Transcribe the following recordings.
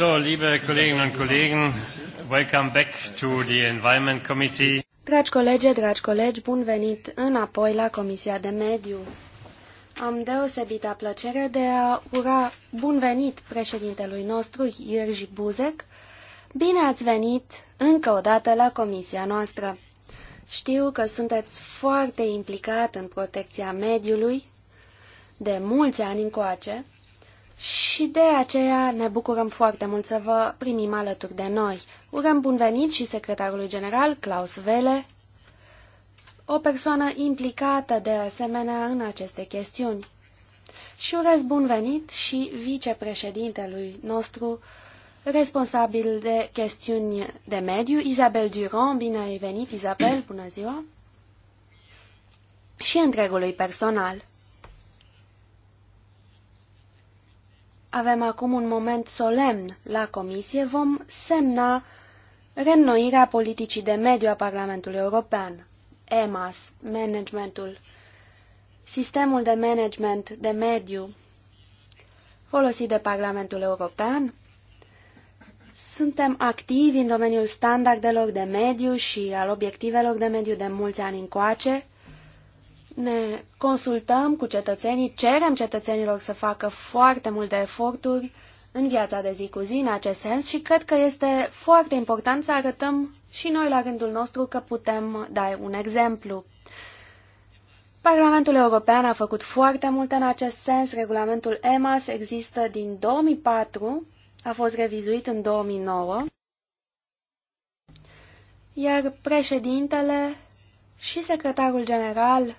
So, liebe Kolleginnen und Kollegen, welcome back to the Environment Committee. Dragi colegi, dragi colegi, bun venit înapoi la Comisia de Mediu. Am deosebită plăcere de a ura bun venit președintelui nostru, Irgi Buzek. Bine ați venit încă o dată la Comisia noastră. Știu că sunteți foarte implicat în protecția mediului de mulți ani încoace și de aceea ne bucurăm foarte mult să vă primim alături de noi. Urăm bun venit și secretarului general, Klaus Vele, o persoană implicată de asemenea în aceste chestiuni. Și urez bun venit și vicepreședintelui nostru, responsabil de chestiuni de mediu, Isabel Durand. Bine ai venit, Isabel, bună ziua! Și întregului personal. Avem acum un moment solemn la comisie, vom semna reînnoirea politicii de mediu a Parlamentului European, EMAS, managementul, sistemul de management de mediu folosit de Parlamentul European. Suntem activi în domeniul standardelor de mediu și al obiectivelor de mediu de mulți ani încoace. Ne consultăm cu cetățenii, cerem cetățenilor să facă foarte multe eforturi în viața de zi cu zi în acest sens și cred că este foarte important să arătăm și noi la rândul nostru că putem da un exemplu. Parlamentul European a făcut foarte multe în acest sens. Regulamentul EMAS există din 2004, a fost revizuit în 2009, iar președintele și secretarul general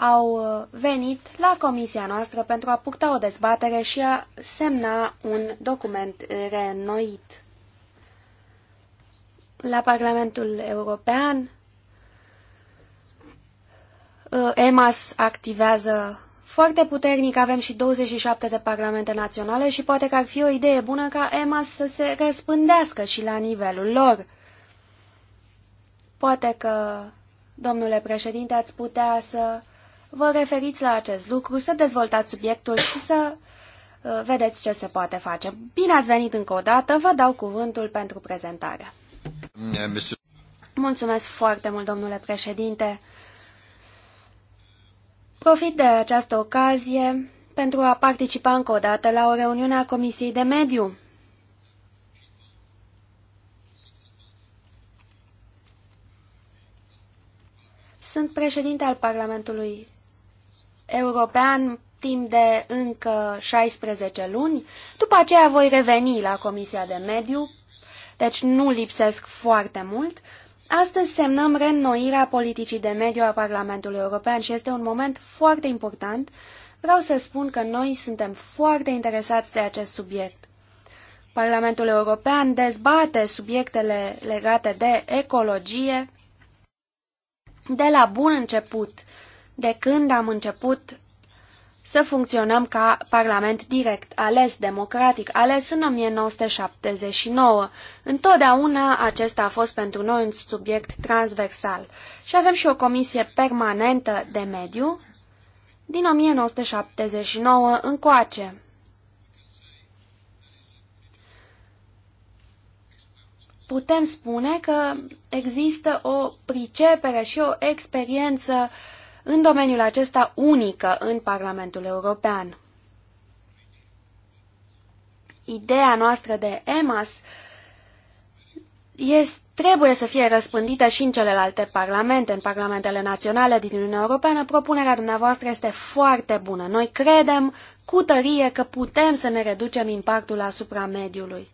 au uh, venit la comisia noastră pentru a purta o dezbatere și a semna un document reînnoit. La Parlamentul European, uh, EMAS activează foarte puternic, avem și 27 de parlamente naționale și poate că ar fi o idee bună ca EMAS să se răspândească și la nivelul lor. Poate că, domnule președinte, ați putea să vă referiți la acest lucru, să dezvoltați subiectul și să uh, vedeți ce se poate face. Bine ați venit încă o dată, vă dau cuvântul pentru prezentare. Mulțumesc foarte mult, domnule președinte. Profit de această ocazie pentru a participa încă o dată la o reuniune a Comisiei de Mediu. Sunt președinte al Parlamentului european timp de încă 16 luni. După aceea voi reveni la Comisia de Mediu, deci nu lipsesc foarte mult. Astăzi semnăm reînnoirea politicii de mediu a Parlamentului European și este un moment foarte important. Vreau să spun că noi suntem foarte interesați de acest subiect. Parlamentul European dezbate subiectele legate de ecologie de la bun început de când am început să funcționăm ca parlament direct, ales democratic, ales în 1979. Întotdeauna acesta a fost pentru noi un subiect transversal și avem și o comisie permanentă de mediu din 1979 încoace. Putem spune că există o pricepere și o experiență uh, în domeniul acesta unică în Parlamentul European. Ideea noastră de EMAS este, trebuie să fie răspândită și în celelalte parlamente, în parlamentele naționale din Uniunea Europeană. Propunerea dumneavoastră este foarte bună. Noi credem cu tărie că putem să ne reducem impactul asupra mediului.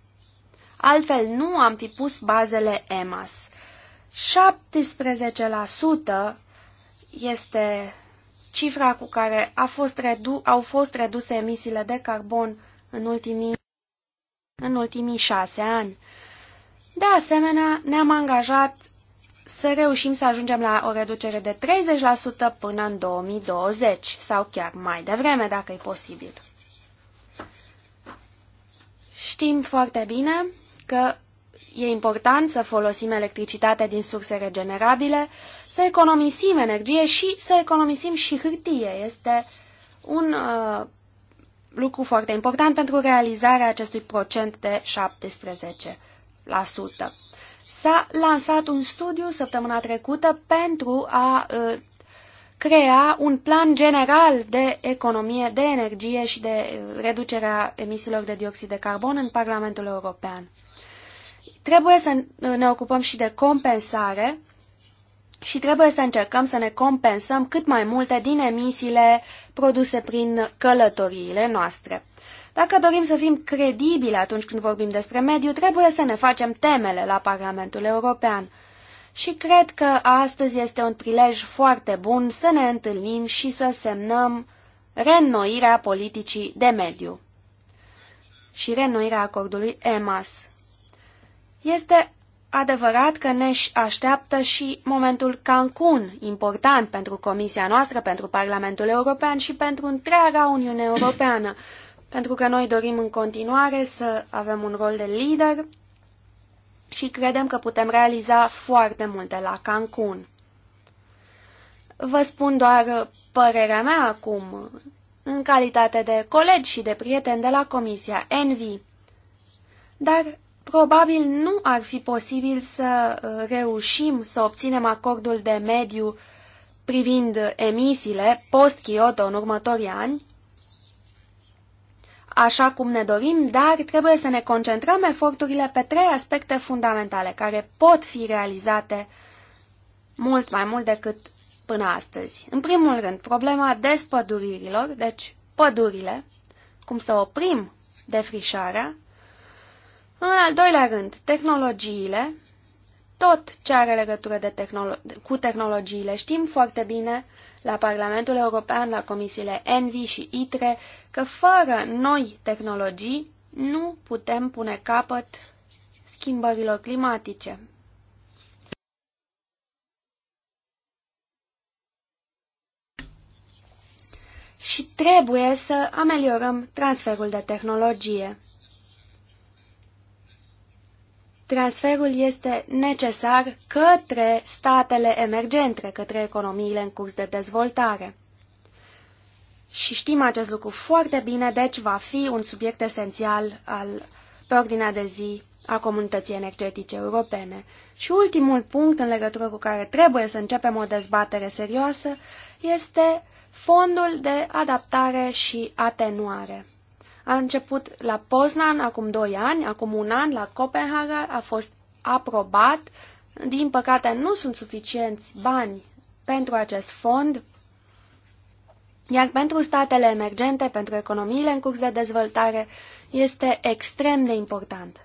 Altfel, nu am fi pus bazele EMAS. 17% este cifra cu care a fost redu au fost reduse emisiile de carbon în ultimii, în ultimii șase ani. De asemenea, ne-am angajat să reușim să ajungem la o reducere de 30% până în 2020 sau chiar mai devreme, dacă e posibil. Știm foarte bine că E important să folosim electricitatea din surse regenerabile, să economisim energie și să economisim și hârtie. Este un uh, lucru foarte important pentru realizarea acestui procent de 17%. S-a lansat un studiu săptămâna trecută pentru a uh, crea un plan general de economie, de energie și de uh, reducerea emisiilor de dioxid de carbon în Parlamentul European. Trebuie să ne ocupăm și de compensare și trebuie să încercăm să ne compensăm cât mai multe din emisiile produse prin călătoriile noastre. Dacă dorim să fim credibili atunci când vorbim despre mediu, trebuie să ne facem temele la Parlamentul European. Și cred că astăzi este un prilej foarte bun să ne întâlnim și să semnăm reînnoirea politicii de mediu și reînnoirea acordului EMAS. Este adevărat că ne așteaptă și momentul Cancun, important pentru Comisia noastră, pentru Parlamentul European și pentru întreaga Uniune Europeană, pentru că noi dorim în continuare să avem un rol de lider și credem că putem realiza foarte multe la Cancun. Vă spun doar părerea mea acum, în calitate de colegi și de prieteni de la Comisia Envi. Dar Probabil nu ar fi posibil să uh, reușim să obținem acordul de mediu privind emisiile post-Kyoto în următorii ani, așa cum ne dorim, dar trebuie să ne concentrăm eforturile pe trei aspecte fundamentale care pot fi realizate mult mai mult decât până astăzi. În primul rând, problema despăduririlor, deci pădurile, cum să oprim defrișarea, în al doilea rând, tehnologiile, tot ce are legătură de tehnolo cu tehnologiile. Știm foarte bine la Parlamentul European, la comisiile ENVI și ITRE, că fără noi tehnologii nu putem pune capăt schimbărilor climatice. Și trebuie să ameliorăm transferul de tehnologie. Transferul este necesar către statele emergente, către economiile în curs de dezvoltare. Și știm acest lucru foarte bine, deci va fi un subiect esențial al, pe ordinea de zi a comunității energetice europene. Și ultimul punct în legătură cu care trebuie să începem o dezbatere serioasă este fondul de adaptare și atenuare. A început la Poznan acum 2 ani, acum un an la Copenhaga, a fost aprobat. Din păcate nu sunt suficienți bani pentru acest fond, iar pentru statele emergente, pentru economiile în curs de dezvoltare, este extrem de important.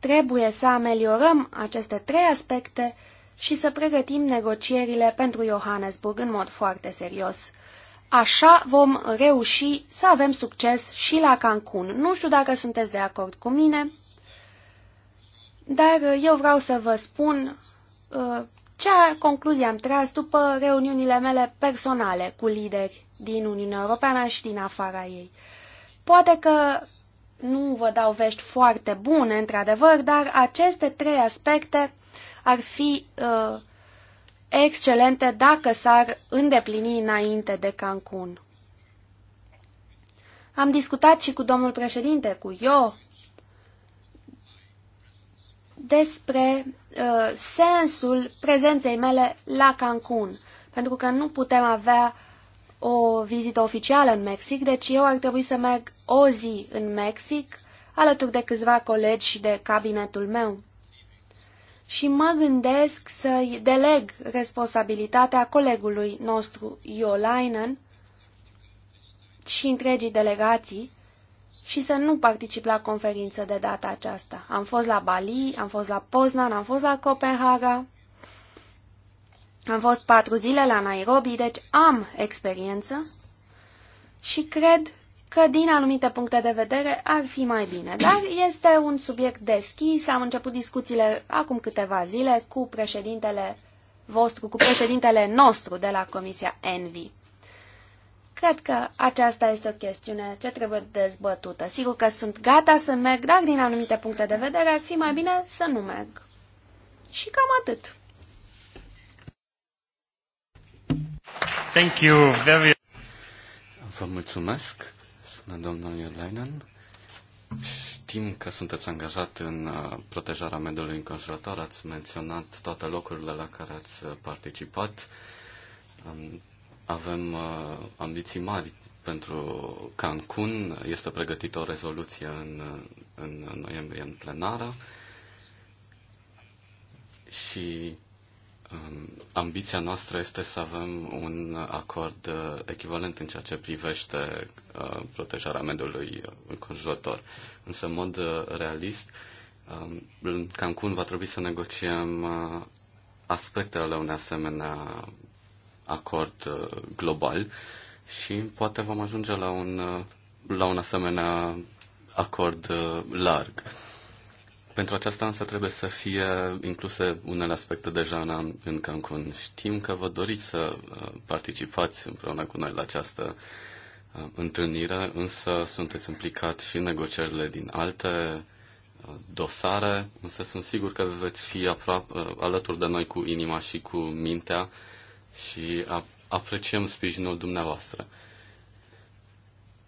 Trebuie să ameliorăm aceste trei aspecte și să pregătim negocierile pentru Johannesburg în mod foarte serios. Așa vom reuși să avem succes și la Cancun. Nu știu dacă sunteți de acord cu mine, dar eu vreau să vă spun uh, ce concluzie am tras după reuniunile mele personale cu lideri din Uniunea Europeană și din afara ei. Poate că nu vă dau vești foarte bune, într-adevăr, dar aceste trei aspecte ar fi uh, excelente dacă s-ar îndeplini înainte de Cancun. Am discutat și cu domnul președinte, cu Io, despre uh, sensul prezenței mele la Cancun, pentru că nu putem avea o vizită oficială în Mexic, deci eu ar trebui să merg o zi în Mexic, alături de câțiva colegi și de cabinetul meu și mă gândesc să-i deleg responsabilitatea colegului nostru Iolainen și întregii delegații și să nu particip la conferință de data aceasta. Am fost la Bali, am fost la Poznan, am fost la Copenhaga, am fost patru zile la Nairobi, deci am experiență și cred că din anumite puncte de vedere ar fi mai bine. Dar este un subiect deschis. Am început discuțiile acum câteva zile cu președintele vostru, cu președintele nostru de la Comisia Envi. Cred că aceasta este o chestiune ce trebuie dezbătută. Sigur că sunt gata să merg, dar din anumite puncte de vedere ar fi mai bine să nu merg. Și cam atât. Thank you. Very... Vă mulțumesc. Bună, domnul Iodainen. Știm că sunteți angajat în uh, protejarea mediului înconjurător, ați menționat toate locurile la care ați participat. Um, avem uh, ambiții mari pentru Cancun, este pregătită o rezoluție în, în noiembrie în plenară și Um, ambiția noastră este să avem un acord uh, echivalent în ceea ce privește uh, protejarea mediului înconjurător. Însă, în mod uh, realist, um, în Cancun va trebui să negociem aspecte ale unei asemenea acord global și poate vom ajunge la un, la un asemenea acord larg. Pentru aceasta însă trebuie să fie incluse unele aspecte deja în, în Cancun. Știm că vă doriți să uh, participați împreună cu noi la această uh, întâlnire, însă sunteți implicat și în negocierile din alte uh, dosare, însă sunt sigur că veți fi aproape, alături de noi cu inima și cu mintea și apreciem sprijinul dumneavoastră.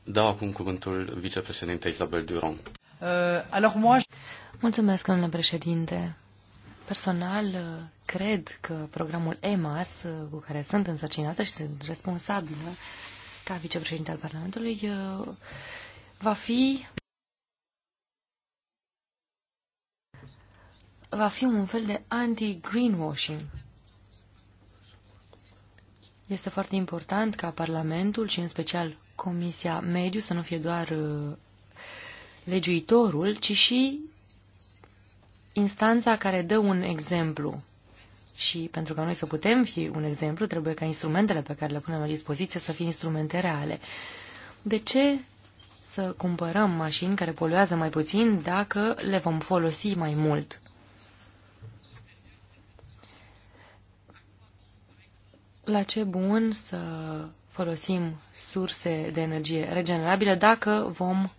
Dau acum cuvântul vicepreședintei Isabel Duron. Uh, alors moi... Mulțumesc, domnule președinte. Personal, uh, cred că programul EMAS, uh, cu care sunt însărcinată și sunt responsabilă ca vicepreședinte al Parlamentului, uh, va fi va fi un fel de anti-greenwashing. Este foarte important ca Parlamentul și în special Comisia Mediu să nu fie doar legiuitorul, ci și instanța care dă un exemplu și pentru ca noi să putem fi un exemplu, trebuie ca instrumentele pe care le punem la dispoziție să fie instrumente reale. De ce să cumpărăm mașini care poluează mai puțin dacă le vom folosi mai mult? La ce bun să folosim surse de energie regenerabile dacă vom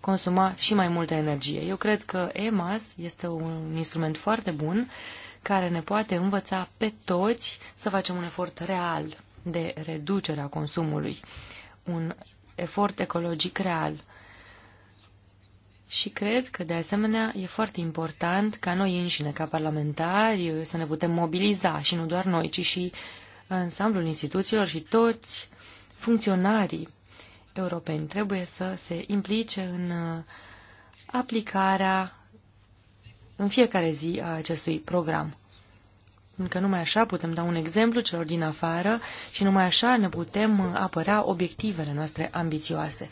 consuma și mai multă energie. Eu cred că EMAS este un instrument foarte bun care ne poate învăța pe toți să facem un efort real de reducere a consumului, un efort ecologic real. Și cred că, de asemenea, e foarte important ca noi înșine, ca parlamentari, să ne putem mobiliza și nu doar noi, ci și ansamblul instituțiilor și toți funcționarii europeni trebuie să se implice în uh, aplicarea în fiecare zi a acestui program. Încă numai așa putem da un exemplu celor din afară și numai așa ne putem uh, apărea obiectivele noastre ambițioase.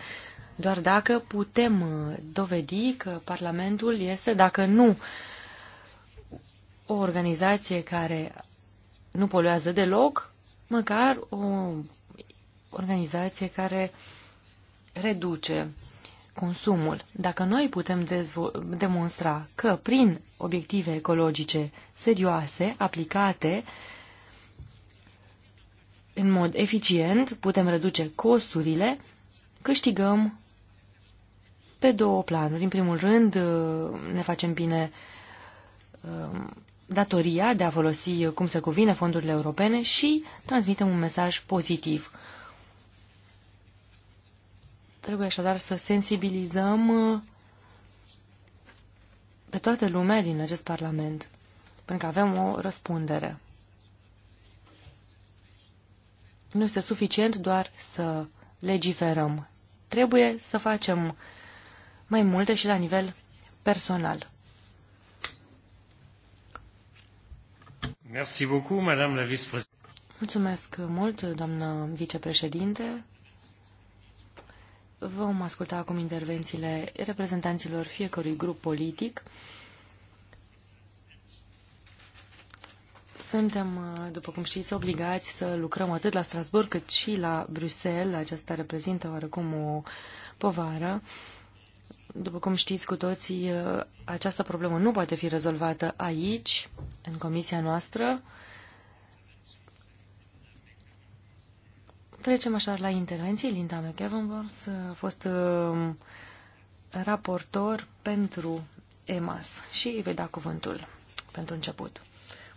Doar dacă putem uh, dovedi că Parlamentul este, dacă nu o organizație care nu poluează deloc, măcar o organizație care uh, reduce consumul. Dacă noi putem demonstra că prin obiective ecologice serioase, aplicate în mod eficient, putem reduce costurile, câștigăm pe două planuri. În primul rând, ne facem bine um, datoria de a folosi cum se cuvine fondurile europene și transmitem un mesaj pozitiv Trebuie așadar să sensibilizăm uh, pe toată lumea din acest Parlament, pentru că avem o răspundere. Nu este suficient doar să legiferăm. Trebuie să facem mai multe și la nivel personal. Mulțumesc mult, doamnă vicepreședinte. Vom asculta acum intervențiile reprezentanților fiecărui grup politic. Suntem, după cum știți, obligați să lucrăm atât la Strasburg cât și la Bruxelles. Aceasta reprezintă oarecum o povară. După cum știți cu toții, această problemă nu poate fi rezolvată aici, în comisia noastră, Trecem așa la intervenții. Linda McEvanvors a fost um, raportor pentru EMAS și îi vei da cuvântul pentru început.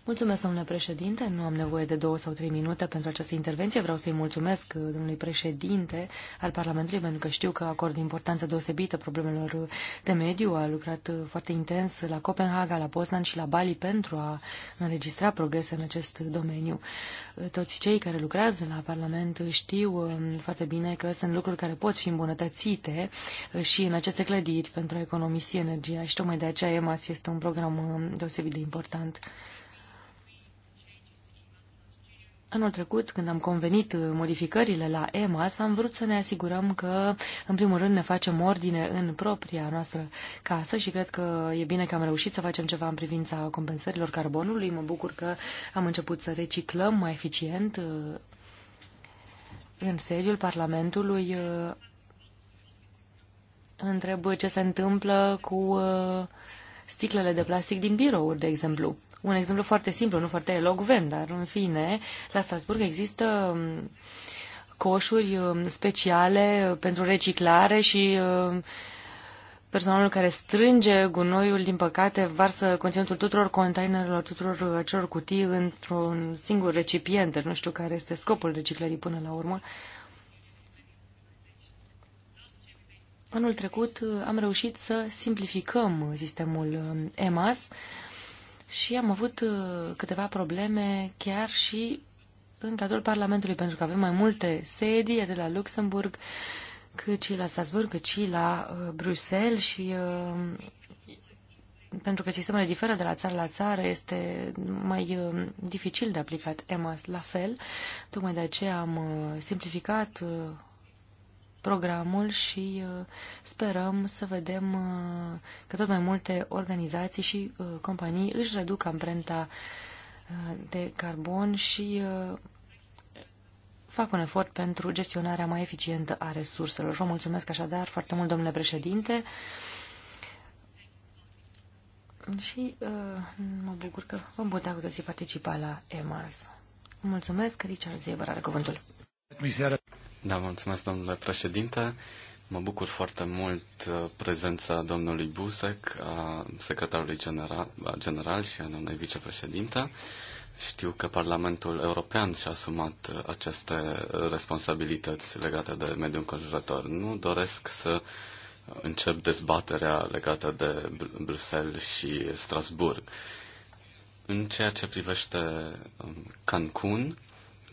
Mulțumesc, domnule președinte. Nu am nevoie de două sau trei minute pentru această intervenție. Vreau să-i mulțumesc uh, domnului președinte al Parlamentului, pentru că știu că acord importanță deosebită problemelor de mediu. A lucrat uh, foarte intens la Copenhaga, la Poznan și la Bali pentru a înregistra progrese în acest domeniu. Uh, toți cei care lucrează la Parlament știu foarte bine că sunt lucruri care pot fi îmbunătățite și în aceste clădiri pentru a economisi energia și tocmai de aceea EMAS este un program deosebit de important. Anul trecut, când am convenit uh, modificările la EMAS, am vrut să ne asigurăm că, în primul rând, ne facem ordine în propria noastră casă și cred că e bine că am reușit să facem ceva în privința compensărilor carbonului. Mă bucur că am început să reciclăm mai eficient uh, în seriul Parlamentului. Uh, întreb ce se întâmplă cu sticlele de plastic din birouri, de exemplu. Un exemplu foarte simplu, nu foarte elogvent, dar în fine, la Strasburg există um, coșuri um, speciale pentru reciclare și um, personalul care strânge gunoiul, din păcate, varsă conținutul tuturor containerelor, tuturor acelor cutii într-un singur recipient. Nu știu care este scopul reciclării până la urmă. Uh, Anul trecut uh, am reușit să simplificăm sistemul uh, EMAS și am avut uh, câteva probleme chiar și în cadrul Parlamentului, pentru că avem mai multe sedii, atât la Luxemburg, cât și la Strasburg, cât și la Bruxelles și pentru că sistemele diferă de la țară la țară, este mai dificil de aplicat EMAS la fel. Tocmai de aceea am simplificat programul și uh, sperăm să vedem uh, că tot mai multe organizații și uh, companii își reduc amprenta de carbon și fac un efort pentru gestionarea mai eficientă a resurselor. Vă mulțumesc așadar foarte mult, domnule președinte. Și uh, mă bucur că vom putea cu toții participa la EMAS. Mulțumesc, Richard Zeber are cuvântul. Da, mulțumesc, domnule președinte. Mă bucur foarte mult uh, prezența domnului Buzek, a secretarului general, general și a domnului vicepreședinte. Știu că Parlamentul European și-a asumat uh, aceste responsabilități legate de mediul înconjurător. Nu doresc să uh, încep dezbaterea legată de Bruxelles și Strasburg. În ceea ce privește um, Cancun,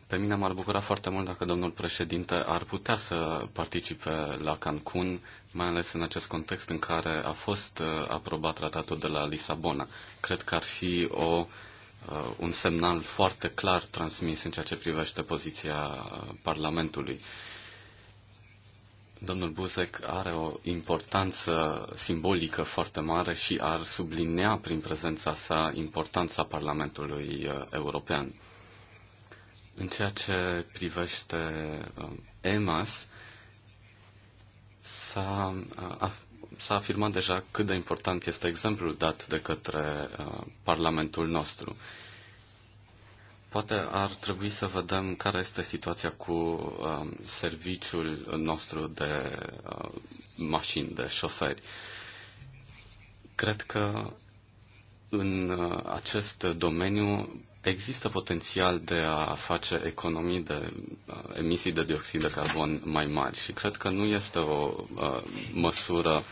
pe mine m-ar bucura foarte mult dacă domnul președinte ar putea să participe la Cancun, mai ales în acest context în care a fost uh, aprobat tratatul de la Lisabona. Cred că ar fi o, uh, un semnal foarte clar transmis în ceea ce privește poziția uh, Parlamentului. Domnul Buzek are o importanță simbolică foarte mare și ar sublinea prin prezența sa importanța Parlamentului European. În ceea ce privește um, EMAS, s-a, uh, s-a afirmat deja cât de important este exemplul dat de către uh, Parlamentul nostru. Poate ar trebui să vedem care este situația cu um, serviciul nostru de uh, mașini, de șoferi. Cred că în acest domeniu Există potențial de a face economii de uh, emisii de dioxid de carbon mai mari și cred că nu este o uh, măsură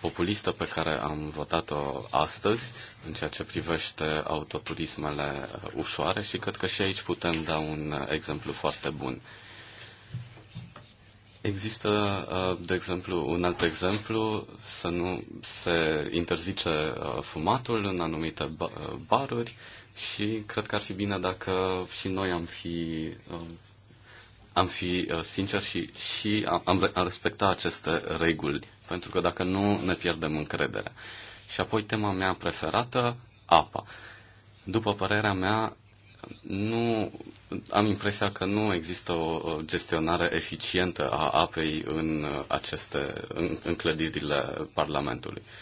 populistă pe care am votat-o astăzi în ceea ce privește autoturismele uh, ușoare și cred că și aici putem da un uh, exemplu foarte bun. Există, de exemplu, un alt exemplu, să nu se interzice fumatul în anumite baruri, și cred că ar fi bine dacă și noi am fi, um, am fi uh, sinceri și, și am, am respecta aceste reguli, pentru că dacă nu ne pierdem încrederea. Și apoi tema mea preferată, apa. După părerea mea, nu am impresia că nu există o gestionare eficientă a apei în aceste în, în clădirile Parlamentului. Uh,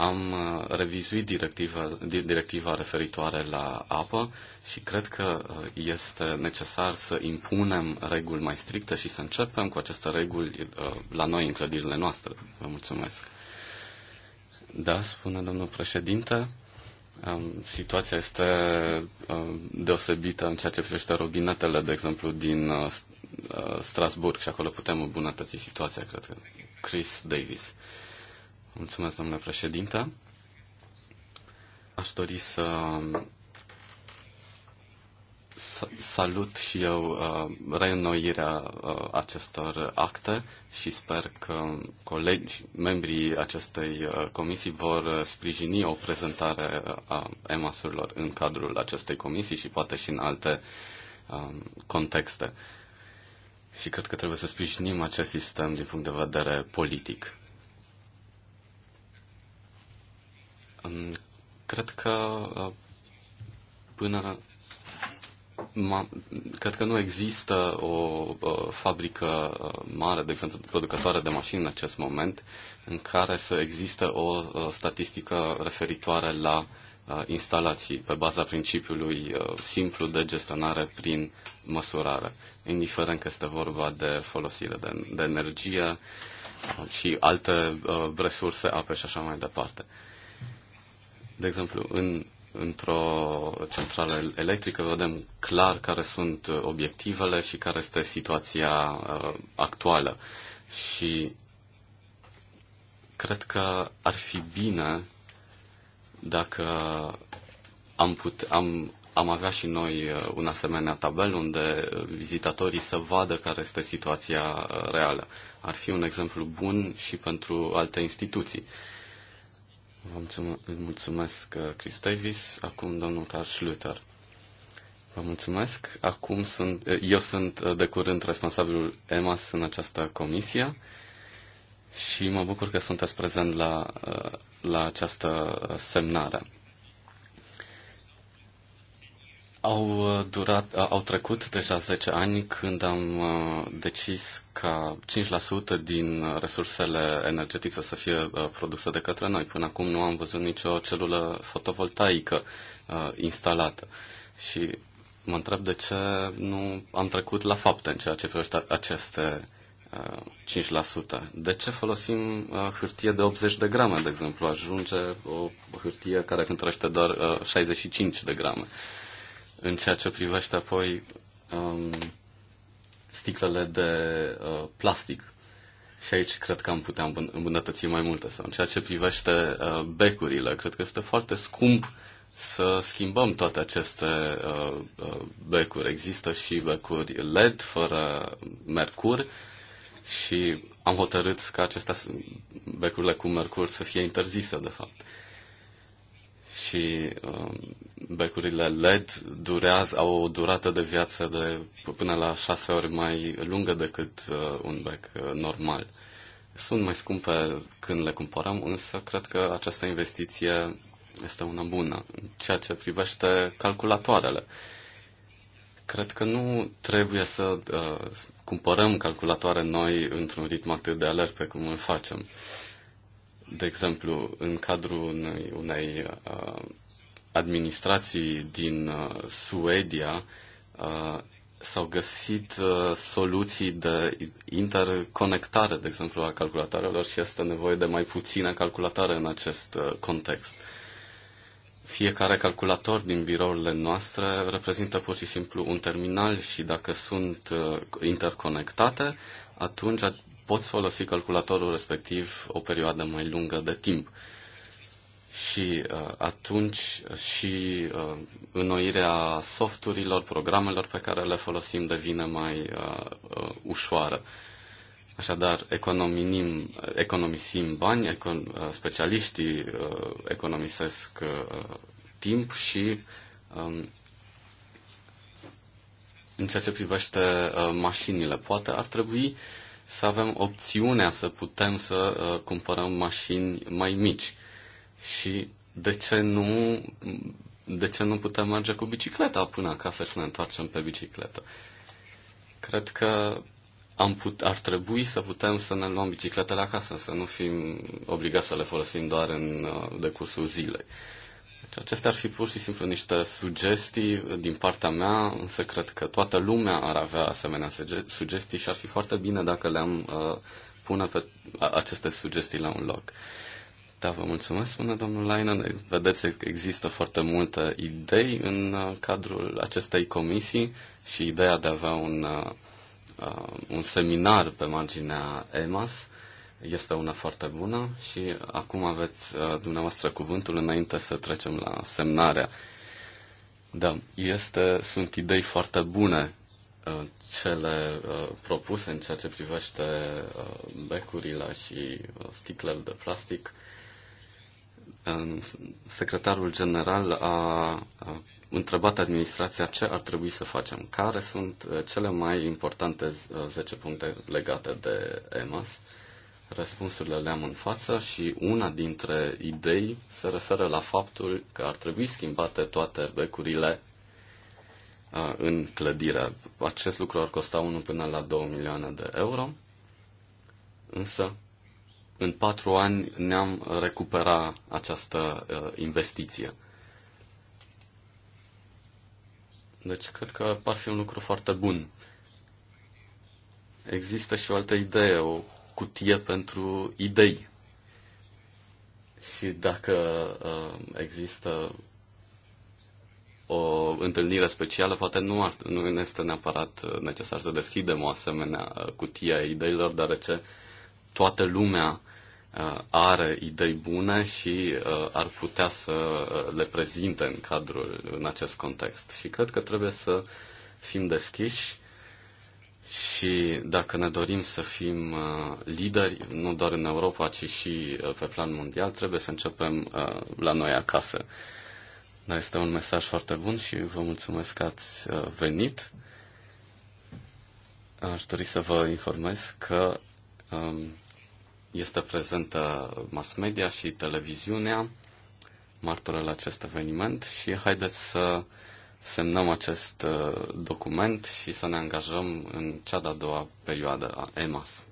am uh, revizuit directiva, directiva referitoare la apă și cred că uh, este necesar să impunem reguli mai stricte și să începem cu aceste reguli uh, la noi în clădirile noastre. Vă mulțumesc. Da, spune domnul președinte. Um, situația este um, deosebită în ceea ce privește robinetele, de exemplu, din Strasburg și acolo putem îmbunătăți situația, cred că. Chris Davis. Mulțumesc, domnule președinte. Aș dori să salut și eu uh, reînnoirea uh, acestor acte și sper că colegi, membrii acestei uh, comisii vor sprijini o prezentare a EMAS-urilor în cadrul acestei comisii și poate și în alte um, contexte. Și cred că trebuie să sprijinim acest sistem din punct de vedere politic. Cred că uh, până cred că nu există o uh, fabrică uh, mare, de exemplu, producătoare de mașini în acest moment, în care să există o statistică referitoare la instalații pe baza principiului simplu de gestionare prin măsurare, indiferent că este vorba de folosire de, de energie și alte resurse, ape și așa mai departe. De exemplu, în, într-o centrală electrică vedem clar care sunt uh, obiectivele și care este situația uh, actuală. Și cred că ar fi bine dacă am, put, am, am avea și noi uh, un asemenea tabel unde uh, vizitatorii să vadă care este situația reală. Ar fi un exemplu bun și pentru alte instituții. Vă mulțumesc, mulțumesc uh, Chris Davis, acum domnul Carl Schlüter. Vă mulțumesc. Acum sunt, uh, eu sunt uh, de curând responsabilul EMAS în această comisie și mă bucur că sunteți prezent la, la această semnare. Au, uh, durat, uh, au trecut deja 10 ani când am uh, decis ca 5% din resursele energetice să fie produse de către noi. Până acum nu am văzut nicio celulă fotovoltaică instalată. Și mă întreb de ce nu am trecut la fapte în ceea ce privește aceste 5%. De ce folosim hârtie de 80 de grame, de exemplu? Ajunge o hârtie care cântărește doar 65 de grame. În ceea ce privește apoi um, sticlele de uh, plastic. Și aici cred că am putea îmbunătăți mai multe. Sau în ceea ce privește uh, becurile, cred că este foarte scump să schimbăm toate aceste uh, uh, becuri. Există și becuri LED fără mercur și am hotărât ca acestea, becurile cu mercur să fie interzise, de fapt și um, becurile LED durează, au o durată de viață de până la șase ori mai lungă decât uh, un bec uh, normal. Sunt mai scumpe când le cumpărăm, însă cred că această investiție este una bună. ceea ce privește calculatoarele, cred că nu trebuie să uh, cumpărăm calculatoare noi într-un ritm atât de alert pe cum îl facem. Uh, de exemplu, în cadrul unei, unei uh, administrații din uh, Suedia, uh, s-au găsit uh, soluții de interconectare, de exemplu, a calculatoarelor și este nevoie de mai puține calculatoare în acest uh, context. Fiecare calculator din birourile noastre reprezintă pur și simplu un terminal și dacă sunt uh, interconectate, atunci poți folosi calculatorul respectiv o perioadă mai lungă de timp. Și uh, atunci și uh, înnoirea softurilor, programelor pe care le folosim devine mai uh, uh, ușoară. Așadar, economim, economisim bani, econ, uh, specialiștii uh, economisesc uh, timp și um, în ceea ce privește uh, mașinile, poate ar trebui uh, să avem opțiunea să putem să uh, cumpărăm mașini mai mici. Și de ce nu, de ce nu putem merge cu bicicleta până acasă și ne întoarcem pe bicicletă? Cred că am put, ar trebui să putem să ne luăm bicicletele acasă, să nu fim obligați să le folosim doar în uh, decursul zilei. Deci acestea ar fi pur și simplu niște sugestii din partea mea, însă cred că toată lumea ar avea asemenea sugestii și ar fi foarte bine dacă le-am uh, pune pe aceste sugestii la un loc. Da, vă mulțumesc, spune domnul Lainen. Vedeți că există foarte multe idei în uh, cadrul acestei comisii și ideea de a avea un, uh, uh un seminar pe marginea EMAS este una foarte bună și acum aveți uh, dumneavoastră cuvântul înainte să trecem la semnarea. Da, este, sunt idei foarte bune uh, cele uh, propuse în ceea ce privește becurile și sticlele de plastic. Um, secretarul general a întrebat administrația ce ar trebui să facem, care sunt cele mai importante 10 puncte legate de EMAS Răspunsurile le-am în față și una dintre idei se referă la faptul că ar trebui schimbate toate becurile uh, în clădire. Acest lucru ar costa 1 până la 2 milioane de euro, însă în 4 ani ne-am recuperat această uh, investiție. Deci cred că ar fi un lucru foarte bun. Există și o altă idee, o cutie pentru idei. Și dacă uh, există o întâlnire specială, poate nu, ar, nu este neapărat uh, necesar să deschidem o asemenea uh, cutie a ideilor, deoarece toată lumea are idei bune și ar putea să le prezinte în cadrul, în acest context. Și cred că trebuie să fim deschiși și dacă ne dorim să fim uh, lideri, nu doar în Europa, ci și uh, pe plan mondial, trebuie să începem uh, la noi acasă. Dar este un mesaj foarte bun și vă mulțumesc că ați venit. Aș dori să vă informez că um, este prezentă mass media și televiziunea martoră la acest eveniment și haideți să semnăm acest uh, document și să ne angajăm în cea de-a doua perioadă a EMAS.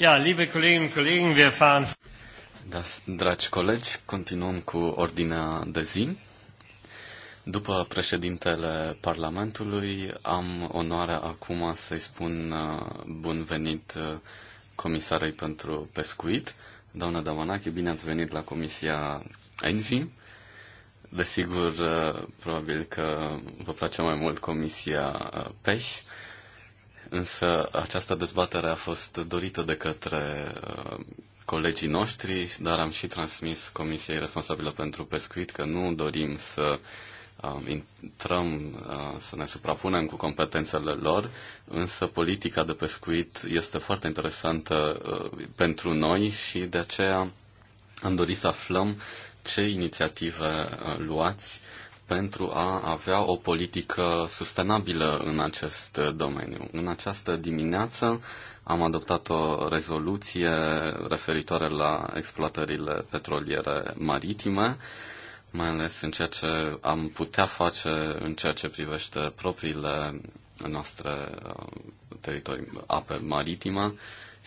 Ja, liebe Kolleginnen und Kollegen, wir fahren. Das, dragi colegi, continuăm cu ordinea de zi. După președintele Parlamentului, am onoarea acum să-i spun uh, bun venit uh, comisarei pentru pescuit, doamna Damanache, bine ați venit la Comisia Envi. Desigur, uh, probabil că vă place mai mult Comisia Peș, Însă această dezbatere a fost dorită de către uh, colegii noștri, dar am și transmis Comisiei responsabilă pentru pescuit că nu dorim să um, intrăm, uh, să ne suprapunem cu competențele lor, însă politica de pescuit este foarte interesantă uh, pentru noi și de aceea am dorit să aflăm ce inițiative luați pentru a avea o politică sustenabilă în acest domeniu. În această dimineață am adoptat o rezoluție referitoare la exploatările petroliere maritime, mai ales în ceea ce am putea face în ceea ce privește propriile noastre uh, teritorii ape maritime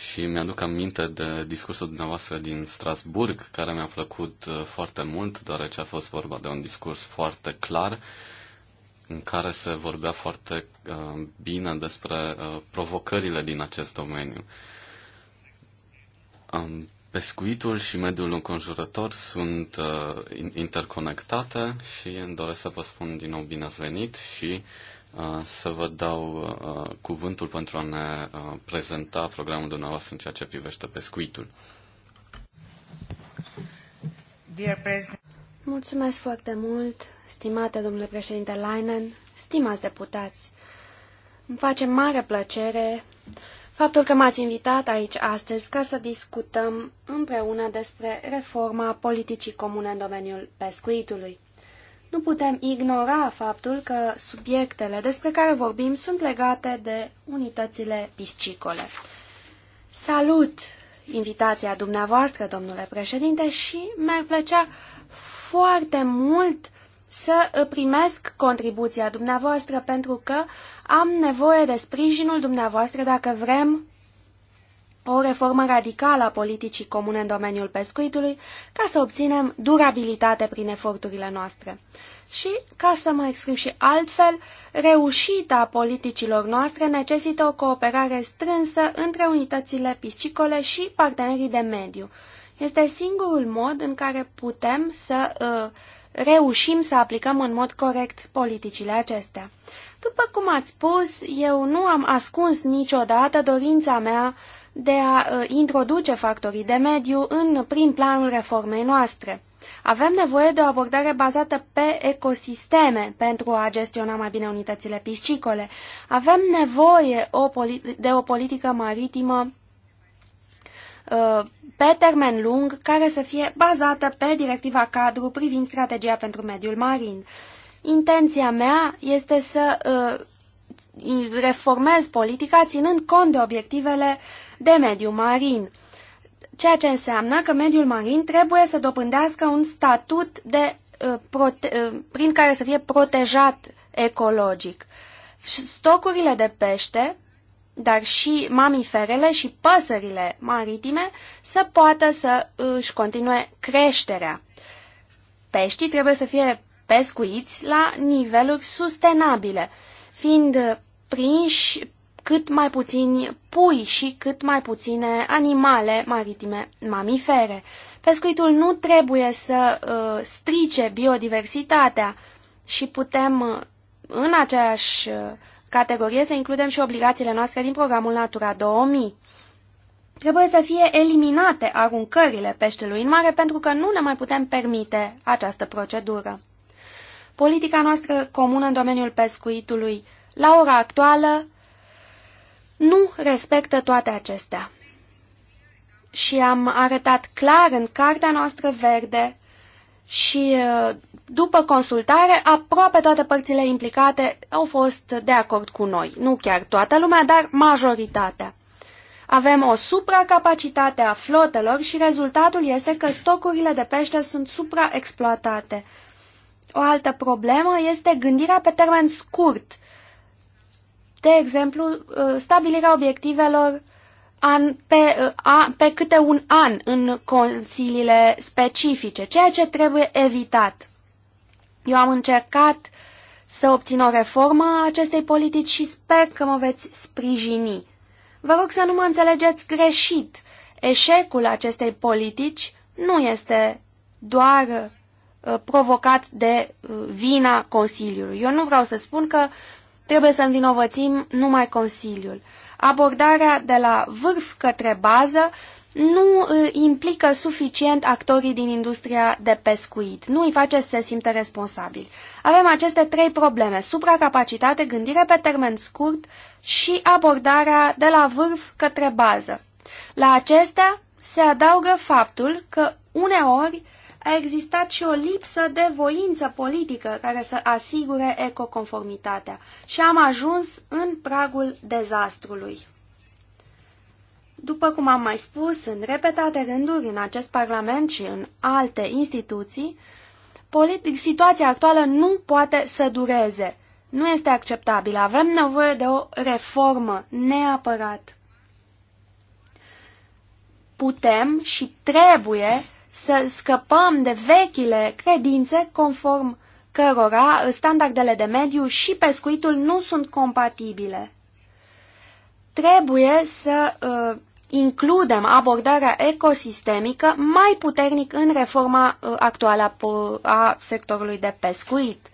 și mi-aduc aminte de discursul dumneavoastră din Strasburg, care mi-a plăcut uh, foarte mult, deoarece a fost vorba de un discurs foarte clar, în care se vorbea foarte uh, bine despre uh, provocările din acest domeniu. pescuitul și mediul înconjurător sunt interconectate și îmi doresc să vă spun din nou bine ați venit și Uh, să vă dau uh, cuvântul pentru a ne uh, prezenta programul dumneavoastră în ceea ce privește pescuitul. Mulțumesc foarte mult, stimate domnule președinte Leinen, stimați deputați. Îmi face mare plăcere faptul că m-ați invitat aici astăzi ca să discutăm împreună despre reforma politicii comune în domeniul pescuitului. Nu putem ignora faptul că subiectele despre care vorbim sunt legate de unitățile piscicole. Salut invitația dumneavoastră, domnule președinte, și mi-ar plăcea foarte mult să primesc contribuția dumneavoastră pentru că am nevoie de sprijinul dumneavoastră dacă vrem o reformă radicală a politicii comune în domeniul pescuitului ca să obținem durabilitate prin eforturile noastre. Și, ca să mă exprim și altfel, reușita politicilor noastre necesită o cooperare strânsă între unitățile piscicole și partenerii de mediu. Este singurul mod în care putem să uh, reușim să aplicăm în mod corect politicile acestea. După cum ați spus, eu nu am ascuns niciodată dorința mea de a uh, introduce factorii de mediu în prim planul reformei noastre. Avem nevoie de o abordare bazată pe ecosisteme pentru a gestiona mai bine unitățile piscicole. Avem nevoie de o politică maritimă uh, pe termen lung care să fie bazată pe directiva cadru privind strategia pentru mediul marin. Intenția mea este să uh, reformez politica ținând cont de obiectivele de mediu marin, ceea ce înseamnă că mediul marin trebuie să dobândească un statut de, uh, uh, prin care să fie protejat ecologic. Stocurile de pește, dar și mamiferele și păsările maritime să poată să își continue creșterea. Peștii trebuie să fie pescuiți la niveluri sustenabile, fiind prinși cât mai puțini pui și cât mai puține animale maritime mamifere. Pescuitul nu trebuie să uh, strice biodiversitatea și putem uh, în aceeași uh, categorie să includem și obligațiile noastre din programul Natura 2000. Trebuie să fie eliminate aruncările peștelui în mare pentru că nu ne mai putem permite această procedură. Politica noastră comună în domeniul pescuitului, la ora actuală, nu respectă toate acestea. Și am arătat clar în cartea noastră verde și după consultare, aproape toate părțile implicate au fost de acord cu noi. Nu chiar toată lumea, dar majoritatea. Avem o supracapacitate a flotelor și rezultatul este că stocurile de pește sunt supraexploatate. O altă problemă este gândirea pe termen scurt. De exemplu, uh, stabilirea obiectivelor an, pe, uh, a, pe câte un an în consiliile specifice, ceea ce trebuie evitat. Eu am încercat să obțin o reformă a acestei politici și sper că mă veți sprijini. Vă rog să nu mă înțelegeți greșit. Eșecul acestei politici nu este doar Uh, provocat de uh, vina Consiliului. Eu nu vreau să spun că trebuie să învinovățim numai Consiliul. Abordarea de la vârf către bază nu uh, implică suficient actorii din industria de pescuit, nu îi face să se simtă responsabili. Avem aceste trei probleme, supracapacitate, gândire pe termen scurt și abordarea de la vârf către bază. La acestea se adaugă faptul că uneori uh, a existat și o lipsă de voință politică care să asigure ecoconformitatea și am ajuns în pragul dezastrului. După cum am mai spus, în repetate rânduri în acest Parlament și în alte instituții, politic, situația actuală nu poate să dureze. Nu este acceptabilă. Avem nevoie de o reformă neapărat. Putem și trebuie să scăpăm de vechile credințe conform cărora standardele de mediu și pescuitul nu sunt compatibile. Trebuie să uh, includem abordarea ecosistemică mai puternic în reforma uh, actuală a sectorului de pescuit.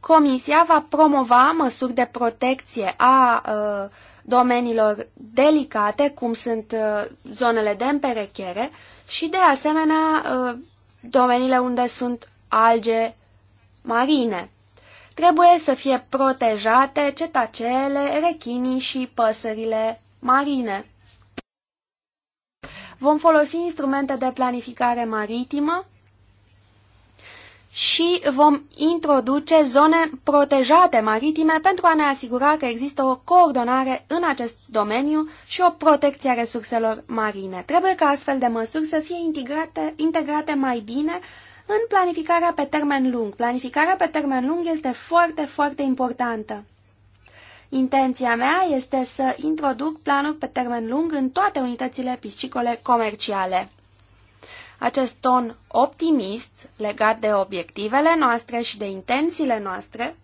Comisia va promova măsuri de protecție a uh, domeniilor delicate, cum sunt uh, zonele de împerechere, uh, și de asemenea uh, domeniile unde sunt alge marine. Trebuie să fie protejate cetacele, rechinii și păsările marine. Vom folosi instrumente de planificare maritimă și vom introduce zone protejate maritime pentru a ne asigura că există o coordonare în acest domeniu și o protecție a resurselor marine. Trebuie ca astfel de măsuri să fie integrate, integrate mai bine în planificarea pe termen lung. Planificarea pe termen lung este foarte, foarte importantă. Intenția mea este să introduc planuri pe termen lung în toate unitățile piscicole comerciale. Acest ton optimist legat de obiectivele noastre și de intențiile noastre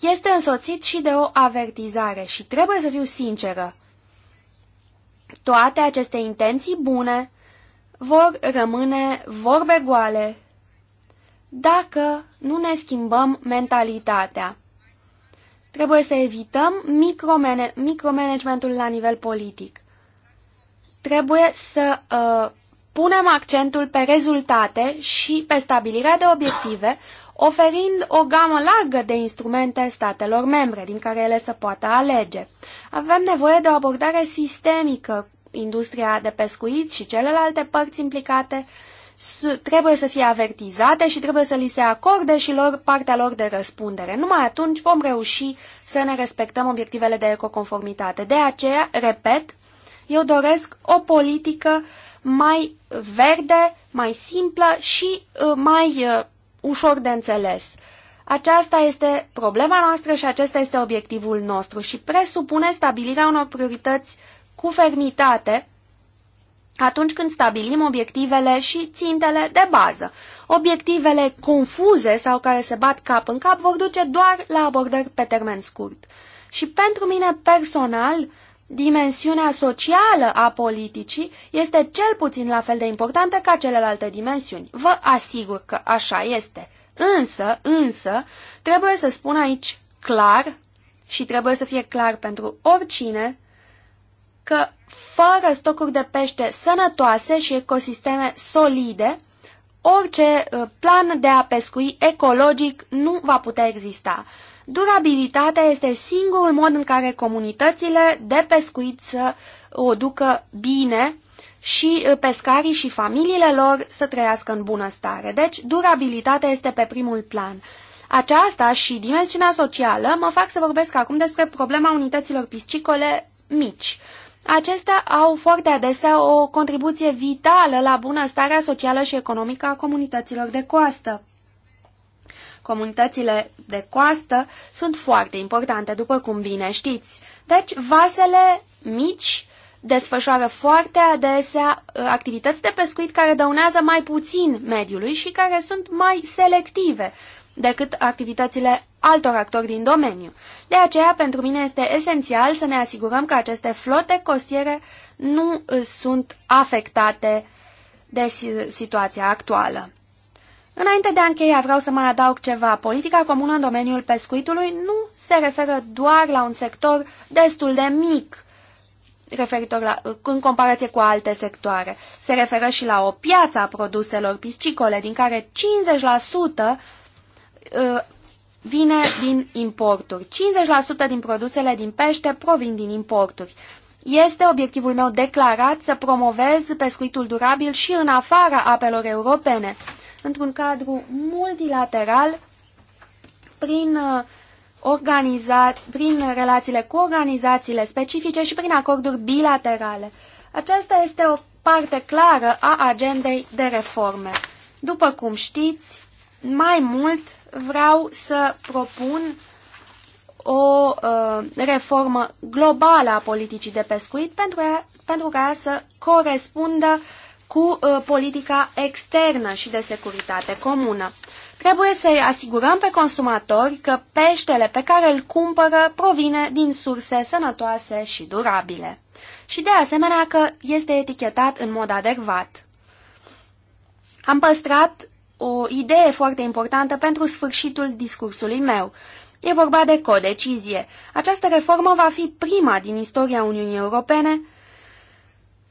este însoțit și de o avertizare și trebuie să fiu sinceră. Toate aceste intenții bune vor rămâne vorbe goale dacă nu ne schimbăm mentalitatea. Trebuie să evităm micromanagementul la nivel politic. Trebuie să uh, punem accentul pe rezultate și pe stabilirea de obiective, oferind o gamă largă de instrumente statelor membre, din care ele să poată alege. Avem nevoie de o abordare sistemică. Industria de pescuit și celelalte părți implicate trebuie să fie avertizate și trebuie să li se acorde și lor partea lor de răspundere. Numai atunci vom reuși să ne respectăm obiectivele de ecoconformitate. De aceea, repet, eu doresc o politică mai verde, mai simplă și uh, mai uh, ușor de înțeles. Aceasta este problema noastră și acesta este obiectivul nostru și presupune stabilirea unor priorități cu fermitate atunci când stabilim obiectivele și țintele de bază. Obiectivele confuze sau care se bat cap în cap vor duce doar la abordări pe termen scurt. Și pentru mine personal, dimensiunea socială a politicii este cel puțin la fel de importantă ca celelalte dimensiuni. Vă asigur că așa este. Însă, însă, trebuie să spun aici clar și trebuie să fie clar pentru oricine că fără stocuri de pește sănătoase și ecosisteme solide, orice uh, plan de a pescui ecologic nu va putea exista. Durabilitatea este singurul mod în care comunitățile de pescuit să o ducă bine și uh, pescarii și familiile lor să trăiască în bună stare. Deci, durabilitatea este pe primul plan. Aceasta și dimensiunea socială mă fac să vorbesc acum despre problema unităților piscicole mici. Acestea au foarte adesea o contribuție vitală la bunăstarea socială și economică a comunităților de coastă. Comunitățile de coastă sunt foarte importante, după cum bine știți. Deci, vasele mici desfășoară foarte adesea ă, activități de pescuit care dăunează mai puțin mediului și care sunt mai selective decât activitățile altor actori din domeniu. De aceea, pentru mine este esențial să ne asigurăm că aceste flote costiere nu ă, sunt afectate de situația actuală. Înainte de a încheia, vreau să mai adaug ceva. Politica comună în domeniul pescuitului nu se referă doar la un sector destul de mic referitor la, în comparație cu alte sectoare. Se referă și la o piață a produselor piscicole, din care 50% uh, vine din importuri. 50% din produsele din pește provin din importuri. Este obiectivul meu declarat să promovez pescuitul durabil și în afara apelor europene într-un cadru multilateral prin uh, organiza- prin relațiile cu organizațiile specifice și prin acorduri bilaterale. Aceasta este o parte clară a agendei de reforme. După cum știți, mai mult vreau să propun o uh, reformă globală a politicii de pescuit pentru, a, pentru ca ea să corespundă cu uh, politica externă și de securitate comună. Trebuie să asigurăm pe consumatori că peștele pe care îl cumpără provine din surse sănătoase și durabile și de asemenea că este etichetat în mod adecvat. Am păstrat o idee foarte importantă pentru sfârșitul discursului meu. E vorba de codecizie. Această reformă va fi prima din istoria Uniunii Europene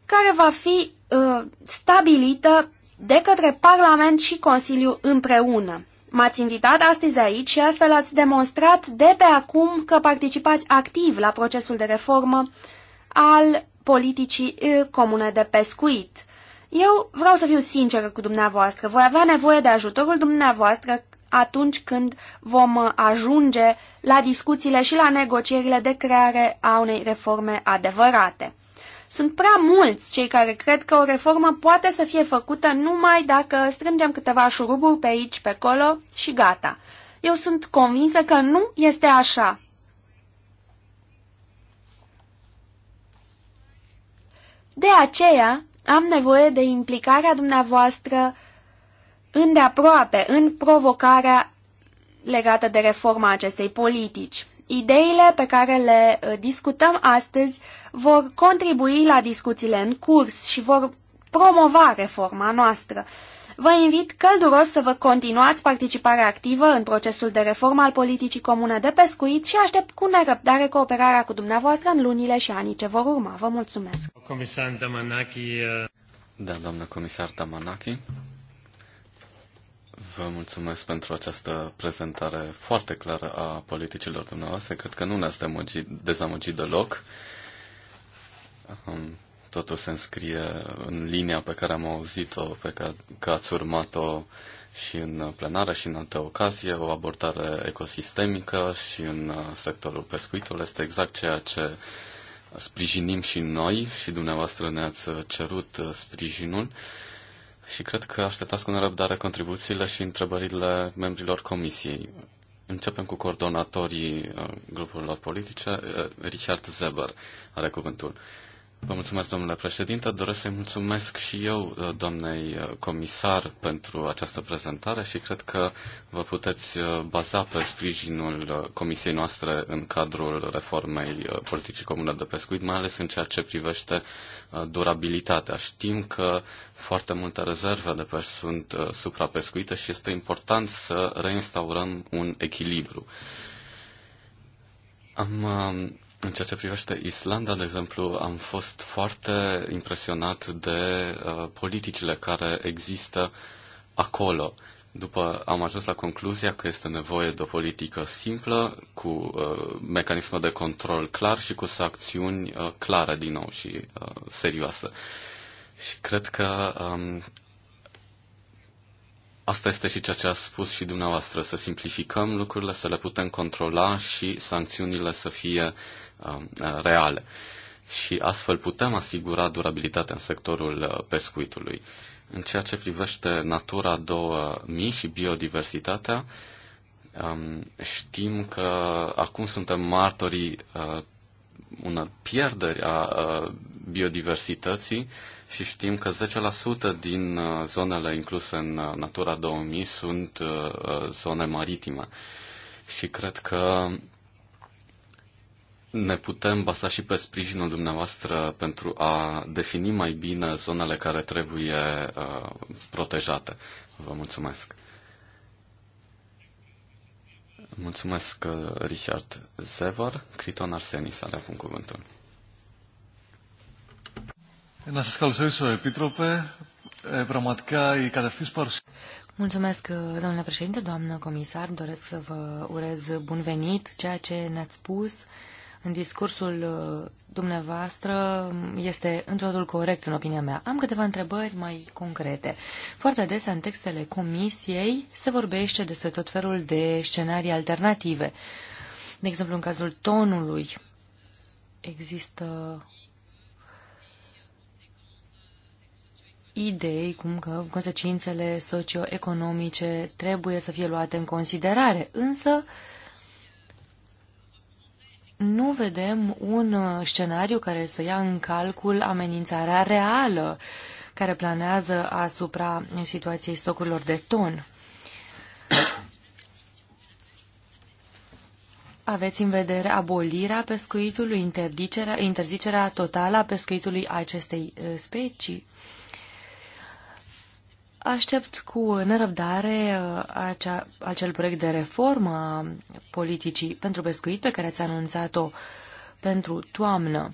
care va fi uh, stabilită de către Parlament și Consiliu împreună. M-ați invitat astăzi aici și astfel ați demonstrat de pe acum că participați activ la procesul de reformă al politicii uh, comune de pescuit. Eu vreau să fiu sinceră cu dumneavoastră. Voi avea nevoie de ajutorul dumneavoastră atunci când vom uh, ajunge la discuțiile și la negocierile de creare a unei reforme adevărate. Sunt prea mulți cei care cred că o reformă poate să fie făcută numai dacă strângem câteva șuruburi pe aici, pe acolo și gata. Eu sunt convinsă că nu este așa. De aceea am nevoie de implicarea dumneavoastră îndeaproape în provocarea legată de reforma acestei politici. Ideile pe care le uh, discutăm astăzi vor contribui la discuțiile în curs și vor promova reforma noastră. Vă invit călduros să vă continuați participarea activă în procesul de reformă al politicii comune de pescuit și aștept cu nerăbdare cooperarea cu dumneavoastră în lunile și anii ce vor urma. Vă mulțumesc! Comisar Tamanaki, uh, Da, doamnă comisar Tamanaki. vă mulțumesc pentru această prezentare foarte clară a politicilor dumneavoastră. Cred că nu ne-ați dezamăgit deloc um, totul se înscrie în linia pe care am auzit-o, pe care că ați urmat-o și în plenară și în alte ocazie, o abordare ecosistemică și în uh, sectorul pescuitului. Este exact ceea ce sprijinim și noi și dumneavoastră ne-ați uh, cerut uh, sprijinul și cred că așteptați cu nerăbdare contribuțiile și întrebările membrilor comisiei. Începem cu coordonatorii grupurilor politice. Richard Zeber are cuvântul. Vă mulțumesc, domnule președinte. Doresc să-i mulțumesc și eu, uh, doamnei uh, comisar, pentru această prezentare și cred că vă puteți uh, baza pe sprijinul comisiei noastre în cadrul reformei politicii comune de pescuit, mai ales în ceea ce privește durabilitatea. Știm că foarte multe rezerve de pești sunt suprapescuite și este important să reinstaurăm un echilibru. Am în ceea ce privește Islanda, de exemplu, am fost foarte impresionat de uh, politicile care există acolo. După am ajuns la concluzia că este nevoie de o politică simplă, cu uh, mecanisme de control clar și cu sancțiuni uh, clare din nou și uh, serioase. Și cred că um, Asta este și ceea ce a spus și dumneavoastră, să simplificăm lucrurile, să le putem controla și sancțiunile să fie Um, uh, reale. Și astfel putem asigura durabilitatea în sectorul uh, pescuitului. În ceea ce privește Natura 2000 și biodiversitatea, um, știm că acum suntem martorii uh, unor pierderi a biodiversității și știm că 10% din zonele incluse în Natura 2000 sunt zone maritime. Și cred că ne putem basa și pe sprijinul dumneavoastră pentru a defini mai bine zonele care trebuie uh, protejate. Vă mulțumesc. Mulțumesc, uh, Richard Zevar. Criton Arsenis alea cu cuvântul. Να σας καλωσορίσω, Επίτροπε. Ε, πραγματικά η Mulțumesc, uh, domnule președinte, doamnă comisar. Doresc să vă urez bun venit. Ceea ce ne-ați spus uh, în discursul uh, dumneavoastră este într totul corect, în opinia mea. Am câteva întrebări mai concrete. Foarte adesea, în textele comisiei, se vorbește despre tot felul de scenarii alternative. De exemplu, în cazul tonului există idei cum că consecințele socioeconomice trebuie să fie luate în considerare, însă uh, nu vedem un uh, scenariu care să ia în calcul amenințarea reală care planează asupra situației stocurilor de ton. Aveți în vedere abolirea pescuitului, interzicerea, interzicerea totală a pescuitului acestei uh, specii? Aștept cu nerăbdare uh, acea, acel proiect de reformă a politicii pentru pescuit pe care ați anunțat-o pentru toamnă.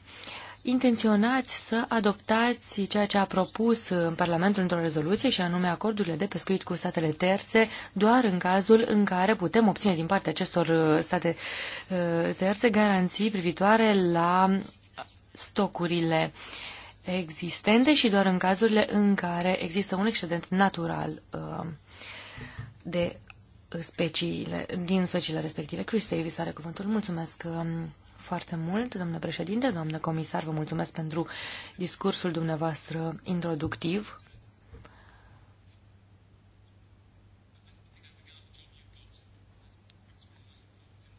Intenționați să adoptați ceea ce a propus în uh, Parlamentul într-o rezoluție și anume acordurile de pescuit cu statele terțe doar în cazul în care putem obține din partea acestor uh, state terțe garanții privitoare la stocurile uh, existente și doar în cazurile în care există un excedent natural uh, de speciile, din săcile respective. Chris Davis are cuvântul. Mulțumesc um, foarte mult, domnule președinte, domnule comisar, vă mulțumesc pentru discursul dumneavoastră introductiv.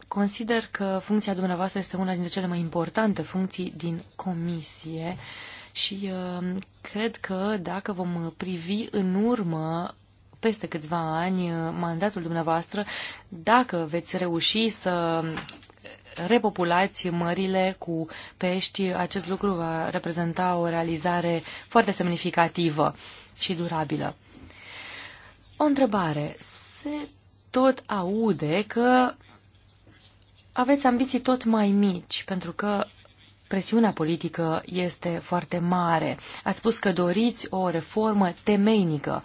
Consider că funcția dumneavoastră este una dintre cele mai importante funcții din comisie. Uh, și uh, cred că dacă vom privi în urmă peste câțiva ani uh, mandatul dumneavoastră, dacă veți reuși să repopulați mările cu pești, acest lucru va reprezenta o realizare foarte semnificativă și durabilă. O întrebare. Se tot aude că aveți ambiții tot mai mici, pentru că presiunea politică este foarte mare. Ați spus că doriți o reformă temeinică.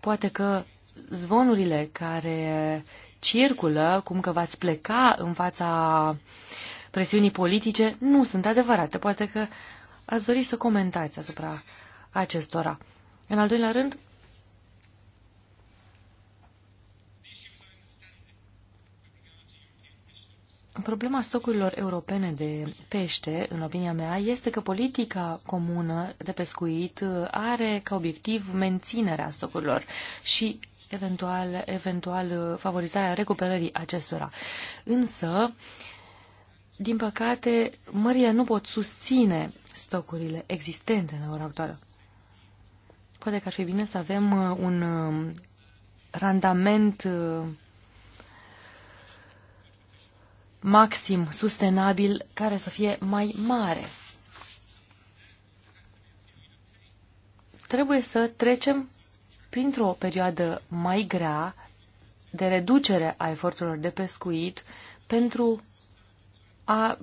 Poate că zvonurile care circulă, cum că v-ați pleca în fața presiunii politice, nu sunt adevărate. Poate că ați dori să comentați asupra acestora. În al doilea rând, Problema stocurilor europene de pește, în opinia mea, este că politica comună de pescuit uh, are ca obiectiv menținerea stocurilor și eventual, eventual uh, favorizarea recuperării acestora. Însă, din păcate, mările nu pot susține stocurile existente în ora actuală. Poate că ar fi bine să avem uh, un randament maxim sustenabil care să fie mai mare. Trebuie să trecem printr-o perioadă mai grea de reducere a eforturilor de pescuit pentru a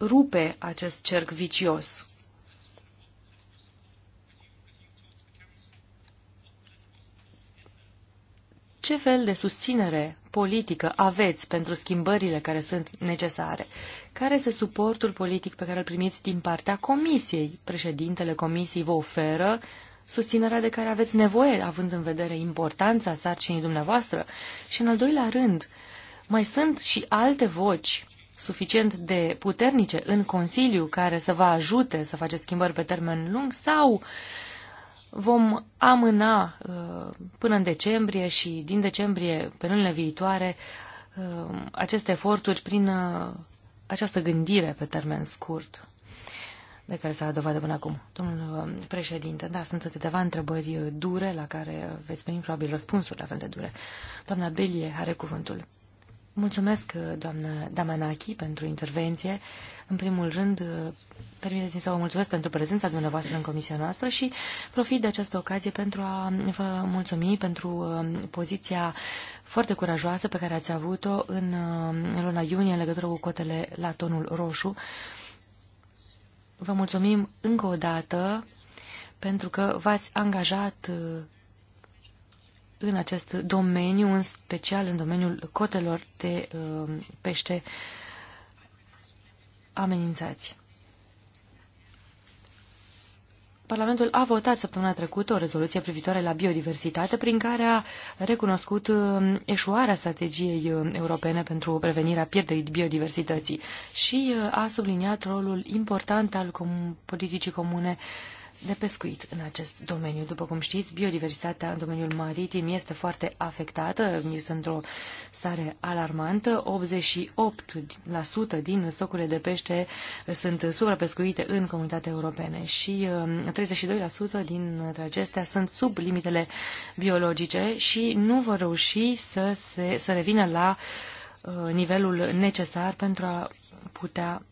rupe acest cerc vicios. Ce fel de susținere politică aveți pentru schimbările care sunt necesare? Care este suportul politic pe care îl primiți din partea Comisiei? Președintele Comisiei vă oferă susținerea de care aveți nevoie, având în vedere importanța sarcinii dumneavoastră? Și în al doilea rând, mai sunt și alte voci suficient de puternice în Consiliu care să vă ajute să faceți schimbări pe termen lung sau uh, vom amâna uh, până în decembrie și din decembrie pe lunile viitoare uh, aceste eforturi prin uh, această gândire pe termen scurt de care s-a dovadă până acum. Domnul președinte, da, sunt câteva întrebări dure la care veți primi probabil răspunsuri la fel de dure. Doamna Belie are cuvântul. Mulțumesc, doamnă Damanachi, pentru intervenție. În primul rând, permiteți-mi să vă mulțumesc pentru prezența dumneavoastră în comisia noastră și profit de această ocazie pentru a vă mulțumi pentru uh, poziția foarte curajoasă pe care ați avut-o uh, în luna iunie în legătură cu cotele la tonul roșu. Vă mulțumim încă o dată pentru că v-ați angajat uh, în acest domeniu, în special în domeniul cotelor de uh, pește amenințați. Parlamentul a votat săptămâna trecută o rezoluție privitoare la biodiversitate prin care a recunoscut uh, eșuarea strategiei uh, europene pentru prevenirea pierderii biodiversității și a subliniat rolul important al politicii comune de pescuit în acest domeniu. După cum știți, biodiversitatea în domeniul maritim este foarte afectată, este într-o stare alarmantă. 88% din stocurile de pește sunt suprapescuite în comunitatea europene și 32% um, dintre acestea sunt sub limitele biologice și nu vor reuși să, se, să revină la uh, nivelul necesar pentru a putea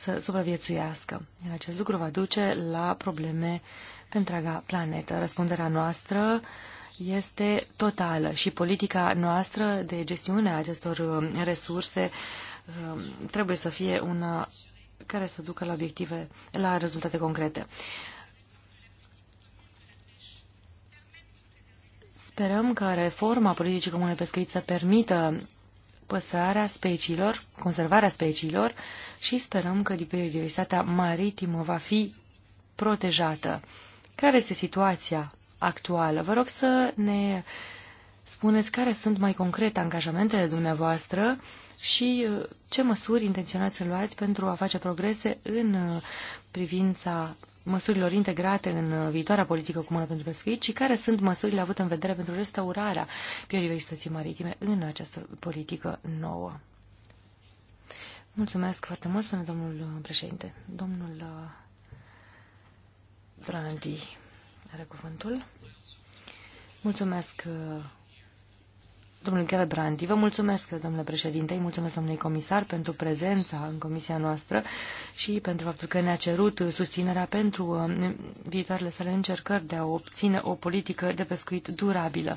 să supraviețuiască. Iar acest lucru va duce la probleme pe întreaga planetă. Răspunderea noastră este totală și politica noastră de gestiune a acestor um, resurse um, trebuie să fie una care să ducă la obiective, la rezultate concrete. Sperăm că reforma politicii comune pescuit să permită păstrarea speciilor, conservarea speciilor și sperăm că biodiversitatea maritimă va fi protejată. Care este situația actuală? Vă rog să ne spuneți care sunt mai concret angajamentele dumneavoastră și uh, ce măsuri intenționați să luați pentru a face progrese în uh, privința măsurilor integrate în viitoarea politică comună pentru pescuit și care sunt măsurile avute în vedere pentru restaurarea biodiversității maritime în această politică nouă. Mulțumesc foarte mult, spune domnul președinte. Domnul Brandi uh, are cuvântul. Mulțumesc uh, Domnul Gerbrandi, vă mulțumesc, domnule președinte, îi mulțumesc domnului comisar pentru prezența în comisia noastră și pentru faptul că ne-a cerut susținerea pentru uh, viitoarele sale încercări de a obține o politică de pescuit durabilă.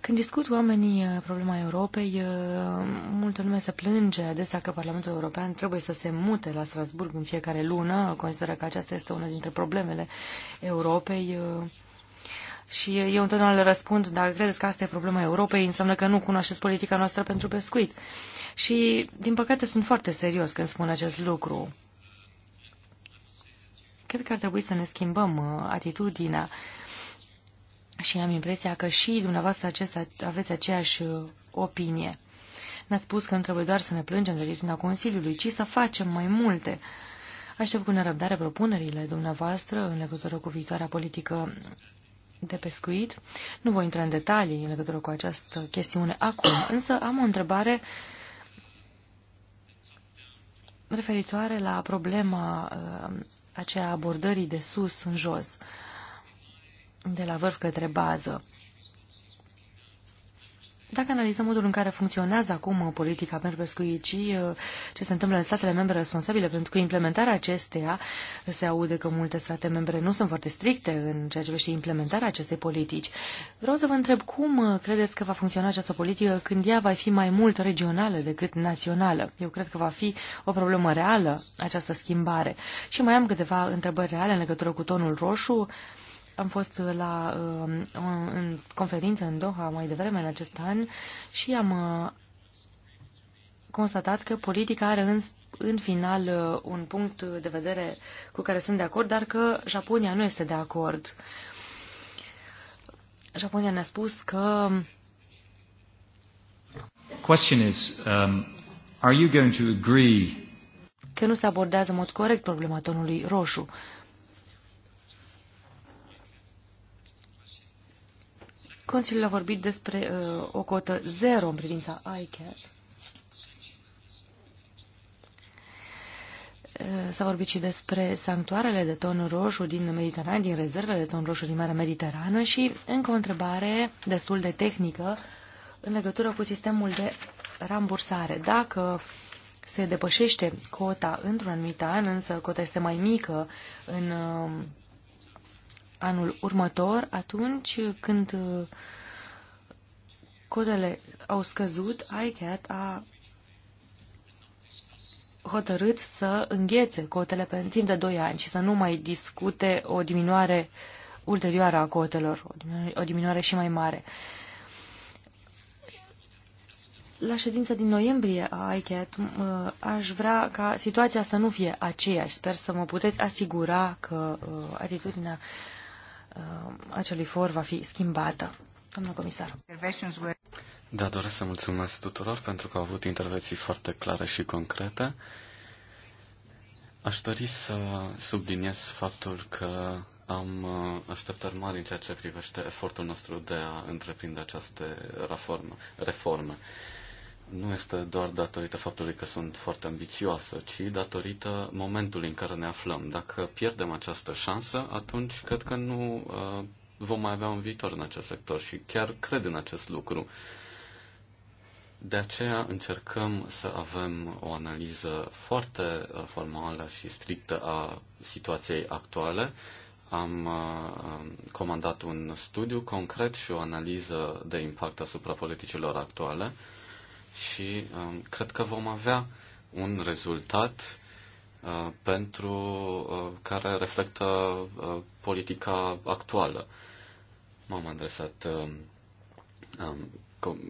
Când discut oamenii uh, problema Europei, uh, multă lume se plânge adesea că Parlamentul European trebuie să se mute la Strasburg în fiecare lună. Consideră că aceasta este una dintre problemele Europei. Și eu întotdeauna le răspund, dacă credeți că asta e problema Europei, înseamnă că nu cunoașteți politica noastră pentru pescuit. Și, din păcate, sunt foarte serios când spun acest lucru. Cred că ar trebui să ne schimbăm uh, atitudinea și am impresia că și dumneavoastră acesta, aveți aceeași uh, opinie. Ne-ați spus că nu trebuie doar să ne plângem de atitudinea Consiliului, ci să facem mai multe. Aștept cu nerăbdare propunerile dumneavoastră în legătură cu viitoarea politică de pescuit. Nu voi intra în detalii în legătură cu această chestiune acum, însă am o întrebare referitoare la problema uh, aceea abordării de sus în jos, de la vârf către bază. Dacă analizăm modul în care funcționează acum politica pentru pescuit și uh, ce se întâmplă în statele membre responsabile, pentru că implementarea acesteia se aude că multe state membre nu sunt foarte stricte în ceea ce privește implementarea acestei politici. Vreau să vă întreb cum uh, credeți că va funcționa această politică când ea va fi mai mult regională decât națională. Eu cred că va fi o problemă reală această schimbare. Și mai am câteva întrebări reale în legătură cu tonul roșu. Am fost la uh, în conferință în Doha mai devreme în acest an și am uh, constatat că politica are în, în final uh, un punct de vedere cu care sunt de acord, dar că Japonia nu este de acord. Japonia ne-a spus că Question is, um, are you going to agree că nu se abordează în mod corect problema tonului roșu. Consiliul a vorbit despre uh, o cotă zero în privința ICAT. Uh, S-a vorbit și despre sanctuarele de ton roșu din Mediterană, din rezervele de ton roșu din Marea Mediterană și încă o întrebare destul de tehnică în legătură cu sistemul de rambursare. Dacă se depășește cota într-un anumit an, însă cota este mai mică în uh, anul următor, atunci când uh, cotele au scăzut, ICAT a hotărât să înghețe cotele pe timp de 2 ani și să nu mai discute o diminuare ulterioară a cotelor, o diminuare și mai mare. La ședința din noiembrie a ICAT uh, aș vrea ca situația să nu fie aceeași. Sper să mă puteți asigura că uh, atitudinea Uh, acelui for va fi schimbată. Domnul comisar. Da, doresc să mulțumesc tuturor pentru că au avut intervenții foarte clare și concrete. Aș dori să subliniez faptul că am uh, așteptări mari în ceea ce privește efortul nostru de a întreprinde aceste reformă, reforme nu este doar datorită faptului că sunt foarte ambițioasă, ci datorită momentului în care ne aflăm. Dacă pierdem această șansă, atunci cred că nu uh, vom mai avea un viitor în acest sector și chiar cred în acest lucru. De aceea încercăm să avem o analiză foarte uh, formală și strictă a situației actuale. Uh, am comandat un studiu concret și o analiză de impact asupra politicilor actuale și um, cred că vom avea un rezultat uh, pentru uh, care reflectă uh, politica actuală. M-am adresat uh, um, um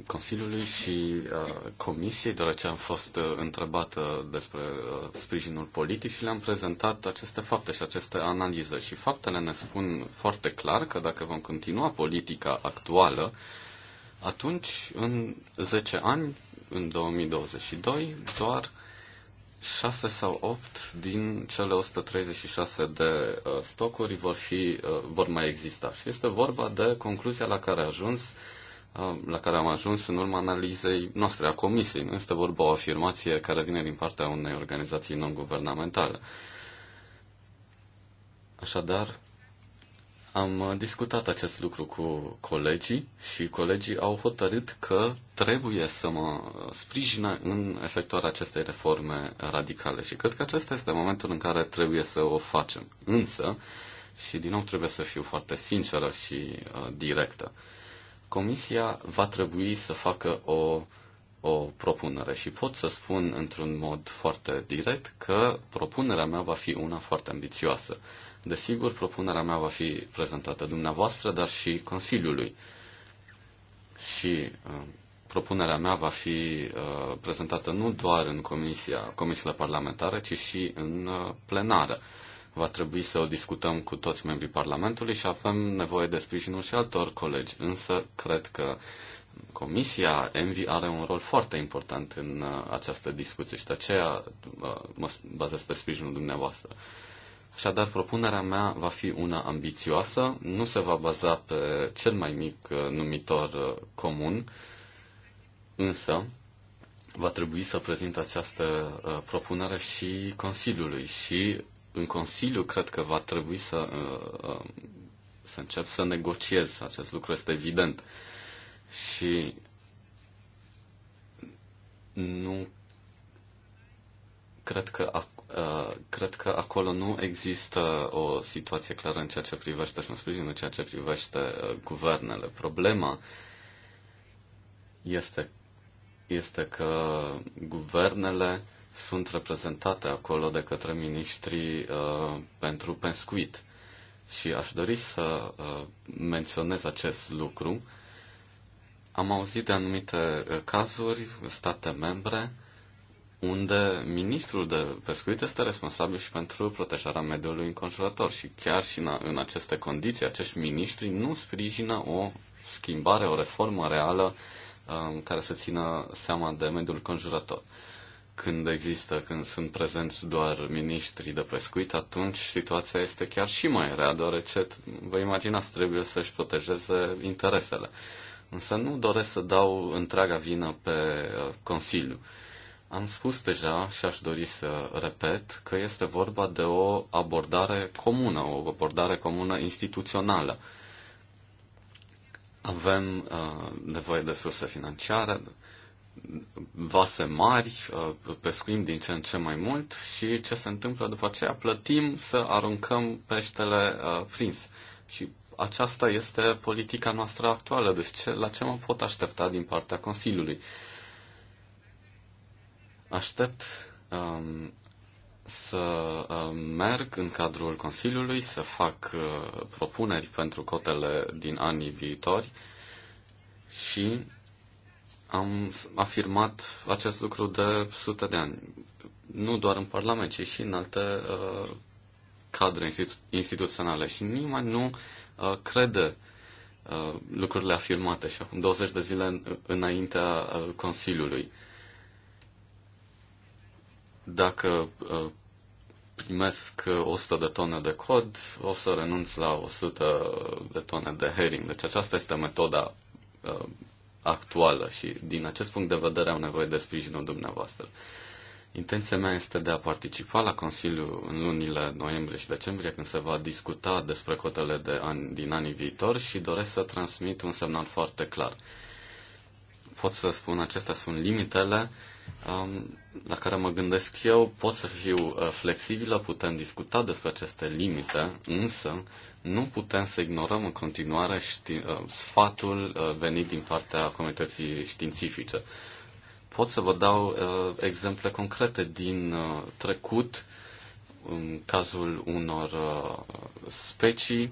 Consiliului și uh, Comisiei, deoarece am fost uh, întrebată uh, despre uh, sprijinul politic și le-am prezentat aceste fapte și aceste analize. Și faptele ne spun foarte clar că dacă vom continua politica actuală, atunci, în 10 ani, în 2022 doar 6 sau 8 din cele 136 de uh, stocuri vor, fi, uh, vor mai exista. Și este vorba de concluzia la care ajuns uh, la care am ajuns în urma analizei noastre a comisiei. Nu este vorba o afirmație care vine din partea unei organizații non-guvernamentale. Așadar, am uh, discutat acest lucru cu colegii și colegii au hotărât că trebuie să mă sprijină în efectuarea acestei reforme radicale și cred că acesta este momentul în care trebuie să o facem. Însă, și din nou trebuie să fiu foarte sinceră și uh, directă, Comisia va trebui să facă o, o propunere și pot să spun într-un mod foarte direct că propunerea mea va fi una foarte ambițioasă. Desigur, propunerea mea va fi prezentată dumneavoastră, dar și Consiliului. Și uh, propunerea mea va fi uh, prezentată nu doar în comisia, comisiile parlamentare, ci și în uh, plenară. Va trebui să o discutăm cu toți membrii Parlamentului și avem nevoie de sprijinul și altor colegi. Însă, cred că Comisia Envi are un rol foarte important în uh, această discuție și de aceea uh, mă bazez pe sprijinul dumneavoastră. Uh, Așadar, propunerea mea va fi una ambițioasă, nu se va baza pe cel mai mic uh, numitor uh, comun, însă va trebui să prezint această uh, propunere și Consiliului și în Consiliu cred că va trebui să, să încep să negociez. Acest lucru este evident. Și nu cred că Uh, cred că acolo nu există o situație clară în ceea ce privește și un sprijin în ceea ce privește uh, guvernele. Problema este, este că guvernele sunt reprezentate acolo de către ministrii uh, pentru pescuit. Și aș dori să uh, menționez acest lucru. Am auzit de anumite uh, cazuri, state membre, uh, unde ministrul de pescuit este responsabil și pentru protejarea mediului înconjurător și chiar și în, în aceste condiții acești ministri nu sprijină o schimbare, o reformă reală um, care să țină seama de mediul înconjurător. Când există, când sunt prezenți doar miniștrii de pescuit, atunci situația este chiar și mai rea, deoarece, vă imaginați, trebuie să-și protejeze interesele. Însă nu doresc să dau întreaga vină pe uh, Consiliu. Uh, am spus deja și aș dori să repet că este vorba de o abordare comună, o abordare comună instituțională. Avem uh, nevoie de surse financiare, vase mari, uh, pescuim din ce în ce mai mult și ce se întâmplă după aceea? Plătim să aruncăm peștele uh, prins. Și aceasta este politica noastră actuală, deci ce, la ce mă pot aștepta din partea Consiliului? Uh, Aștept um, să um, merg în cadrul Consiliului, să fac uh, propuneri pentru cotele din anii viitori și am afirmat acest lucru de sute de ani, nu doar în Parlament, ci și în alte uh, cadre institu- instituționale și nimeni nu uh, crede uh, lucrurile afirmate și acum 20 de zile în, înaintea uh, Consiliului dacă uh, primesc 100 uh, de tone de cod, o să renunț la 100 de tone de herring. Deci aceasta este metoda uh, actuală și din acest punct de vedere am nevoie de sprijinul dumneavoastră. Intenția mea este de a participa la Consiliu în lunile noiembrie și decembrie, când se va discuta despre cotele de ani, din anii viitor și doresc să transmit un semnal foarte clar. Pot să spun, acestea sunt limitele la care mă gândesc eu pot să fiu uh, flexibilă, putem discuta despre aceste limite, însă nu putem să ignorăm în continuare ști, uh, sfatul uh, venit din partea comunității științifice. Pot să vă dau uh, exemple concrete din uh, trecut, în cazul unor uh, specii,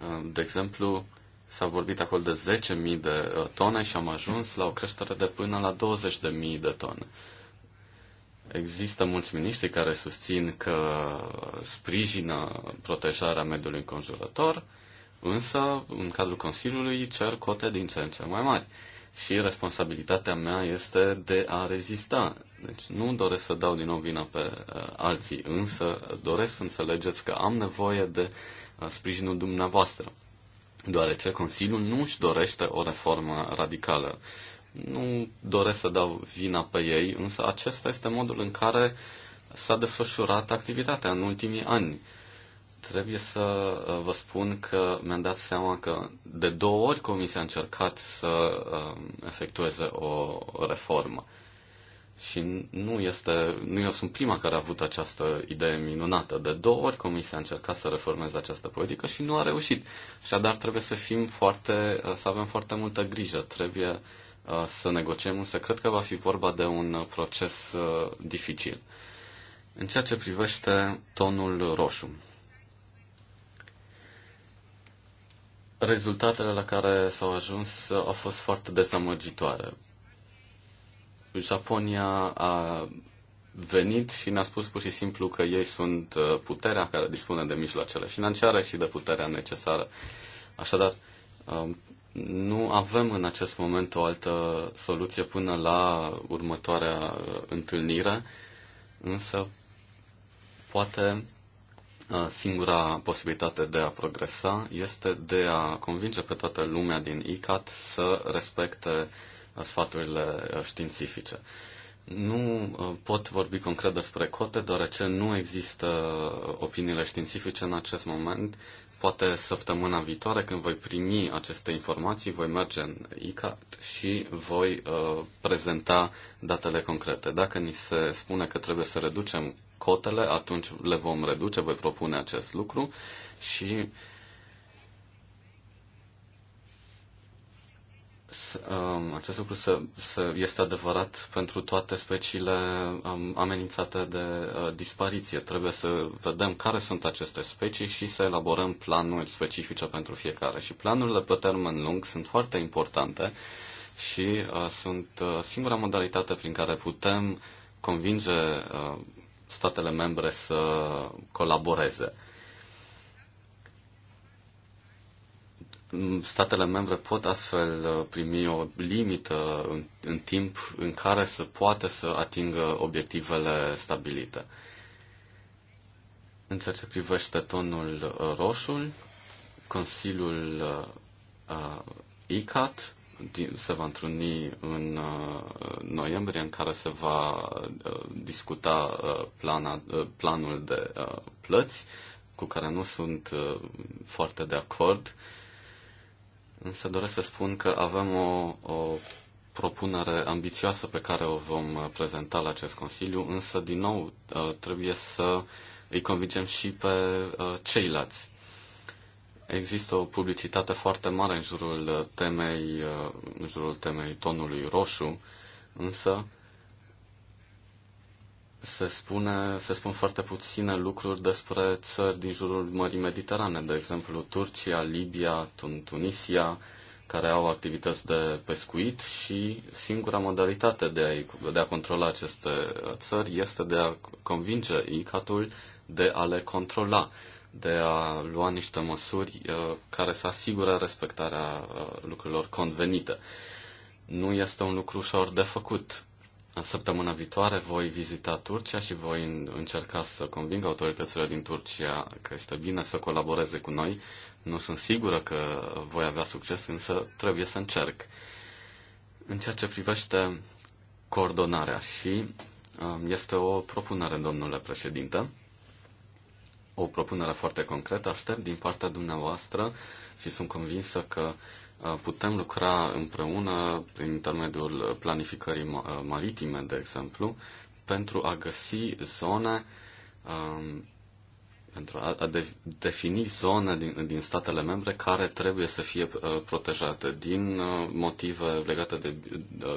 uh, de exemplu, S-a vorbit acolo de 10.000 de uh, tone și am ajuns la o creștere de până la 20.000 de tone. Există mulți miniștri care susțin că sprijină protejarea mediului înconjurător, însă în cadrul Consiliului cer cote din ce în ce mai mari. Și responsabilitatea mea este de a rezista. Deci nu doresc să dau din nou vina pe uh, alții, însă doresc să înțelegeți că am nevoie de uh, sprijinul dumneavoastră deoarece Consiliul nu își dorește o reformă radicală. Nu doresc să dau vina pe ei, însă acesta este modul în care s-a desfășurat activitatea în ultimii ani. Trebuie să uh, vă spun că mi-am dat seama că de două ori Comisia a încercat să uh, efectueze o reformă și nu, este, nu eu sunt prima care a avut această idee minunată. De două ori Comisia a încercat să reformeze această politică și nu a reușit. Și dar trebuie să fim foarte, să avem foarte multă grijă. Trebuie uh, să negociem, însă cred că va fi vorba de un proces uh, dificil. În ceea ce privește tonul roșu, rezultatele la care s-au ajuns au fost foarte dezamăgitoare. Japonia a venit și ne-a spus pur și simplu că ei sunt uh, puterea care dispune de mijloacele financiare și de puterea necesară. Așadar, um, nu avem în acest moment o altă soluție până la următoarea uh, întâlnire, însă poate uh, singura posibilitate de a progresa este de a convinge pe toată lumea din ICAT să respecte uh, sfaturile uh, științifice. Nu uh, pot vorbi concret despre cote, deoarece nu există opiniile științifice în acest moment. Poate săptămâna viitoare, când voi primi aceste informații, voi merge în ICAT și voi uh, prezenta datele concrete. Dacă ni se spune că trebuie să reducem cotele, atunci le vom reduce, voi propune acest lucru și uh, Um, acest lucru să, să este adevărat pentru toate speciile um, amenințate de uh, dispariție. Trebuie să vedem care sunt aceste specii și să elaborăm planuri specifice pentru fiecare. Și planurile pe termen lung sunt foarte importante și uh, sunt uh, singura modalitate prin care putem convinge statele membre să colaboreze. Statele membre pot astfel uh, primi o limită în, în timp în care să poată să atingă obiectivele stabilite. În ceea ce privește tonul uh, roșu, Consiliul uh, uh ICAT din, se va întruni în uh, noiembrie, în care se va uh, discuta uh, plana, uh, planul de uh, plăți, cu care nu sunt uh, foarte de acord. Uh, Însă doresc să spun că avem o, o propunere ambițioasă pe care o vom prezenta la acest Consiliu, însă, din nou, ă, trebuie să îi convingem și pe ă, ceilalți. Există o publicitate foarte mare în jurul temei, ă, în jurul temei tonului roșu, însă se, spune, se spun foarte puține lucruri despre țări din jurul Mării Mediterane, de exemplu Turcia, Libia, Tun- Tunisia, care au activități de pescuit și singura modalitate de a, de a controla aceste țări este de a convinge ICAT-ul de a le controla, de a lua niște măsuri uh, care să asigure respectarea uh, lucrurilor convenite. Nu este un lucru ușor de făcut Săptămâna viitoare voi vizita Turcia și voi încerca să conving autoritățile din Turcia că este bine să colaboreze cu noi. Nu sunt sigură că voi avea succes, însă trebuie să încerc. În ceea ce privește coordonarea și um, este o propunere, domnule președinte, o propunere foarte concretă. Aștept din partea dumneavoastră și sunt convinsă că Uh, putem lucra împreună prin intermediul planificării uh, maritime, de exemplu, pentru a găsi zone, um, pentru a defini zone din, din statele membre care trebuie să fie uh, protejate din motive legate de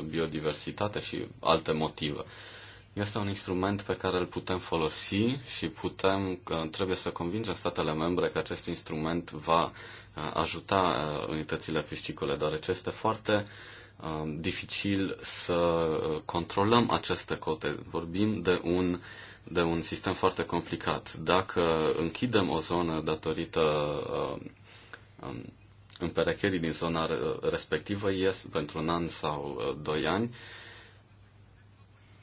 biodiversitate și alte motive. Este un instrument pe care îl putem folosi și putem, trebuie să convingem statele membre că acest instrument va uh, ajuta uh, unitățile piscicole, deoarece este foarte uh, dificil să controlăm aceste cote. Vorbim de un, de un sistem foarte complicat. Dacă închidem o zonă datorită um, împerecherii din zona respectivă, ies pentru un an sau doi ani,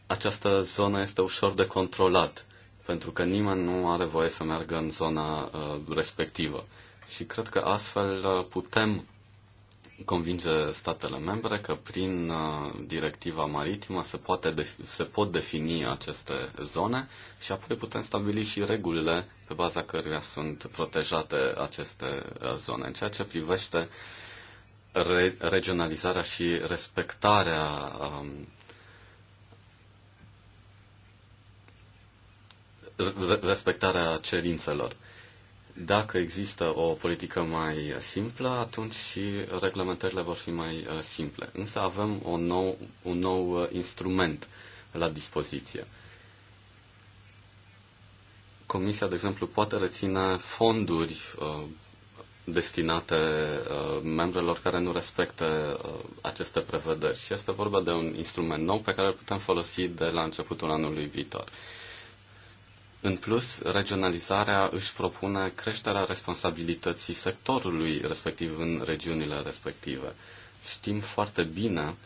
această zonă este ușor de controlat, pentru că nimeni nu are voie să meargă în zona uh, respectivă. Și cred că astfel uh, putem convinge statele membre că prin uh, directiva maritimă se, poate defi, se pot defini aceste zone și apoi putem stabili și regulile pe baza căruia sunt protejate aceste uh, zone. În ceea ce privește re, regionalizarea și respectarea uh, respectarea cerințelor. Dacă există o politică mai simplă, atunci și reglementările vor fi mai uh, simple. Însă avem un nou, un nou uh, instrument la dispoziție. Comisia, de exemplu, poate reține fonduri uh, destinate membrelor care nu respectă aceste prevederi. Și este vorba de un instrument nou pe care îl putem folosi de la începutul anului viitor. În plus, regionalizarea își propune creșterea responsabilității sectorului respectiv în regiunile respective. Știm foarte bine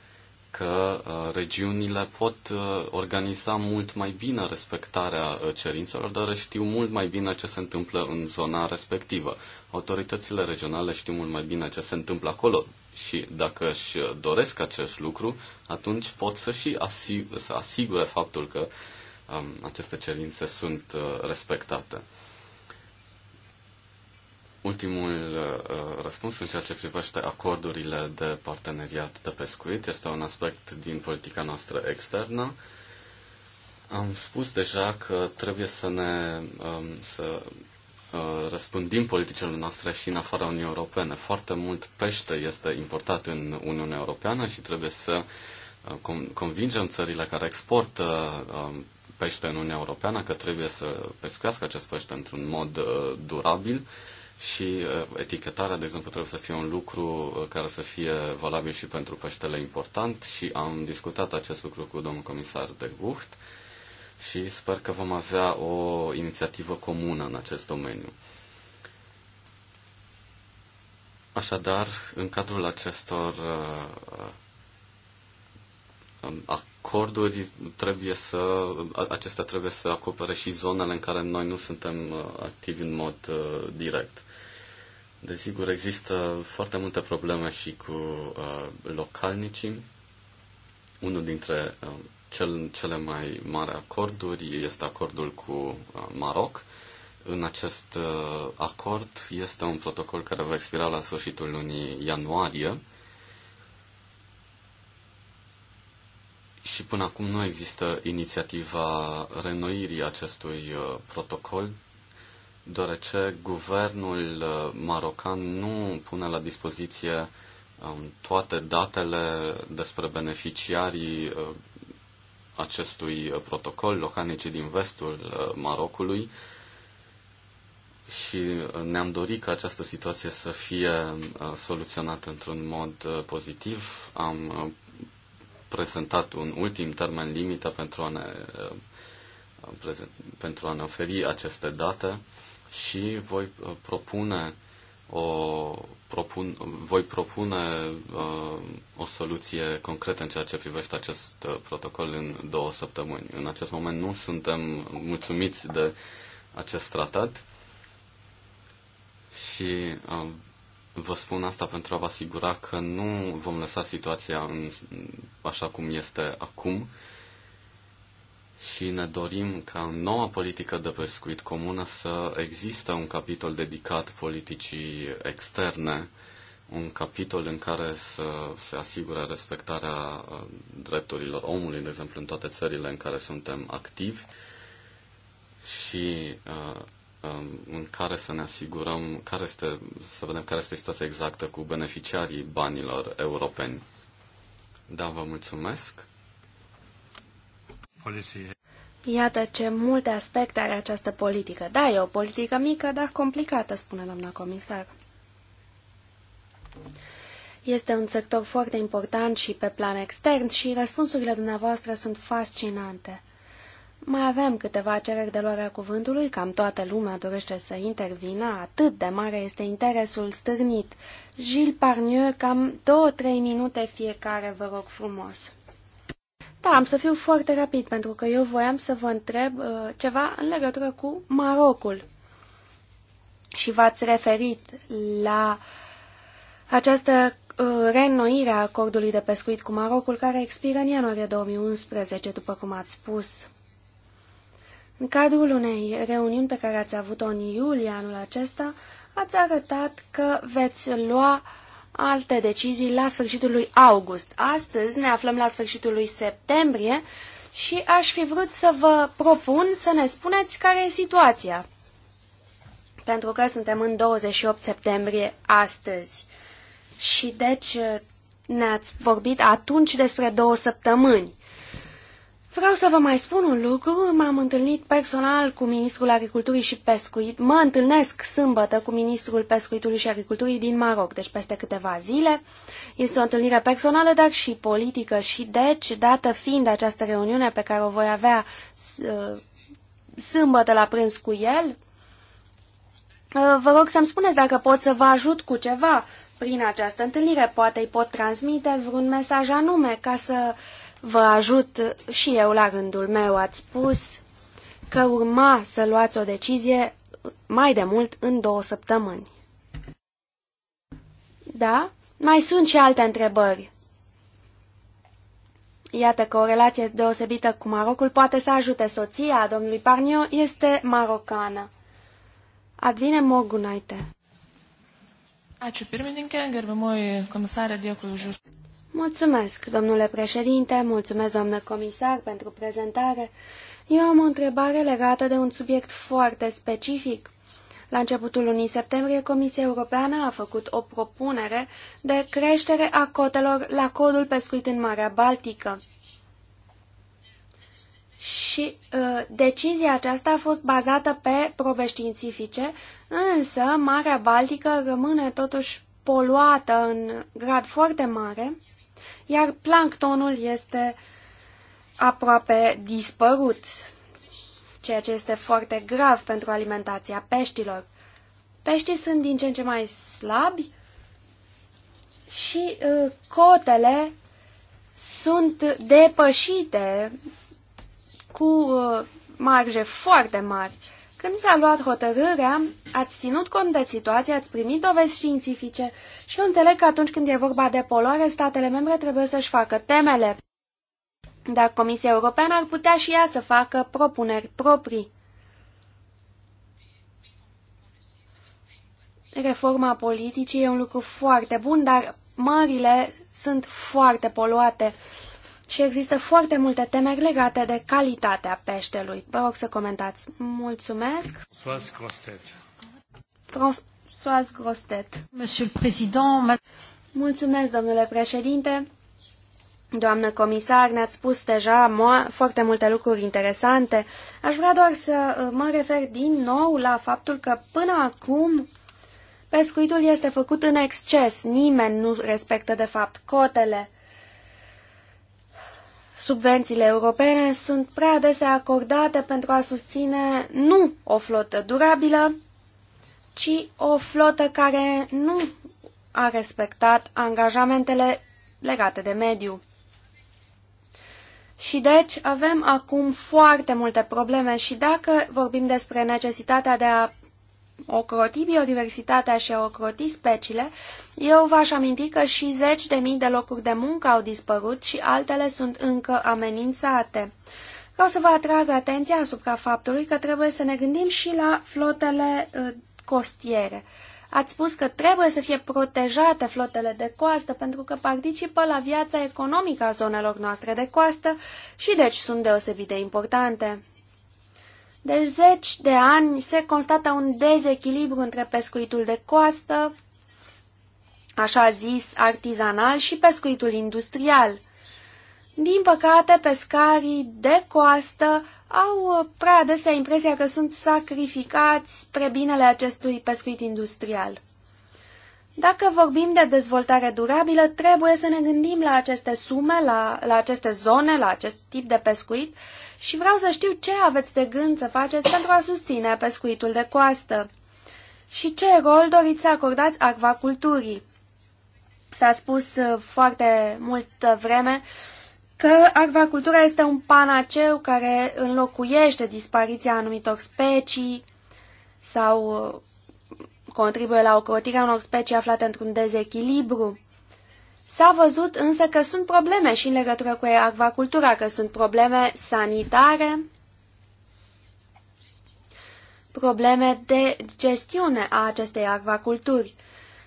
că uh, regiunile pot uh, organiza mult mai bine respectarea uh, cerințelor, dar știu mult mai bine ce se întâmplă în zona respectivă. Autoritățile regionale știu mult mai bine ce se întâmplă acolo și dacă își doresc acest lucru, atunci pot să și asigure faptul că Um, aceste cerințe sunt uh, respectate. Ultimul uh, răspuns în ceea ce privește acordurile de parteneriat de pescuit este un aspect din politica noastră externă. Am spus deja că trebuie să ne um, să uh, răspundim politicile noastre și în afara Uniunii Europene. Foarte mult pește este importat în Uniunea Europeană și trebuie să convingem țările care exportă um, pește în Uniunea Europeană, că trebuie să pescuiască acest pește într-un mod uh, durabil și uh, etichetarea, de exemplu, trebuie să fie un lucru uh, care să fie valabil și pentru peștele important și am discutat acest lucru cu domnul comisar de Gucht și sper că vom avea o inițiativă comună în acest domeniu. Așadar, în cadrul acestor corduri trebuie să, acestea trebuie să acopere și zonele în care noi nu suntem uh, activi în mod uh, direct. Desigur, există foarte multe probleme și cu uh, localnicii. Unul dintre uh, cel, cele mai mari acorduri este acordul cu uh, Maroc. În acest uh, acord este un protocol care va expira la sfârșitul lunii ianuarie Și până acum nu există inițiativa renoirii acestui uh, protocol, deoarece guvernul uh, marocan nu pune la dispoziție um, toate datele despre beneficiarii uh, acestui protocol, localnicii din vestul Marocului, și ne-am dorit ca această situație să fie soluționată într-un mod pozitiv. Am prezentat un ultim termen limită pentru a ne, uh, pentru a ne oferi aceste date și voi uh, propune o propun, voi propune uh, o soluție concretă în ceea ce privește acest uh, protocol în două săptămâni. În acest moment nu suntem mulțumiți de acest tratat și uh, Vă spun asta pentru a vă asigura că nu vom lăsa situația în, așa cum este acum și ne dorim ca în noua politică de pescuit comună să există un capitol dedicat politicii externe, un capitol în care să se asigure respectarea uh, drepturilor omului, de exemplu, în toate țările în care suntem activi și uh, Um, în care să ne asigurăm, care este, să vedem care este situația exactă cu beneficiarii banilor europeni. Da, vă mulțumesc. Poliție. Iată ce multe aspecte are această politică. Da, e o politică mică, dar complicată, spune doamna comisar. Este un sector foarte important și pe plan extern și răspunsurile dumneavoastră sunt fascinante. Mai avem câteva cereri de luare a cuvântului, cam toată lumea dorește să intervină, atât de mare este interesul stârnit. Gilles Parnieu, cam două-trei minute fiecare, vă rog frumos. Da, am să fiu foarte rapid, pentru că eu voiam să vă întreb uh, ceva în legătură cu Marocul. Și v-ați referit la această uh, reînnoire a acordului de pescuit cu Marocul, care expiră în ianuarie 2011, după cum ați spus. În cadrul unei reuniuni pe care ați avut-o în iulie anul acesta, ați arătat că veți lua alte decizii la sfârșitul lui august. Astăzi ne aflăm la sfârșitul lui septembrie și aș fi vrut să vă propun să ne spuneți care e situația. Pentru că suntem în 28 septembrie astăzi. Și deci ne-ați vorbit atunci despre două săptămâni. Vreau să vă mai spun un lucru. M-am întâlnit personal cu ministrul agriculturii și pescuit. Mă întâlnesc sâmbătă cu ministrul pescuitului și agriculturii din Maroc, deci peste câteva zile. Este o întâlnire personală, dar și politică. Și deci, dată fiind această reuniune pe care o voi avea uh, sâmbătă la prânz cu el, uh, vă rog să-mi spuneți dacă pot să vă ajut cu ceva prin această întâlnire. Poate îi pot transmite vreun mesaj anume ca să uh, vă ajut și eu la gândul meu. Ați spus că urma să luați o decizie mai de mult în două săptămâni. Da? Mai sunt și alte întrebări. Iată că o relație deosebită cu Marocul poate să ajute soția domnului Parnio, este marocană. Advine Morgunaite. Ačiū pirmininkė, gerbiamoji komisarė, dėkui už jūsų. Mulțumesc, domnule președinte, mulțumesc, doamnă comisar, pentru prezentare. Eu am o întrebare legată de un subiect foarte specific. La începutul lunii septembrie, Comisia Europeană a făcut o propunere de creștere a cotelor la codul pescuit în Marea Baltică. Și uh, decizia aceasta a fost bazată pe probe științifice, însă Marea Baltică rămâne totuși poluată în grad foarte mare iar planctonul este aproape dispărut, ceea ce este foarte grav pentru alimentația peștilor. Peștii sunt din ce în ce mai slabi și uh, cotele sunt depășite cu uh, marje foarte mari. Când s-a luat hotărârea, ați ținut cont de situație, ați primit dovezi științifice și eu înțeleg că atunci când e vorba de poluare, statele membre trebuie să-și facă temele. Dar Comisia Europeană ar putea și ea să facă propuneri proprii. Reforma politicii e un lucru foarte bun, dar mările sunt foarte poluate și există foarte multe teme legate de calitatea peștelui. Vă rog să comentați. Mulțumesc. François Grostet. François Grostet. Monsieur le Président, Mulțumesc, domnule președinte. Doamnă comisar, ne-ați spus deja foarte multe lucruri interesante. Aș vrea doar să uh, mă refer din nou la faptul că până acum pescuitul este făcut în exces. Nimeni nu respectă de fapt cotele. Subvențiile europene sunt prea adesea acordate pentru a susține nu o flotă durabilă, ci o flotă care nu a respectat angajamentele legate de mediu. Și deci avem acum foarte multe probleme și dacă vorbim despre necesitatea de a ocroti biodiversitatea și a ocroti speciile, eu v-aș aminti că și zeci de mii de locuri de muncă au dispărut și altele sunt încă amenințate. Vreau să vă atrag atenția asupra faptului că trebuie să ne gândim și la flotele uh, costiere. Ați spus că trebuie să fie protejate flotele de coastă pentru că participă la viața economică a zonelor noastre de coastă și deci sunt deosebit de importante. De deci zeci de ani se constată un dezechilibru între pescuitul de coastă, așa zis artizanal, și pescuitul industrial. Din păcate, pescarii de coastă au prea adesea impresia că sunt sacrificați spre binele acestui pescuit industrial. Dacă vorbim de dezvoltare durabilă, trebuie să ne gândim la aceste sume, la, la aceste zone, la acest tip de pescuit și vreau să știu ce aveți de gând să faceți pentru a susține pescuitul de coastă și ce rol doriți să acordați acvaculturii. S-a spus uh, foarte multă vreme că acvacultura este un panaceu care înlocuiește dispariția anumitor specii sau uh, contribuie la ocrotirea unor specii aflate într-un dezechilibru. S-a văzut însă că sunt probleme și în legătură cu acvacultura, că sunt probleme sanitare, probleme de gestiune a acestei acvaculturi.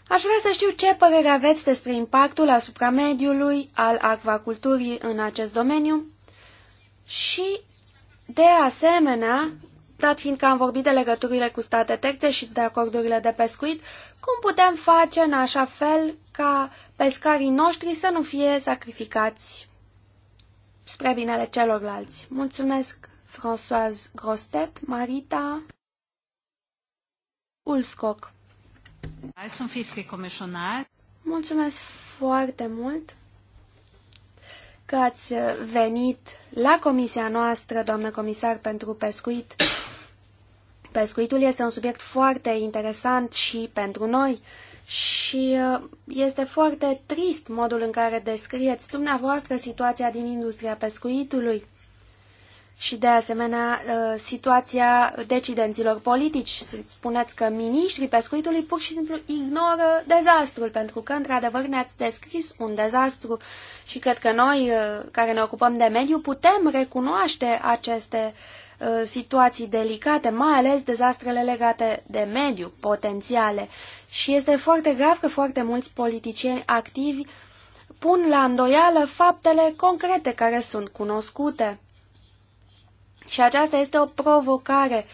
Aș vrea să știu ce părere aveți despre impactul asupra mediului al acvaculturii în acest domeniu și, de asemenea, dat fiind că am vorbit de legăturile cu state terțe și de acordurile de pescuit, cum putem face în așa fel ca pescarii noștri să nu fie sacrificați spre binele celorlalți. Mulțumesc, Françoise Grostet, Marita Ulscoc. Mulțumesc foarte mult că ați venit la comisia noastră, doamnă comisar, pentru pescuit. Pescuitul este un subiect foarte interesant și pentru noi și uh, este foarte trist modul în care descrieți dumneavoastră situația din industria pescuitului și de asemenea uh, situația decidenților politici. Spuneți că miniștrii pescuitului pur și simplu ignoră dezastrul, pentru că într-adevăr ne-ați descris un dezastru și cred că noi uh, care ne ocupăm de mediu putem recunoaște aceste uh, Uh, situații delicate, mai ales dezastrele legate de mediu potențiale. Și este foarte grav că foarte mulți politicieni activi pun la îndoială faptele concrete care sunt cunoscute. Și aceasta este o provocare.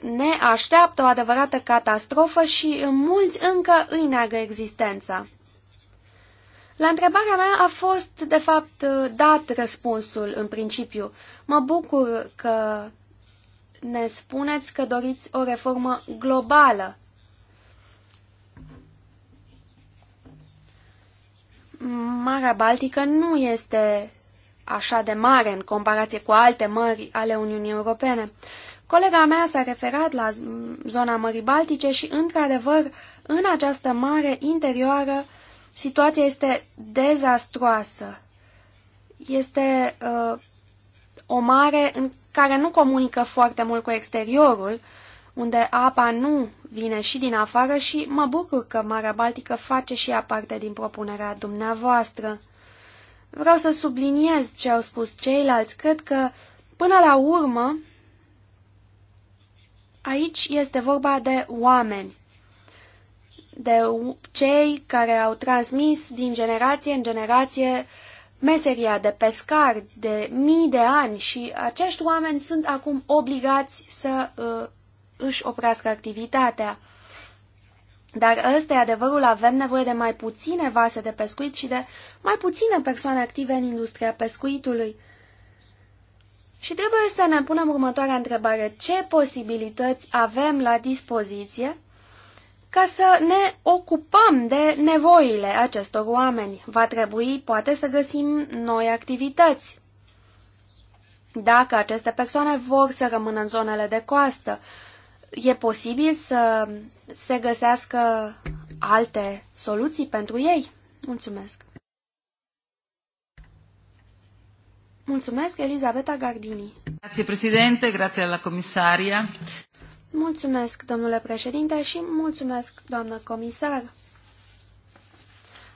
Ne așteaptă o adevărată catastrofă și mulți încă îi neagă existența. La întrebarea mea a fost, de fapt, dat răspunsul în principiu. Mă bucur că ne spuneți că doriți o reformă globală. Marea Baltică nu este așa de mare în comparație cu alte mări ale Uniunii Europene. Colega mea s-a referat la zona Mării Baltice și, într-adevăr, în această mare interioară Situația este dezastroasă. Este uh, o mare în care nu comunică foarte mult cu exteriorul, unde apa nu vine și din afară și mă bucur că Marea Baltică face și ea parte din propunerea dumneavoastră. Vreau să subliniez ce au spus ceilalți. Cred că, până la urmă, aici este vorba de oameni de cei care au transmis din generație în generație meseria de pescar de mii de ani și acești oameni sunt acum obligați să uh, își oprească activitatea. Dar ăsta e adevărul, avem nevoie de mai puține vase de pescuit și de mai puține persoane active în industria pescuitului. Și trebuie să ne punem următoarea întrebare. Ce posibilități avem la dispoziție ca să ne ocupăm de nevoile acestor oameni. Va trebui, poate, să găsim noi activități. Dacă aceste persoane vor să rămână în zonele de coastă, e posibil să se găsească alte soluții pentru ei? Mulțumesc! Mulțumesc, Elisabeta Gardini. Grazie, Presidente, grazie alla Commissaria. Mulțumesc, domnule președinte, și mulțumesc, doamnă comisar.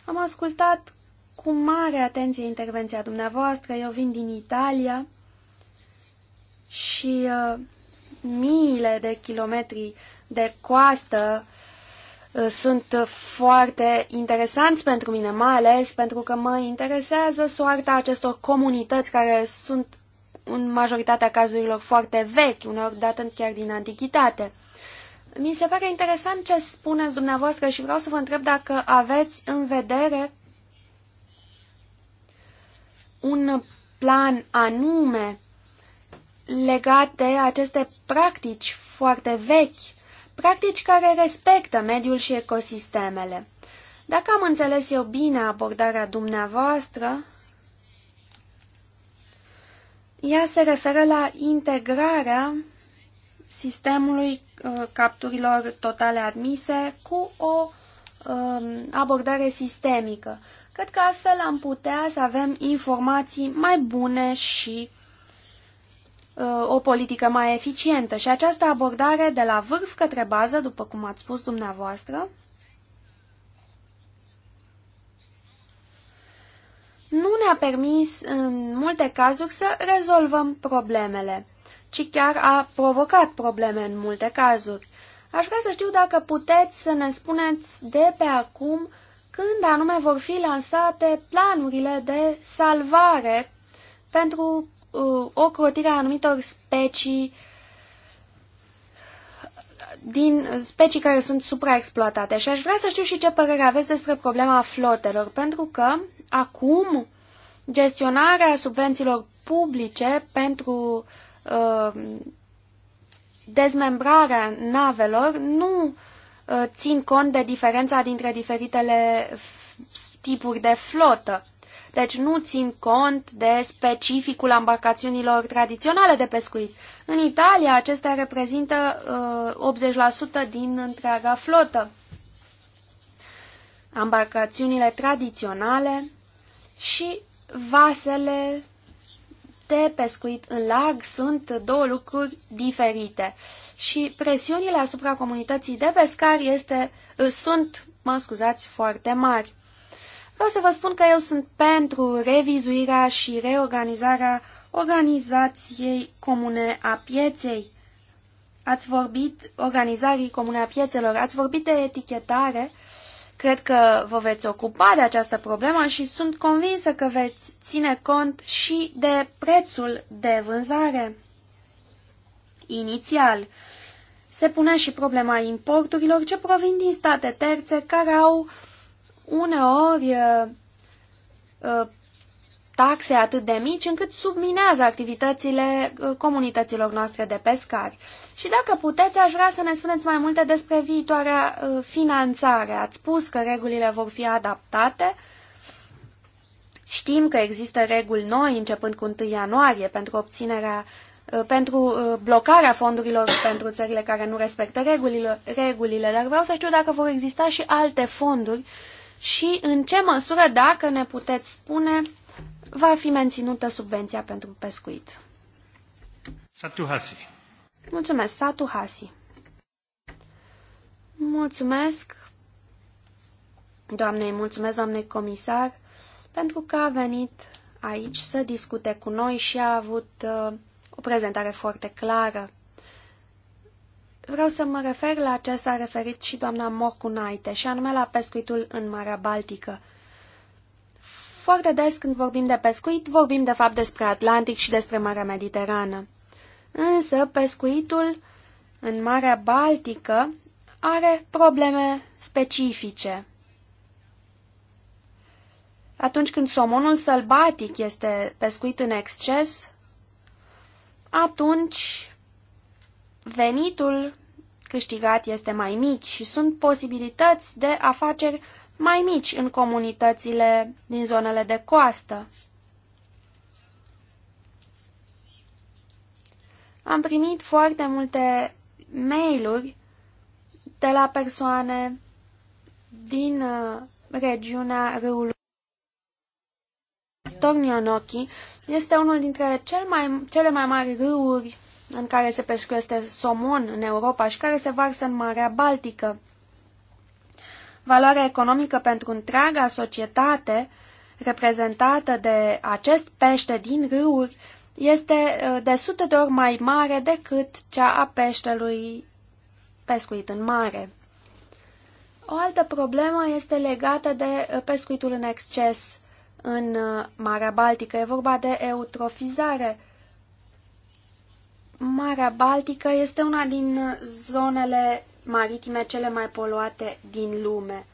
Am ascultat cu mare atenție intervenția dumneavoastră. Eu vin din Italia și uh, miile de kilometri de coastă uh, sunt foarte interesanți pentru mine, mai ales pentru că mă interesează soarta acestor comunități care sunt în majoritatea cazurilor foarte vechi, uneori datând chiar din antichitate. Mi se pare interesant ce spuneți dumneavoastră și vreau să vă întreb dacă aveți în vedere un plan anume legat de aceste practici foarte vechi, practici care respectă mediul și ecosistemele. Dacă am înțeles eu bine abordarea dumneavoastră, ea se referă la integrarea sistemului uh, capturilor totale admise cu o um, abordare sistemică. Cred că astfel am putea să avem informații mai bune și uh, o politică mai eficientă. Și această abordare de la vârf către bază, după cum ați spus dumneavoastră, nu ne-a permis în multe cazuri să rezolvăm problemele, ci chiar a provocat probleme în multe cazuri. Aș vrea să știu dacă puteți să ne spuneți de pe acum când anume vor fi lansate planurile de salvare pentru uh, ocrotirea anumitor specii din specii care sunt supraexploatate. Și aș vrea să știu și ce părere aveți despre problema flotelor, pentru că acum gestionarea subvențiilor publice pentru uh, dezmembrarea navelor nu uh, țin cont de diferența dintre diferitele tipuri de flotă. Deci nu țin cont de specificul ambarcațiunilor tradiționale de pescuit. În Italia acestea reprezintă uh, 80% din întreaga flotă. Ambarcațiunile tradiționale și vasele de pescuit în larg sunt două lucruri diferite și presiunile asupra comunității de pescari este, uh, sunt, mă scuzați, foarte mari. Vreau să vă spun că eu sunt pentru revizuirea și reorganizarea organizației comune a pieței. Ați vorbit, organizării comune a piețelor, ați vorbit de etichetare. Cred că vă veți ocupa de această problemă și sunt convinsă că veți ține cont și de prețul de vânzare. Inițial, se pune și problema importurilor ce provin din state terțe care au uneori taxe atât de mici încât subminează activitățile comunităților noastre de pescari. Și dacă puteți, aș vrea să ne spuneți mai multe despre viitoarea finanțare. Ați spus că regulile vor fi adaptate. Știm că există reguli noi începând cu 1 ianuarie pentru obținerea pentru blocarea fondurilor pentru țările care nu respectă regulile, regulile, dar vreau să știu dacă vor exista și alte fonduri uh, și în ce măsură, dacă ne puteți spune, va fi menținută subvenția pentru pescuit. Satu Hasi. Mulțumesc, Satu Hasi. Mulțumesc, doamnei, mulțumesc, doamnei comisar, pentru că a venit aici să discute cu noi și a avut uh, o prezentare foarte clară. Vreau să mă refer la ce s-a referit și doamna Morcunaite, și anume la pescuitul în Marea Baltică. Foarte des când vorbim de pescuit, vorbim de fapt despre Atlantic și despre Marea Mediterană. Însă pescuitul în Marea Baltică are probleme specifice. Atunci când somonul sălbatic este pescuit în exces, atunci venitul câștigat este mai mic și sunt posibilități de afaceri mai mici în comunitățile din zonele de coastă. Am primit foarte multe mail-uri de la persoane din uh, regiunea râului Tornionoki Este unul dintre cel mai, cele mai mari râuri în care se pescuiește somon în Europa și care se varsă în Marea Baltică. Valoarea economică pentru întreaga societate reprezentată de acest pește din râuri este uh, de sute de ori mai mare decât cea a peștelui pescuit în mare. O altă problemă este legată de uh, pescuitul în exces în uh, Marea Baltică. E vorba de eutrofizare, Marea Baltică este una din zonele maritime cele mai poluate din lume.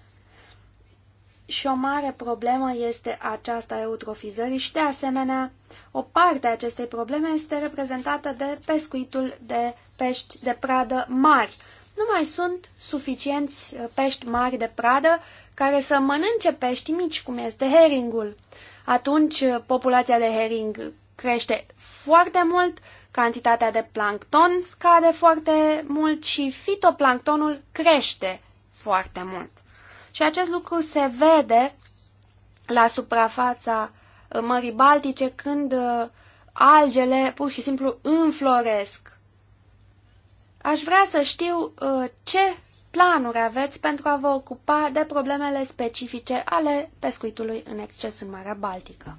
Și o mare problemă este aceasta a eutrofizării și, de asemenea, o parte a acestei probleme este reprezentată de pescuitul de pești de pradă mari. Nu mai sunt suficienți uh, pești mari de pradă care să mănânce pești mici, cum este heringul. Atunci, uh, populația de hering crește foarte mult, Cantitatea de plancton scade foarte mult și fitoplanctonul crește foarte mult. Și acest lucru se vede la suprafața uh, Mării Baltice când uh, algele pur și simplu înfloresc. Aș vrea să știu uh, ce planuri aveți pentru a vă ocupa de problemele specifice ale pescuitului în exces în Marea Baltică.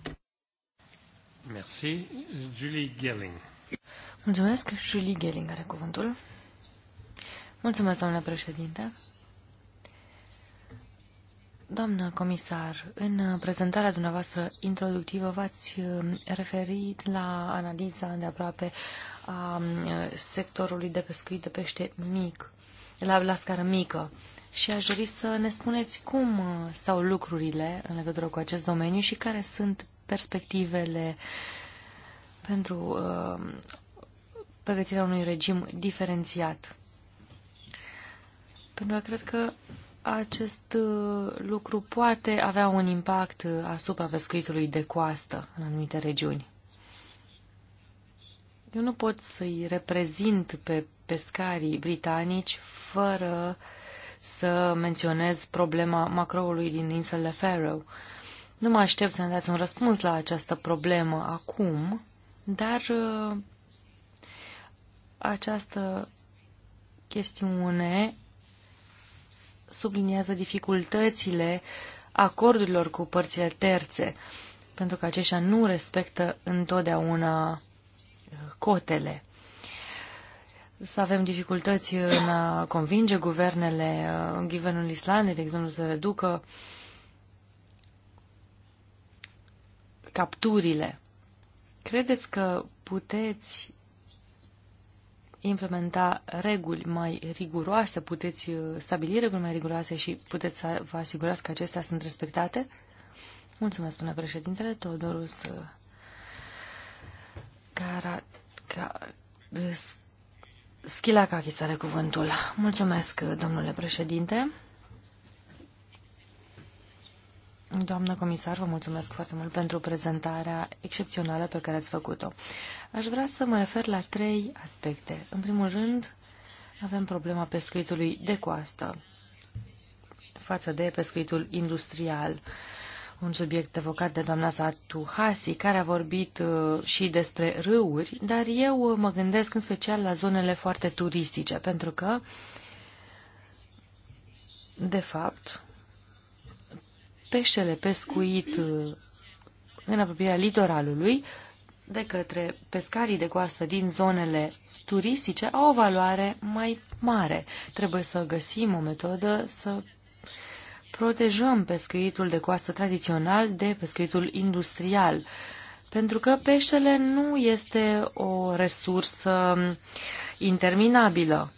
Merci. Julie Gelling. Mulțumesc. Julie Gelling are cuvântul. Mulțumesc, doamnă președinte. Doamnă comisar, în prezentarea dumneavoastră introductivă v-ați uh, referit la analiza de aproape a um, sectorului de pescuit de pește mic, la, la scară mică. Și aș dori să ne spuneți cum uh, stau lucrurile în legătură cu acest domeniu și care sunt perspectivele pentru uh, pregătirea unui regim diferențiat. Pentru că cred că acest uh, lucru poate avea un impact uh, asupra pescuitului de coastă în anumite regiuni. Eu nu pot să-i reprezint pe pescarii britanici fără să menționez problema macroului din insulele Faroe. Nu mă aștept să-mi dați un răspuns la această problemă acum, dar uh, această chestiune subliniază dificultățile acordurilor cu părțile terțe, pentru că aceștia nu respectă întotdeauna uh, cotele. Să avem dificultăți în a convinge guvernele, uh, guvernul Islandei, de exemplu, să reducă capturile. Credeți că puteți implementa reguli mai riguroase, puteți uh, stabili reguli mai riguroase și puteți să vă asigurați că acestea sunt respectate? Mulțumesc, spune președintele Teodorus uh, Cara... Ca... Uh, Schilacachis are cuvântul. Mulțumesc, domnule președinte. Doamnă comisar, vă mulțumesc foarte mult pentru prezentarea excepțională pe care ați făcut-o. Aș vrea să mă refer la trei aspecte. În primul rând, avem problema pescuitului de coastă față de pescuitul industrial, un subiect evocat de doamna Satu Hasi, care a vorbit uh, și despre râuri, dar eu uh, mă gândesc în special la zonele foarte turistice, pentru că, de fapt, peștele pescuit uh, în apropierea litoralului de către pescarii de coastă din zonele turistice au o valoare mai mare. Trebuie să găsim o metodă să protejăm pescuitul de coastă tradițional de pescuitul industrial, pentru că peștele nu este o resursă interminabilă.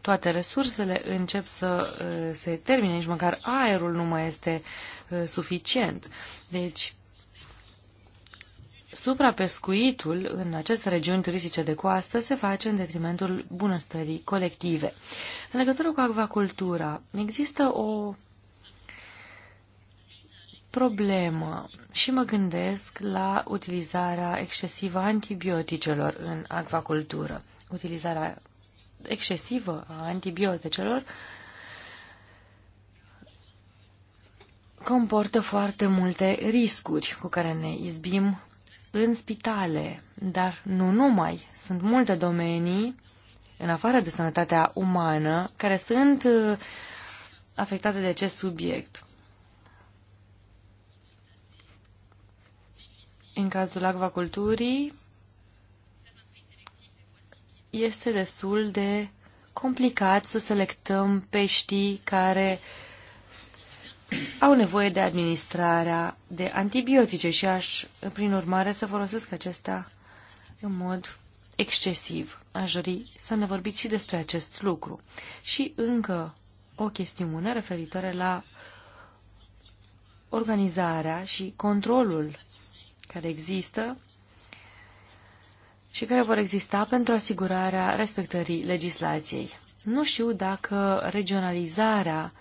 Toate resursele încep să uh, se termine, nici măcar aerul nu mai este uh, suficient. Deci, suprapescuitul în aceste regiuni turistice de coastă se face în detrimentul bunăstării colective. În legătură cu acvacultura, există o problemă și mă gândesc la utilizarea excesivă a antibioticelor în acvacultură. Utilizarea excesivă a antibioticelor comportă foarte multe riscuri cu care ne izbim în spitale, dar nu numai. Sunt multe domenii, în afară de sănătatea umană, care sunt uh, afectate de acest subiect. În cazul acvaculturii, este destul de complicat să selectăm peștii care uh, au nevoie de administrarea de antibiotice și aș, prin urmare, să folosesc acestea în mod excesiv. Aș dori să ne vorbiți și despre acest lucru. Și încă o chestiune referitoare la organizarea și controlul care există și care vor exista pentru asigurarea respectării legislației. Nu știu dacă regionalizarea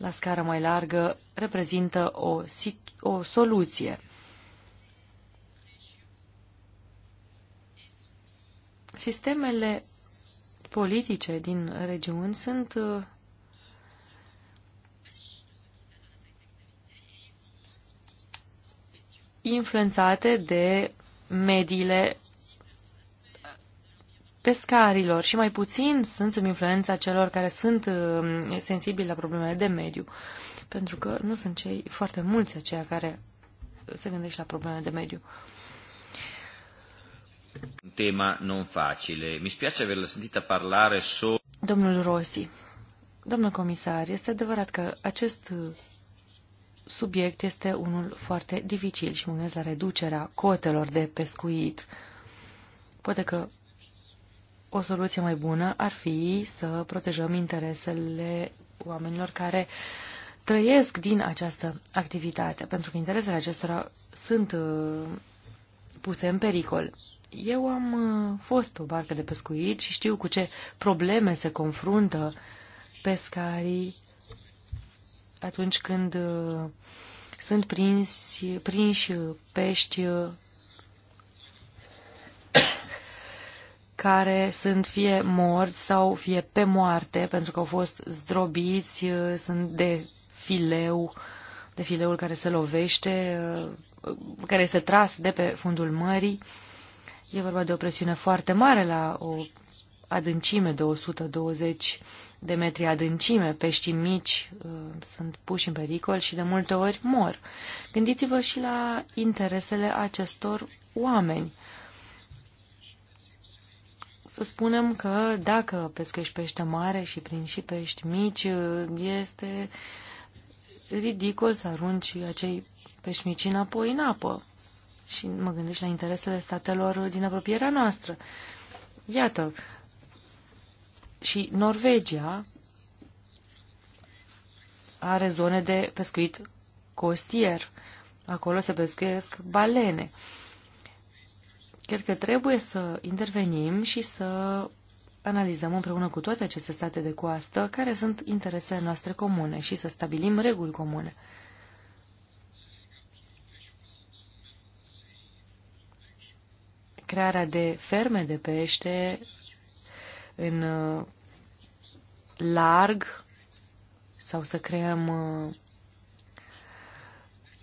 la scară mai largă reprezintă o, o soluție. Sistemele politice din regiuni sunt uh, influențate de mediile pescarilor și mai puțin sunt sub influența celor care sunt um, sensibili la problemele de mediu, pentru că nu sunt cei foarte mulți aceia care se gândesc la problemele de mediu. Un tema non facile. Mi spiace averla sentita parlare solo... Domnul Rossi, domnul comisar, este adevărat că acest uh, subiect este unul foarte dificil și mă gândesc la reducerea cotelor de pescuit. Poate că o soluție mai bună ar fi să protejăm interesele oamenilor care trăiesc din această activitate, pentru că interesele acestora sunt uh, puse în pericol. Eu am uh, fost pe o barcă de pescuit și știu cu ce probleme se confruntă pescarii atunci când uh, sunt prinși, prinși pești care sunt fie morți sau fie pe moarte pentru că au fost zdrobiți, uh, sunt de fileu, de fileul care se lovește, uh, care este tras de pe fundul mării. E vorba de o presiune foarte mare la o adâncime de 120 de metri adâncime, peștii mici uh, sunt puși în pericol și de multe ori mor. Gândiți-vă și la interesele acestor oameni. Uh, să spunem că dacă pescuiești pește mare și prin și pești mici, este ridicol să arunci acei pești mici înapoi în apă. Și mă gândesc la interesele statelor din apropierea noastră. Iată, și Norvegia are zone de pescuit costier. Acolo se pescuiesc balene. Uh, Cred că trebuie să intervenim și să analizăm împreună cu toate aceste state de coastă care sunt interesele noastre comune și să stabilim reguli comune. Crearea de ferme de pește în uh, larg sau să creăm uh,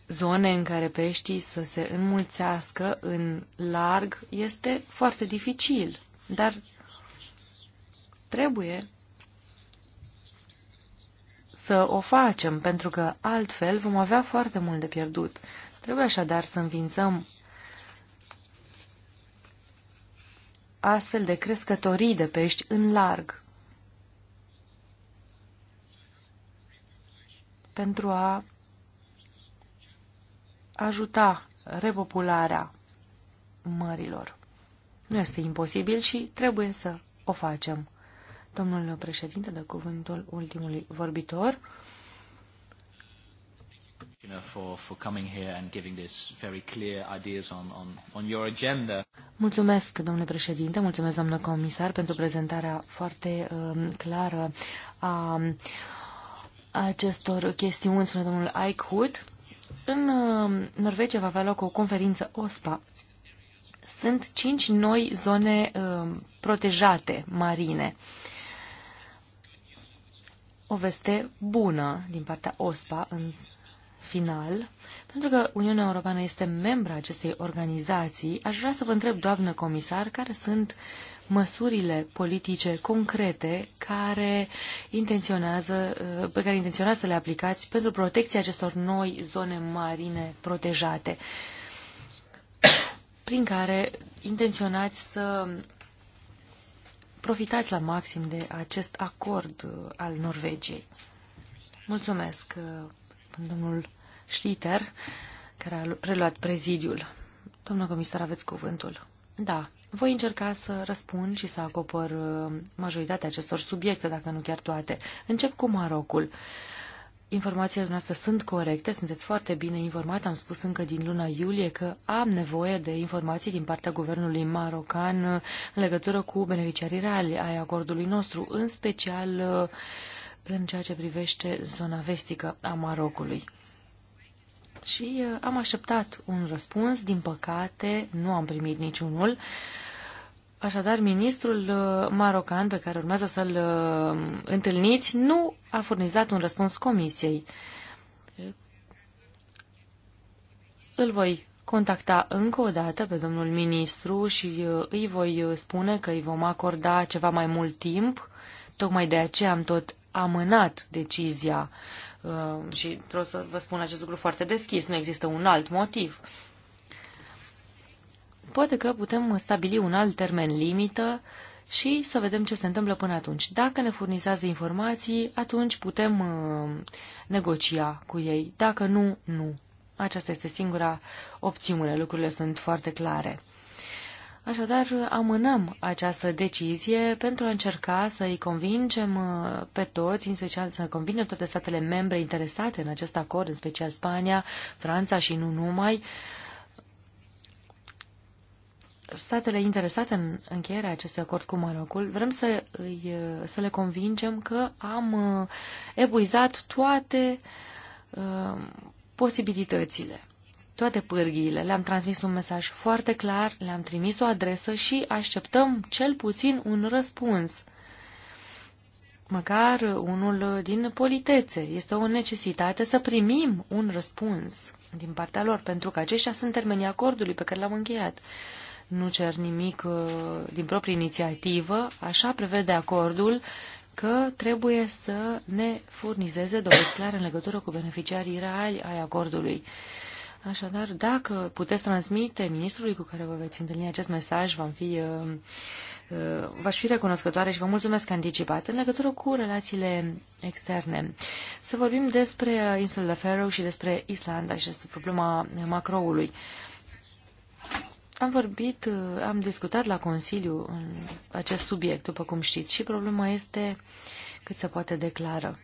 zone în care peștii să se înmulțească în larg este foarte dificil, dar trebuie să o facem, pentru că altfel vom avea foarte mult de pierdut. Trebuie așadar să învințăm astfel de crescătorii de pești în larg pentru a ajuta repopularea mărilor. Nu este imposibil și trebuie să o facem. Domnul președinte, de cuvântul ultimului vorbitor. Mulțumesc, domnule președinte, mulțumesc, domnule comisar, pentru prezentarea foarte um, clară a acestor chestiuni, spune domnul Eichhut. În uh, Norvegia va avea loc o conferință OSPA. Sunt cinci noi zone uh, protejate marine. O veste bună din partea OSPA în final, pentru că Uniunea Europeană este membra acestei organizații, aș vrea să vă întreb, doamnă comisar, care sunt măsurile politice concrete care intenționează, uh, pe care intenționați să le aplicați pentru protecția acestor noi zone marine protejate, prin care intenționați să profitați la maxim de acest acord uh, al Norvegiei. Mulțumesc, uh, domnul Schlitter, care a preluat prezidiul. Domnul comisar, aveți cuvântul. Da, voi încerca să răspund și să acopăr uh, majoritatea acestor subiecte, dacă nu chiar toate. Încep cu Marocul. Informațiile noastre sunt corecte, sunteți foarte bine informat. Am spus încă din luna iulie că am nevoie de informații din partea guvernului marocan uh, în legătură cu beneficiarii reali ai acordului nostru, în special uh, în ceea ce privește zona vestică a Marocului. Și am așteptat un răspuns, din păcate nu am primit niciunul. Așadar, ministrul uh, marocan pe care urmează să-l uh, întâlniți nu a furnizat un răspuns comisiei. Îl voi contacta încă o dată pe domnul ministru și uh, îi voi spune că îi vom acorda ceva mai mult timp. Tocmai de aceea am tot amânat decizia și vreau să vă spun acest lucru foarte deschis. Nu există un alt motiv poate că putem stabili un alt termen limită și să vedem ce se întâmplă până atunci. Dacă ne furnizează informații, atunci putem uh, negocia cu ei. Dacă nu, nu. Aceasta este singura opțiune. Lucrurile sunt foarte clare. Așadar, amânăm această decizie pentru a încerca să îi convingem uh, pe toți, în special să convingem toate statele membre interesate în acest acord, în special Spania, Franța și nu numai, uh, statele interesate în încheierea acestui acord cu Marocul, vrem să, îi, să le convingem că am uh, epuizat toate uh, posibilitățile, toate pârghiile. Le-am transmis un mesaj foarte clar, le-am trimis o adresă și așteptăm cel puțin un răspuns. Măcar unul din politețe. Este o necesitate să primim un răspuns din partea lor, pentru că aceștia sunt termenii acordului pe care l-am încheiat. Uh, nu cer nimic uh, din proprie inițiativă, așa prevede acordul că trebuie să ne furnizeze dovezi clare în legătură cu beneficiarii reali ai acordului. Așadar, dacă puteți transmite ministrului cu care vă veți întâlni acest mesaj, v aș fi, uh, uh, v fi recunoscătoare și vă mulțumesc anticipat în legătură cu relațiile externe. Să vorbim despre insulele Faroe și despre Islanda și despre problema macroului. Uh, am vorbit, uh, am discutat la Consiliu în acest subiect, după cum știți, și problema este cât se poate declară.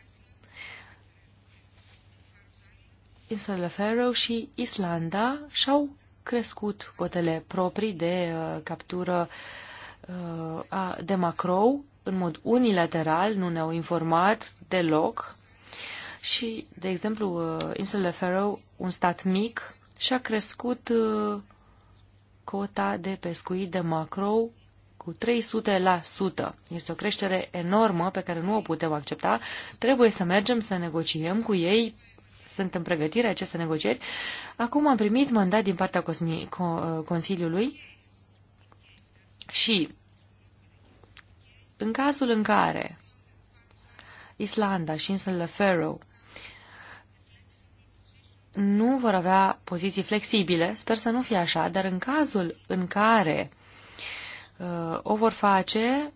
Insulele Faroe și Islanda și-au crescut cotele proprii de uh, captură uh, de macrou în mod unilateral, nu ne-au informat deloc. Și, de exemplu, insulele Faroe, un stat mic, și-a crescut uh, cota de pescuit de macrou cu 300%. Este o creștere enormă pe care nu o putem accepta. Trebuie să mergem să negociem cu ei. Sunt în pregătire aceste negocieri. Acum am primit mandat din partea Consiliului și în cazul în care Islanda și insulele Faroe nu vor avea poziții flexibile, sper să nu fie așa, dar în cazul în care uh, o vor face,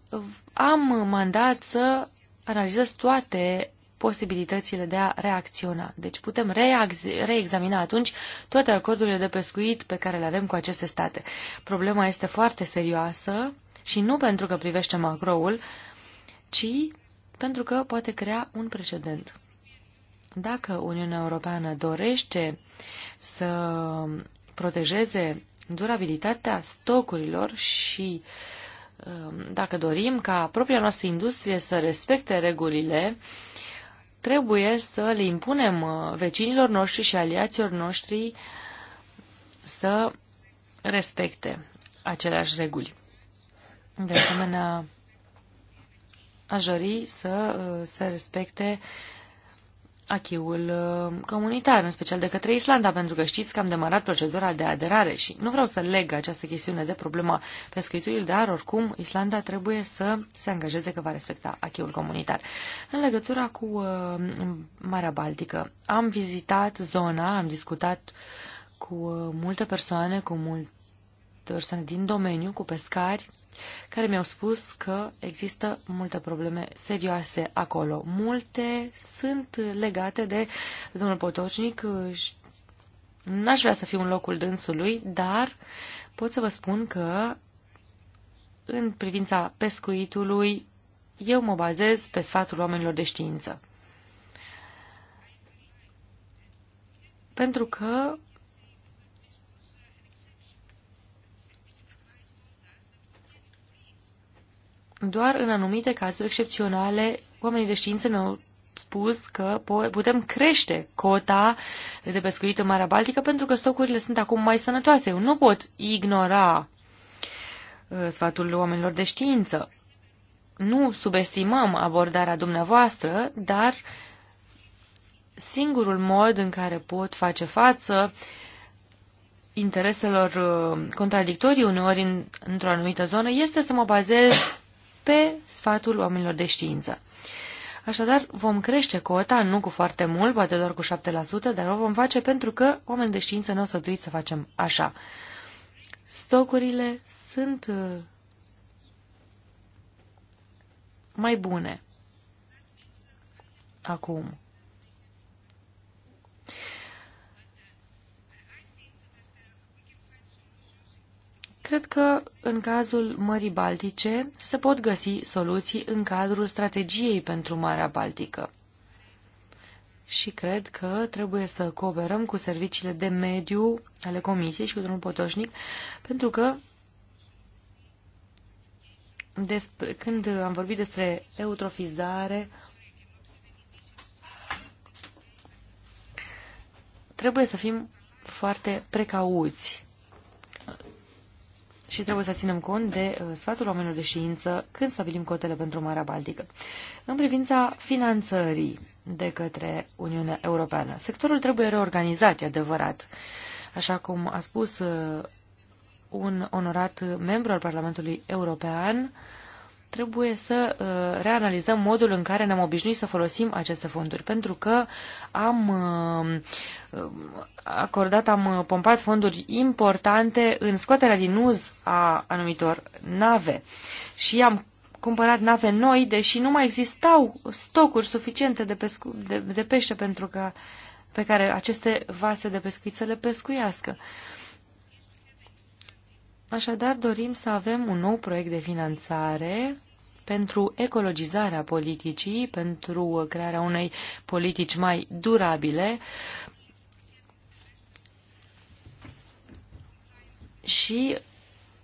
am mandat să analizez toate posibilitățile de a reacționa. Deci putem reexamina atunci toate acordurile de pescuit pe care le avem cu aceste state. Problema este foarte serioasă și nu pentru că privește macroul, ci pentru că poate crea un precedent. Dacă Uniunea Europeană dorește să protejeze durabilitatea stocurilor și um, dacă dorim ca propria noastră industrie să respecte regulile, trebuie să le impunem uh, vecinilor noștri și aliaților noștri să respecte aceleași reguli. De asemenea, aș dori să uh, se respecte uh, achiul uh, comunitar, în special de către Islanda, pentru că știți că am demarat procedura de aderare și nu vreau să leg această chestiune de problema pescuitului, dar oricum Islanda trebuie să se angajeze că va respecta achiul comunitar. În legătura cu uh, Marea Baltică, am vizitat zona, am discutat cu uh, multe persoane, cu multe persoane din domeniu, cu pescari, care mi-au spus că există multe probleme serioase acolo. Multe sunt legate de domnul Potocnic. N-aș vrea să fiu în locul dânsului, dar pot să vă spun că în privința pescuitului eu mă bazez pe sfatul oamenilor de știință. Pentru că doar în anumite cazuri excepționale, oamenii de știință ne-au spus că putem crește cota de pescuit în Marea Baltică pentru că stocurile sunt acum mai sănătoase. Eu nu pot ignora uh, sfatul oamenilor de știință. Nu subestimăm abordarea dumneavoastră, dar singurul mod în care pot face față intereselor uh, contradictorii uneori în, într-o anumită zonă este să mă bazez pe sfatul oamenilor de știință. Așadar, vom crește cota, nu cu foarte mult, poate doar cu 7%, dar o vom face pentru că oamenii de știință nu au sătuit să facem așa. Stocurile sunt uh, mai bune acum. Cred că în cazul Mării Baltice se pot găsi soluții în cadrul strategiei pentru Marea Baltică. Și cred că trebuie să cooperăm cu serviciile de mediu ale Comisiei și cu domnul Potoșnic, pentru că despre, când am vorbit despre eutrofizare, trebuie să fim foarte precauți și trebuie să ținem cont de uh, sfatul oamenilor de știință când stabilim cotele pentru Marea Baltică. În privința finanțării de către Uniunea Europeană, sectorul trebuie reorganizat, e adevărat. Așa cum a spus uh, un onorat membru al Parlamentului European, trebuie să uh, reanalizăm modul în care ne-am obișnuit să folosim aceste fonduri, pentru că am uh, uh, acordat, am pompat fonduri importante în scoaterea din uz a anumitor nave și am cumpărat nave noi, deși nu mai existau stocuri suficiente de, pescu- de, de pește pentru că, pe care aceste vase de pescuit să le pescuiască. Uh, Așadar, dorim să avem un nou proiect de finanțare pentru ecologizarea politicii, pentru crearea unei politici mai durabile și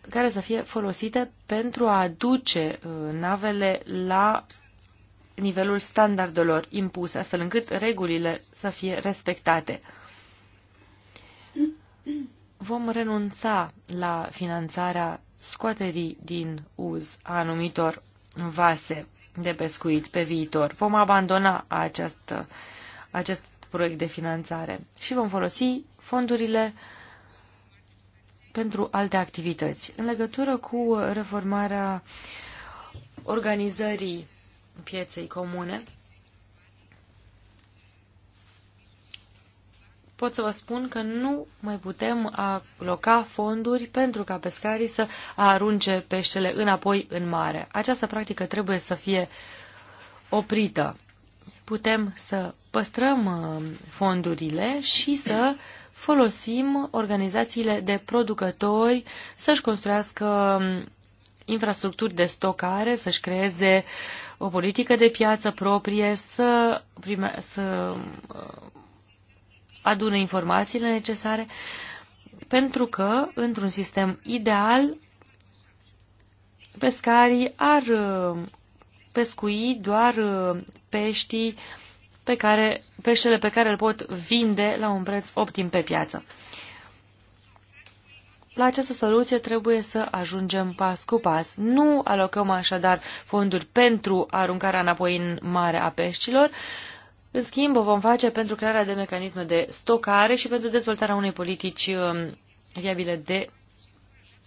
care să fie folosite pentru a aduce uh, navele la nivelul standardelor impuse, astfel încât regulile să fie respectate vom renunța la finanțarea scoaterii din uz a anumitor vase de pescuit pe viitor. Vom abandona acest, acest proiect de finanțare și vom folosi fondurile pentru alte activități. În legătură cu reformarea organizării pieței comune, pot să vă spun că nu mai putem aloca fonduri pentru ca pescarii să arunce peștele înapoi în mare. Această practică trebuie să fie oprită. Putem să păstrăm uh, fondurile și să folosim organizațiile de producători să-și construiască um, infrastructuri de stocare, să-și creeze o politică de piață proprie, să, prime, să uh, adune informațiile necesare, pentru că, într-un sistem ideal, pescarii ar uh, pescui doar uh, peștii pe care, peștele pe care îl pot vinde la un preț optim pe piață. La această soluție trebuie să ajungem pas cu pas. Nu alocăm așadar fonduri pentru aruncarea înapoi în mare a peștilor, în schimb, o vom face pentru crearea de mecanisme de stocare și pentru dezvoltarea unei politici um, viabile de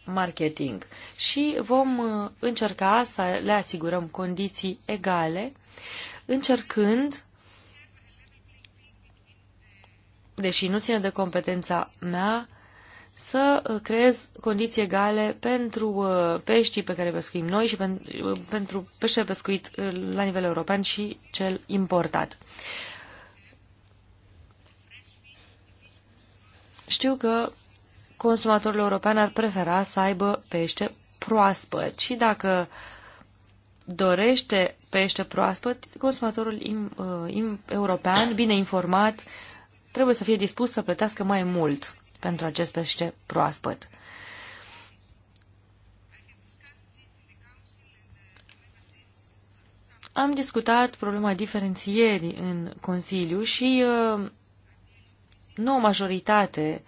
marketing. Și vom uh, încerca să le asigurăm condiții egale, încercând, deși nu ține de competența mea, să uh, creez condiții egale pentru uh, peștii pe care pescuim noi și uh, pentru peștii pescuit la nivel european și cel importat. Știu că consumatorul european ar prefera să aibă pește proaspăt și dacă dorește pește proaspăt, consumatorul european, bine informat, trebuie să fie dispus să plătească mai mult pentru acest pește proaspăt. Am discutat problema diferențierii în Consiliu și uh, nouă majoritate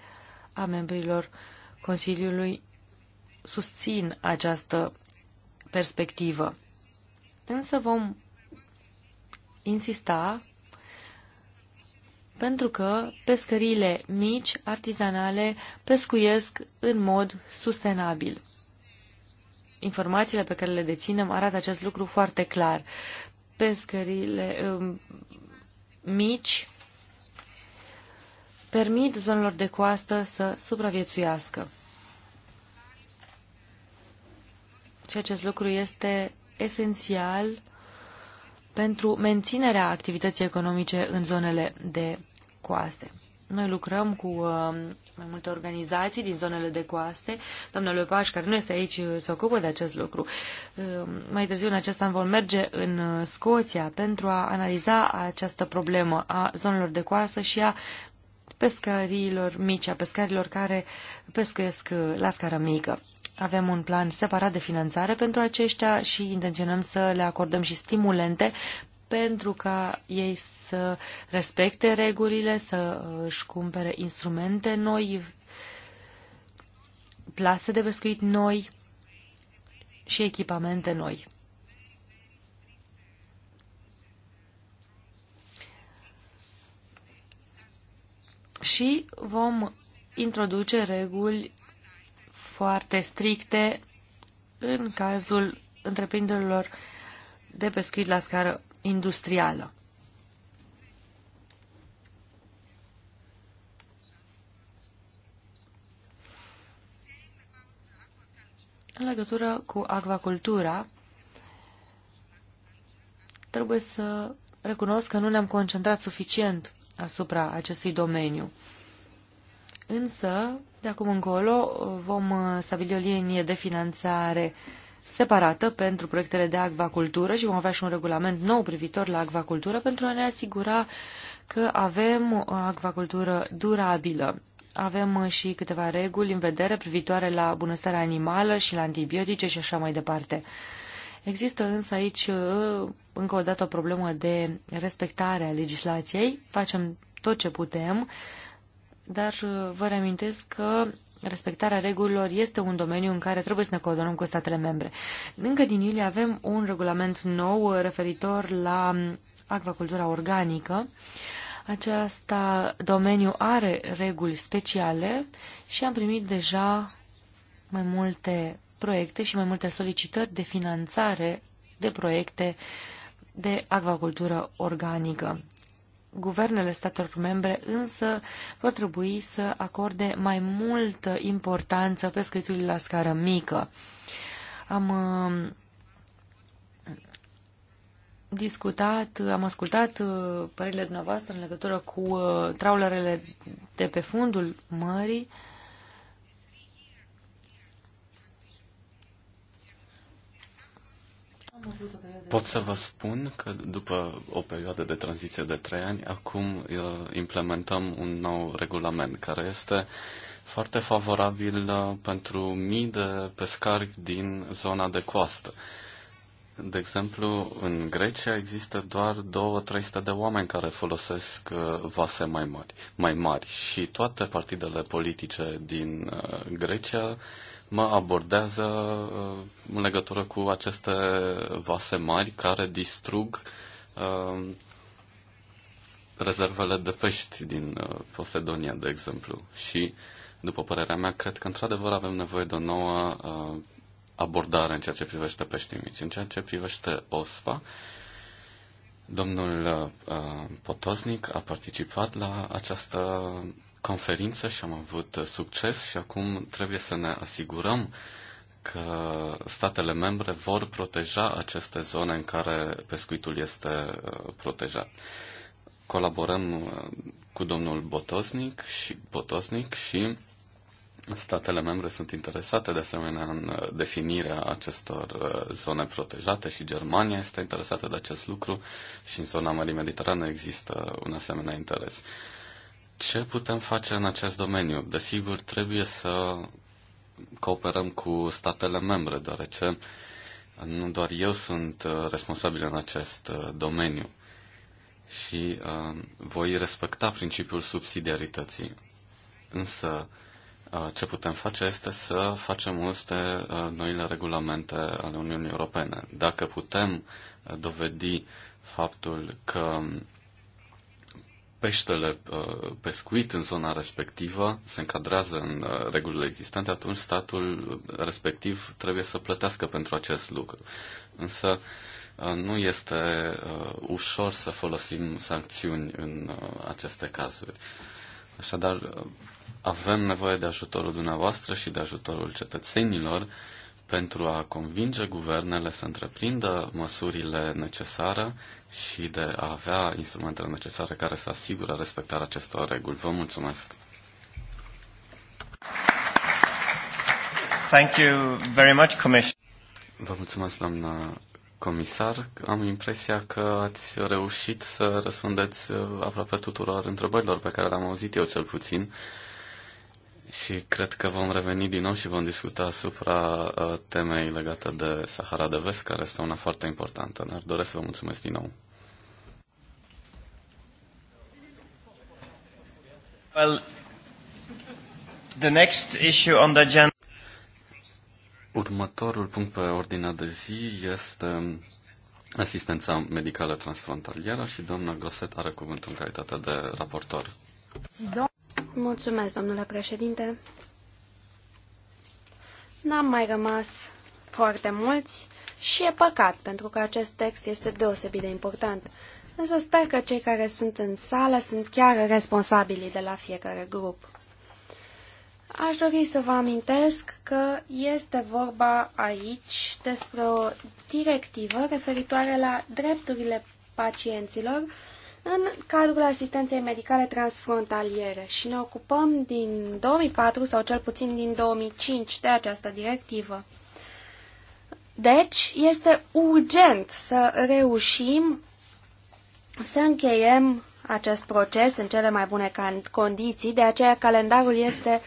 a membrilor Consiliului susțin această perspectivă. Însă vom insista pentru că pescările mici, artizanale, pescuiesc în mod sustenabil. Informațiile pe care le deținem arată acest lucru foarte clar. Pescările um, mici permit zonelor de coastă să supraviețuiască. Și acest lucru este esențial pentru menținerea activității economice în zonele de coaste. Noi lucrăm cu uh, mai multe organizații din zonele de coaste. Doamna Lepaș, care nu este aici, uh, se ocupă de acest lucru. Uh, mai târziu în acest an vom merge în uh, Scoția pentru a analiza această problemă a zonelor de coastă și a pescăriilor mici, a pescarilor care pescuiesc uh, la scară mică. Avem un plan separat de finanțare pentru aceștia și intenționăm să le acordăm și stimulente pentru ca ei să respecte regulile, să uh, își cumpere instrumente noi, plase de pescuit noi și echipamente noi. Și vom introduce reguli foarte stricte în cazul întreprinderilor de pescuit la scară industrială. În legătură cu acvacultura, trebuie să recunosc că nu ne-am concentrat suficient asupra acestui domeniu. Însă, de acum încolo vom uh, stabili o linie de finanțare separată pentru proiectele de acvacultură și vom avea și un regulament nou privitor la acvacultură pentru a ne asigura că avem o acvacultură durabilă. Avem uh, și câteva reguli în vedere privitoare la bunăstarea animală și la antibiotice și așa mai departe. Există însă aici uh, încă o dată o problemă de respectare a legislației. Facem tot ce putem dar uh, vă reamintesc că respectarea regulilor este un domeniu în care trebuie să ne coordonăm cu statele membre. Încă din iulie avem un regulament nou uh, referitor la um, acvacultura organică. Aceasta domeniu are reguli speciale și am primit deja mai multe proiecte și mai multe solicitări de finanțare de proiecte de acvacultură organică guvernele statelor membre însă vor trebui să acorde mai multă importanță pescuitului la scară mică. Am uh, discutat, am ascultat uh, părerile dumneavoastră în legătură cu uh, traulerele de pe fundul mării Pot să vă spun că după o perioadă de tranziție de trei ani, acum uh, implementăm un nou regulament care este foarte favorabil uh, pentru mii de pescari din zona de coastă. De exemplu, în Grecia există doar 2-300 de oameni care folosesc uh, vase mai mari, mai mari și toate partidele politice din Grecia mă abordează uh, în legătură cu aceste vase mari care distrug uh, rezervele de pești din uh, Posedonia, de exemplu. Și, după părerea mea, cred că într-adevăr avem nevoie de o nouă uh, abordare în ceea ce privește peștii mici. În ceea ce privește OSPA, domnul uh, Potoznic a participat la această conferință și am avut uh, succes și acum trebuie să ne asigurăm că statele membre vor proteja aceste zone în care pescuitul este uh, protejat. Colaborăm uh, cu domnul Botosnic și, Botosnic și statele membre sunt interesate de asemenea în definirea acestor zone protejate și Germania este interesată de acest lucru și în zona Mării Mediterane există un asemenea interes. Uh, ce putem face în acest domeniu? Desigur, trebuie să cooperăm cu statele membre, deoarece nu doar eu sunt uh, responsabil în acest uh, domeniu și uh, voi respecta principiul subsidiarității. Însă, uh, ce putem face este să facem multe uh, noile regulamente ale Uniunii Europene. Dacă putem uh, dovedi faptul că peștele uh, pescuit în zona respectivă se încadrează în uh, regulile existente, atunci statul respectiv trebuie să plătească pentru acest lucru. Însă uh, nu este ușor să folosim sancțiuni în aceste cazuri. Așadar, avem nevoie de ajutorul dumneavoastră și de ajutorul cetățenilor pentru a convinge guvernele să întreprindă măsurile necesare și de a avea instrumentele necesare care să asigure respectarea acestor reguli. Vă mulțumesc! Thank you very much, Vă mulțumesc, doamnă comisar. Am impresia că ați reușit să răspundeți uh, aproape tuturor întrebărilor pe care le-am auzit eu cel puțin. Și cred că vom reveni din nou și vom discuta asupra uh, temei legate de Sahara de Vest, care este una foarte importantă. Dar doresc să vă mulțumesc din nou. Well, the next issue on the agenda... Următorul punct pe ordinea de zi este um, asistența medicală transfrontalieră și doamna Groset are cuvântul în calitate de raportor. Da. Mulțumesc, domnule președinte. N-am mai rămas foarte mulți și e păcat, pentru că acest text este deosebit de important. Însă sper că cei care sunt în sală sunt chiar responsabili de la fiecare grup. Aș dori să vă amintesc că este vorba aici despre o directivă referitoare la drepturile pacienților în cadrul asistenței medicale transfrontaliere și ne ocupăm din 2004 sau cel puțin din 2005 de această directivă. Deci, este urgent să reușim să încheiem acest proces în cele mai bune condiții, de aceea calendarul este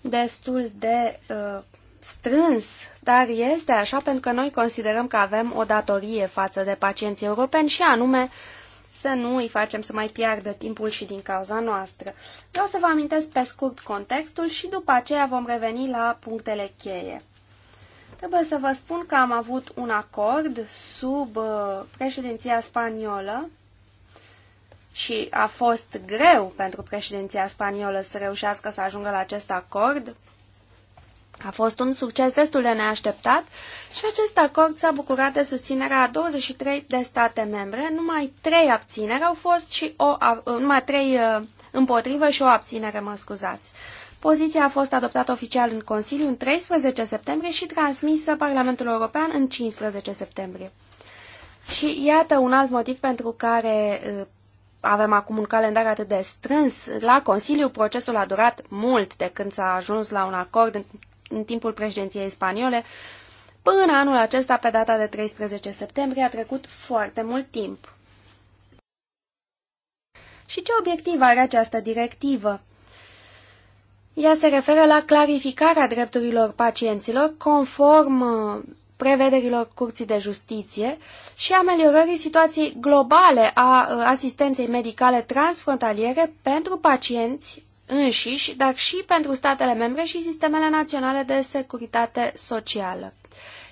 destul de uh, strâns, dar este așa pentru că noi considerăm că avem o datorie față de pacienții europeni și anume uh, să nu îi facem să mai piardă timpul și din cauza noastră. Vreau să vă amintesc pe scurt contextul și după aceea vom reveni la punctele cheie. Trebuie să vă spun că am avut un acord sub uh, președinția spaniolă și a fost greu pentru președinția spaniolă să reușească să ajungă la acest acord a fost un succes destul de neașteptat și acest acord s-a bucurat de susținerea a 23 de state membre, numai 3 abțineri au fost și o, uh, numai 3 uh, împotrivă și o abținere, mă scuzați. Poziția a fost adoptată oficial în Consiliu în 13 septembrie și transmisă Parlamentul European în 15 septembrie. Și iată un alt motiv pentru care uh, avem acum un calendar atât de strâns. La Consiliu procesul a durat mult de când s-a ajuns la un acord în timpul președinției spaniole. Până anul acesta, pe data de 13 septembrie, a trecut foarte mult timp. Și ce obiectiv are această directivă? Ea se referă la clarificarea drepturilor pacienților conform uh, prevederilor Curții de Justiție și ameliorării situației globale a uh, asistenței medicale transfrontaliere pentru pacienți înșiși, dar și pentru statele membre și sistemele naționale de securitate socială.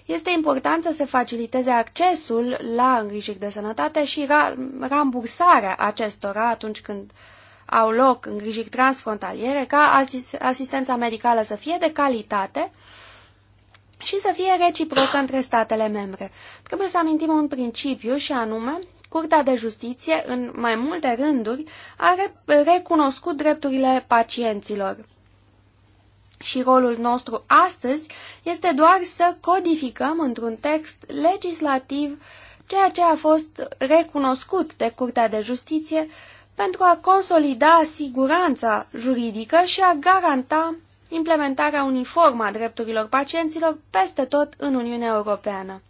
Este important să se faciliteze accesul la îngrijiri de sănătate și ra rambursarea acestora atunci când au loc îngrijiri transfrontaliere, ca asistența medicală să fie de calitate și să fie reciprocă între statele membre. Trebuie să amintim un principiu și anume Curtea de Justiție, în mai multe rânduri, a recunoscut drepturile pacienților. Și rolul nostru astăzi este doar să codificăm într-un text legislativ ceea ce a fost recunoscut de Curtea de Justiție pentru a consolida siguranța juridică și a garanta implementarea uniformă a drepturilor pacienților peste tot în Uniunea Europeană.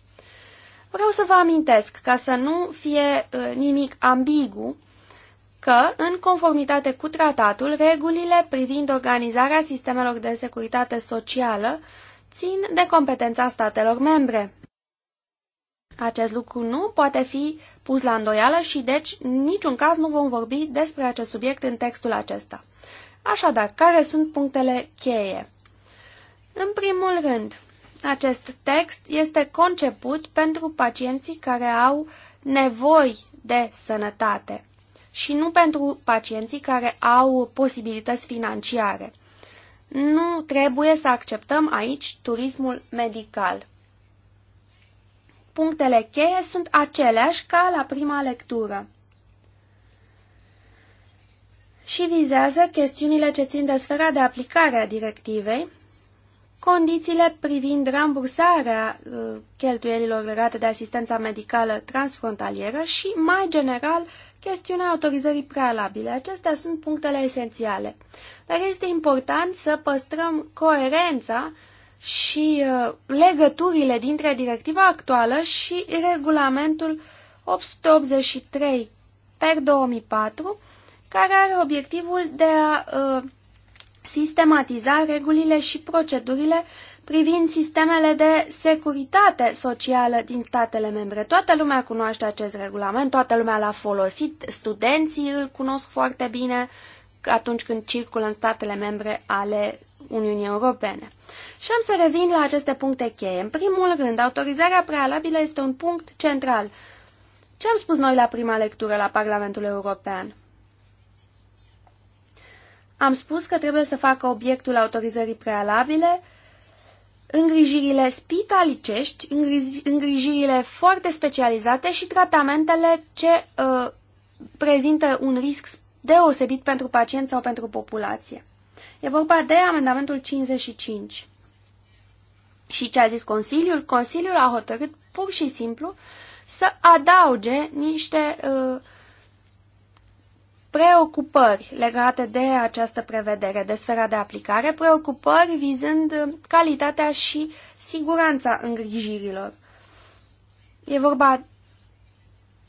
Vreau să vă amintesc, ca să nu fie ă, nimic ambigu, că, în conformitate cu tratatul, regulile privind organizarea sistemelor de securitate socială țin de competența statelor membre. Acest lucru nu poate fi pus la îndoială și deci în niciun caz nu vom vorbi despre acest subiect în textul acesta. Așadar, care sunt punctele cheie? În primul rând, acest text este conceput pentru pacienții care au nevoi de sănătate și nu pentru pacienții care au posibilități financiare. Nu trebuie să acceptăm aici turismul medical. Punctele cheie sunt aceleași ca la prima lectură și vizează chestiunile ce țin de sfera de aplicare a directivei, condițiile privind rambursarea uh, cheltuielilor legate de asistența medicală transfrontalieră și, mai general, chestiunea autorizării prealabile. Acestea sunt punctele esențiale. Dar este important să păstrăm coerența și uh, legăturile dintre directiva actuală și regulamentul 883 per 2004, care are obiectivul de a uh, sistematiza regulile și procedurile privind sistemele de securitate socială din statele membre. Toată lumea cunoaște acest regulament, toată lumea l-a folosit, studenții îl cunosc foarte bine atunci când circulă în statele membre ale Uniunii Europene. Și am să revin la aceste puncte cheie. În primul rând, autorizarea prealabilă este un punct central. Ce am spus noi la prima lectură la Parlamentul European? Am spus că trebuie să facă obiectul autorizării prealabile îngrijirile spitalicești, îngrijirile foarte specializate și tratamentele ce uh, prezintă un risc deosebit pentru pacient sau pentru populație. E vorba de amendamentul 55. Și ce a zis Consiliul? Consiliul a hotărât pur și simplu să adauge niște uh, preocupări legate de această prevedere, de sfera de aplicare, preocupări vizând calitatea și siguranța îngrijirilor. E vorba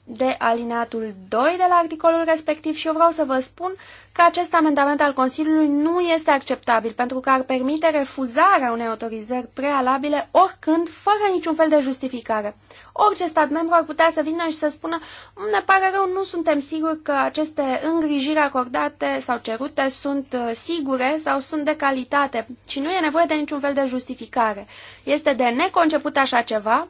de alineatul 2 de la articolul respectiv și eu vreau să vă spun că acest amendament al Consiliului nu este acceptabil pentru că ar permite refuzarea unei autorizări prealabile oricând, fără niciun fel de justificare. Orice stat membru ar putea să vină și să spună mm, ne pare rău, nu suntem siguri că aceste îngrijiri acordate sau cerute sunt uh, sigure sau sunt de calitate și nu e nevoie de niciun fel de justificare. Este de neconceput așa ceva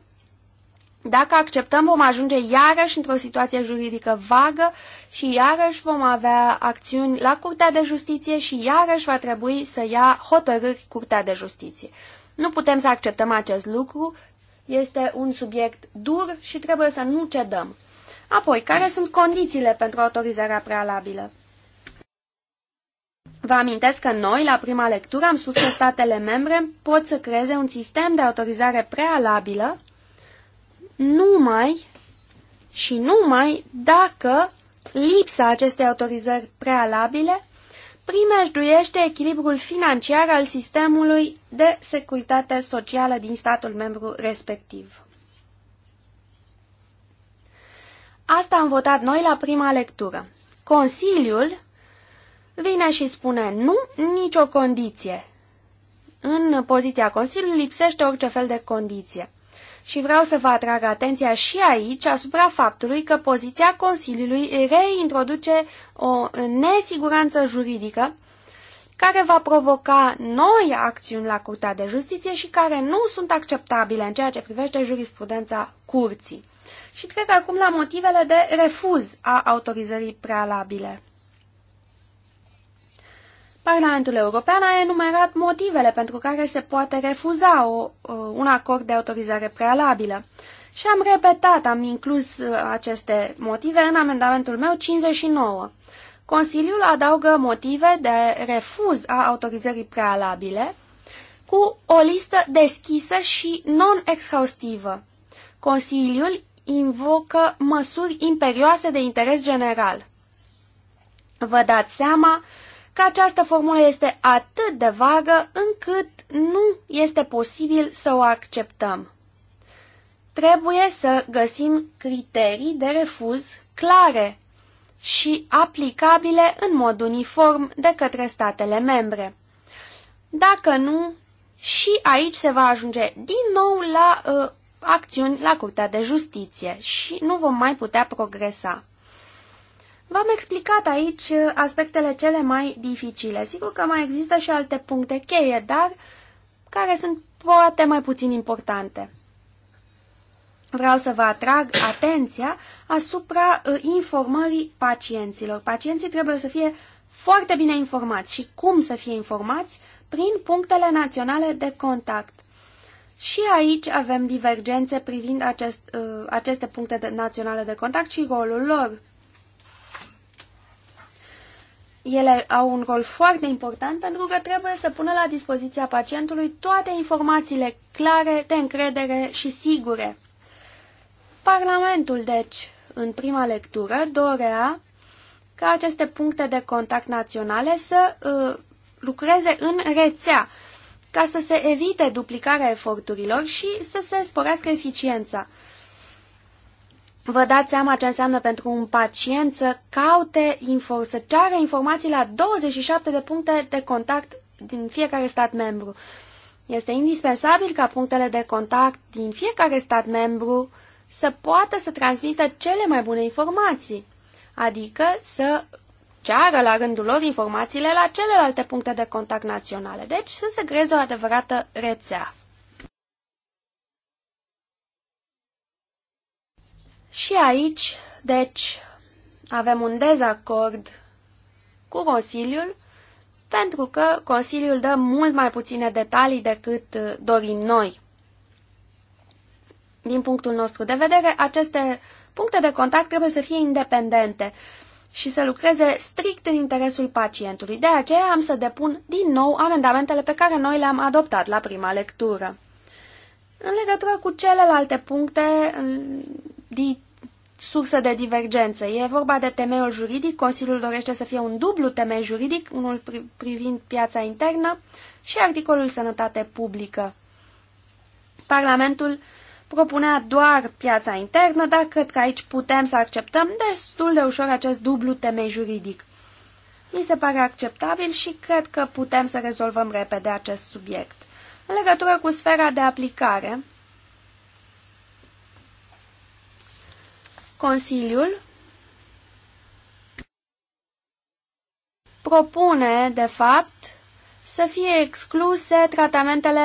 dacă acceptăm, vom ajunge iarăși într-o situație juridică vagă și iarăși vom avea acțiuni la Curtea de Justiție și iarăși va trebui să ia hotărâri Curtea de Justiție. Nu putem să acceptăm acest lucru, este un subiect dur și trebuie să nu cedăm. Apoi, care sunt condițiile pentru autorizarea prealabilă? Vă amintesc că noi, la prima lectură, am spus că statele membre pot să creeze un sistem de autorizare prealabilă numai și numai dacă lipsa acestei autorizări prealabile primejduiește echilibrul financiar al sistemului de securitate socială din statul membru respectiv. Asta am votat noi la prima lectură. Consiliul vine și spune nu, nicio condiție. În poziția Consiliului lipsește orice fel de condiție. Și vreau să vă atrag atenția și aici asupra faptului că poziția Consiliului reintroduce o nesiguranță juridică care va provoca noi acțiuni la Curtea de Justiție și care nu sunt acceptabile în ceea ce privește jurisprudența curții. Și trec acum la motivele de refuz a autorizării prealabile. Parlamentul European a enumerat motivele pentru care se poate refuza o, uh, un acord de autorizare prealabilă. Și am repetat, am inclus uh, aceste motive în amendamentul meu 59. Consiliul adaugă motive de refuz a autorizării prealabile cu o listă deschisă și non-exhaustivă. Consiliul invocă măsuri imperioase de interes general. Vă dați seama că această formulă este atât de vagă încât nu este posibil să o acceptăm. Trebuie să găsim criterii de refuz clare și aplicabile în mod uniform de către statele membre. Dacă nu, și aici se va ajunge din nou la uh, acțiuni la Curtea de Justiție și nu vom mai putea progresa. V-am explicat aici uh, aspectele cele mai dificile. Sigur că mai există și alte puncte cheie, dar care sunt poate mai puțin importante. Vreau să vă atrag atenția asupra uh, informării pacienților. Pacienții trebuie să fie foarte bine informați și cum să fie informați prin punctele naționale de contact. Și aici avem divergențe privind acest, uh, aceste puncte naționale de contact și rolul lor. Ele au un rol foarte important pentru că trebuie să pună la dispoziția pacientului toate informațiile clare, de încredere și sigure. Parlamentul, deci, în prima lectură, dorea ca aceste puncte de contact naționale să uh, lucreze în rețea, ca să se evite duplicarea eforturilor și să se sporească eficiența vă dați seama ce înseamnă pentru un pacient să caute, info, să ceară informații la 27 de puncte de contact din fiecare stat membru. Este indispensabil ca punctele de contact din fiecare stat membru să poată să transmită cele mai bune informații, adică să ceară la rândul lor informațiile la celelalte puncte de contact naționale, deci să se creeze o adevărată rețea. Și aici, deci, avem un dezacord cu Consiliul, pentru că Consiliul dă mult mai puține detalii decât uh, dorim noi. Din punctul nostru de vedere, aceste puncte de contact trebuie să fie independente și să lucreze strict în interesul pacientului. De aceea am să depun din nou amendamentele pe care noi le-am adoptat la prima lectură. În legătură cu celelalte puncte sursă de divergență. E vorba de temeiul juridic, Consiliul dorește să fie un dublu temei juridic, unul privind piața internă și articolul sănătate publică. Parlamentul propunea doar piața internă, dar cred că aici putem să acceptăm destul de ușor acest dublu temei juridic. Mi se pare acceptabil și cred că putem să rezolvăm repede acest subiect. În legătură cu sfera de aplicare, Consiliul propune, de fapt, să fie excluse tratamentele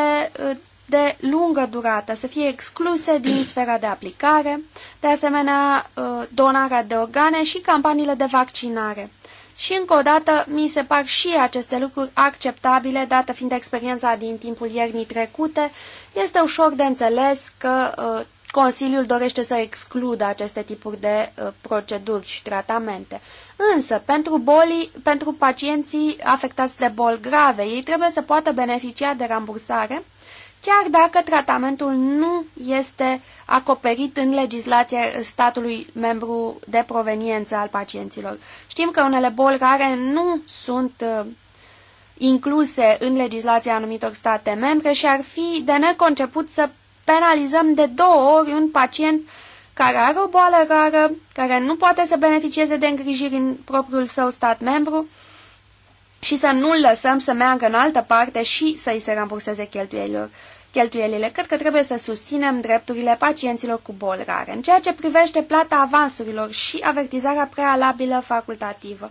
uh, de lungă durată, să fie excluse din sfera de aplicare, de asemenea uh, donarea de organe și campaniile de vaccinare. Și încă o dată, mi se par și aceste lucruri acceptabile, dată fiind experiența din timpul iernii trecute, este ușor de înțeles că uh, Consiliul dorește să excludă aceste tipuri de uh, proceduri și tratamente. Însă, pentru, bolii, pentru pacienții afectați de boli grave, ei trebuie să poată beneficia de rambursare, chiar dacă tratamentul nu este acoperit în legislația statului membru de proveniență al pacienților. Știm că unele boli rare nu sunt uh, incluse în legislația anumitor state membre și ar fi de neconceput să penalizăm de două ori un pacient care are o boală rară, care nu poate să beneficieze de îngrijiri în propriul său stat membru și să nu-l lăsăm să meargă în altă parte și să-i se ramburseze cheltuielilor. Cheltuielile. Cred că trebuie să susținem drepturile pacienților cu boli rare. În ceea ce privește plata avansurilor și avertizarea prealabilă facultativă,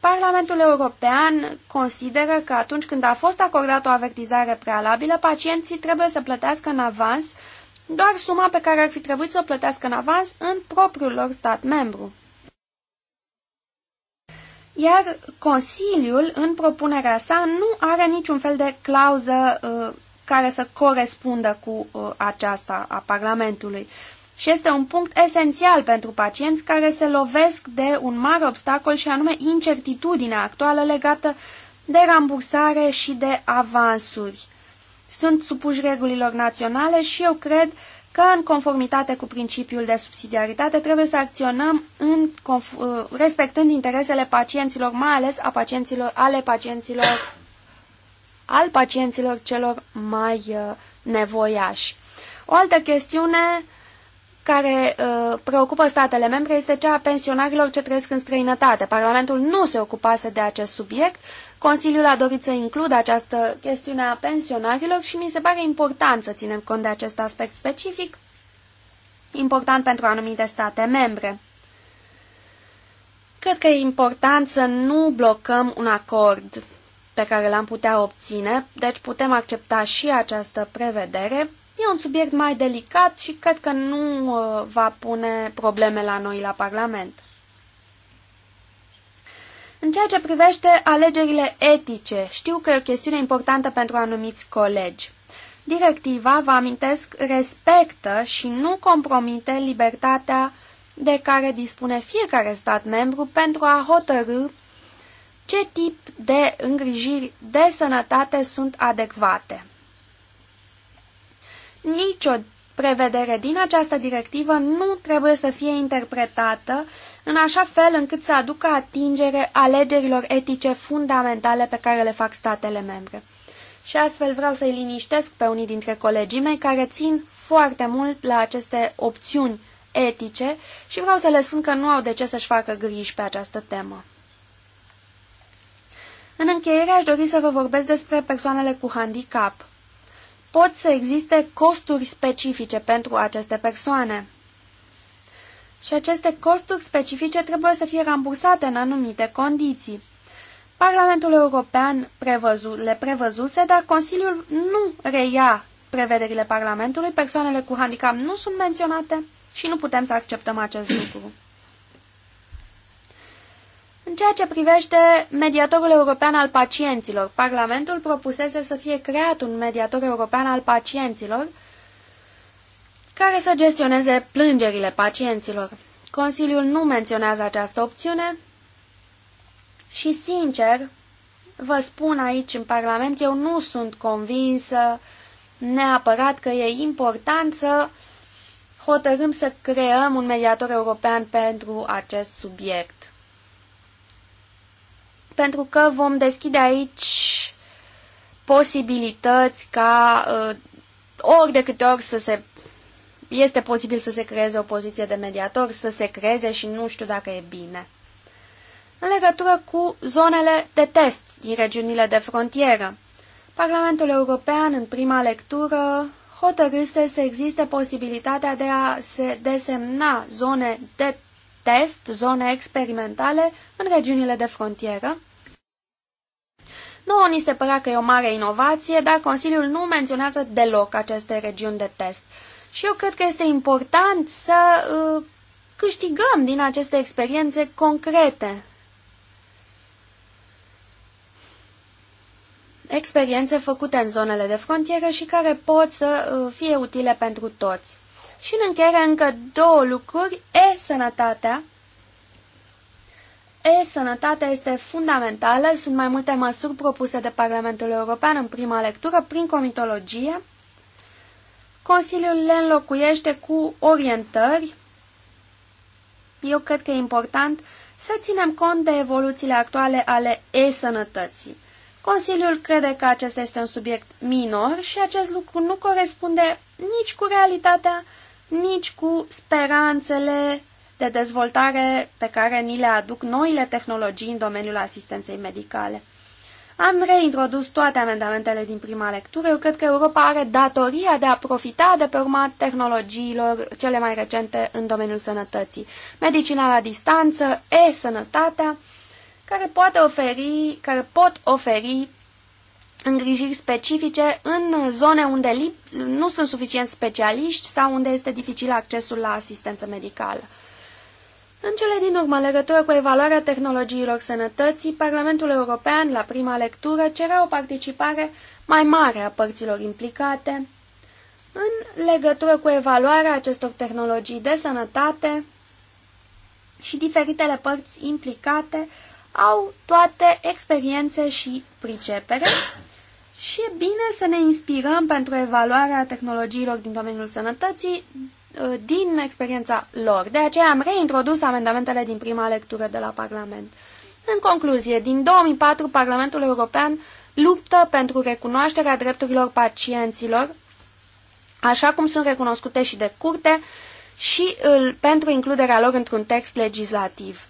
Parlamentul European consideră că atunci când a fost acordată o avertizare prealabilă, pacienții trebuie să plătească în avans doar suma pe care ar fi trebuit să o plătească în avans în propriul lor stat membru. Iar Consiliul, în propunerea sa, nu are niciun fel de clauză uh, care să corespundă cu uh, aceasta a Parlamentului și este un punct esențial pentru pacienți care se lovesc de un mare obstacol și anume incertitudinea actuală legată de rambursare și de avansuri. Sunt supuși regulilor naționale și eu cred că în conformitate cu principiul de subsidiaritate trebuie să acționăm în, uh, respectând interesele pacienților, mai ales a pacienților, ale pacienților, al pacienților celor mai uh, nevoiași. O altă chestiune care uh, preocupă statele membre este cea a pensionarilor ce trăiesc în străinătate. Parlamentul nu se ocupase de acest subiect, Consiliul a dorit să includă această chestiune a pensionarilor și mi se pare important să ținem cont de acest aspect specific, important pentru anumite state membre. Cred că e important să nu blocăm un acord pe care l-am putea obține, deci putem accepta și această prevedere, E un subiect mai delicat și cred că nu uh, va pune probleme la noi la Parlament. În ceea ce privește alegerile etice, știu că e o chestiune importantă pentru anumiți colegi. Directiva, vă amintesc, respectă și nu compromite libertatea de care dispune fiecare stat membru pentru a hotărâ ce tip de îngrijiri de sănătate sunt adecvate. Nicio prevedere din această directivă nu trebuie să fie interpretată în așa fel încât să aducă atingere alegerilor etice fundamentale pe care le fac statele membre. Și astfel vreau să-i liniștesc pe unii dintre colegii mei care țin foarte mult la aceste opțiuni etice și vreau să le spun că nu au de ce să-și facă griji pe această temă. În încheiere aș dori să vă vorbesc despre persoanele cu handicap pot să existe costuri specifice pentru aceste persoane. Și aceste costuri specifice trebuie să fie rambursate în anumite condiții. Parlamentul European prevăzu, le prevăzuse, dar Consiliul nu reia prevederile Parlamentului, persoanele cu handicap nu sunt menționate și nu putem să acceptăm acest lucru. În ceea ce privește mediatorul european al pacienților, Parlamentul propusese să fie creat un mediator european al pacienților care să gestioneze plângerile pacienților. Consiliul nu menționează această opțiune și, sincer, vă spun aici în Parlament, eu nu sunt convinsă neapărat că e important să hotărâm să creăm un mediator european pentru acest subiect pentru că vom deschide aici posibilități ca uh, ori de câte ori să se este posibil să se creeze o poziție de mediator, să se creeze și nu știu dacă e bine. În legătură cu zonele de test din regiunile de frontieră, Parlamentul European în prima lectură hotărâse să existe posibilitatea de a se desemna zone de test, zone experimentale în regiunile de frontieră, Nouă ni se părea că e o mare inovație, dar Consiliul nu menționează deloc aceste regiuni de test. Și eu cred că este important să uh, câștigăm din aceste experiențe concrete. Experiențe făcute în zonele de frontieră și care pot să uh, fie utile pentru toți. Și în încheiere încă două lucruri, e-sănătatea, E-sănătatea este fundamentală, sunt mai multe măsuri propuse de Parlamentul European în prima lectură prin comitologie. Consiliul le înlocuiește cu orientări. Eu cred că e important să ținem cont de evoluțiile actuale ale e-sănătății. Consiliul crede că acesta este un subiect minor și acest lucru nu corespunde nici cu realitatea, nici cu speranțele de dezvoltare pe care ni le aduc noile tehnologii în domeniul asistenței medicale. Am reintrodus toate amendamentele din prima lectură. Eu cred că Europa are datoria de a profita de pe urma tehnologiilor cele mai recente în domeniul sănătății. Medicina la distanță, e-sănătatea, care, poate oferi, care pot oferi îngrijiri specifice în zone unde nu sunt suficient specialiști sau unde este dificil accesul la asistență medicală. În cele din urmă, legătură cu evaluarea tehnologiilor sănătății, Parlamentul European, la prima lectură, cerea o participare mai mare a părților implicate în legătură cu evaluarea acestor tehnologii de sănătate și diferitele părți implicate au toate experiențe și pricepere și e bine să ne inspirăm pentru evaluarea tehnologiilor din domeniul sănătății Uh, din experiența lor. De aceea am reintrodus amendamentele din prima lectură de la Parlament. În concluzie, din 2004 Parlamentul European luptă pentru recunoașterea drepturilor pacienților, așa cum sunt recunoscute și de curte, și pentru includerea lor într-un text legislativ.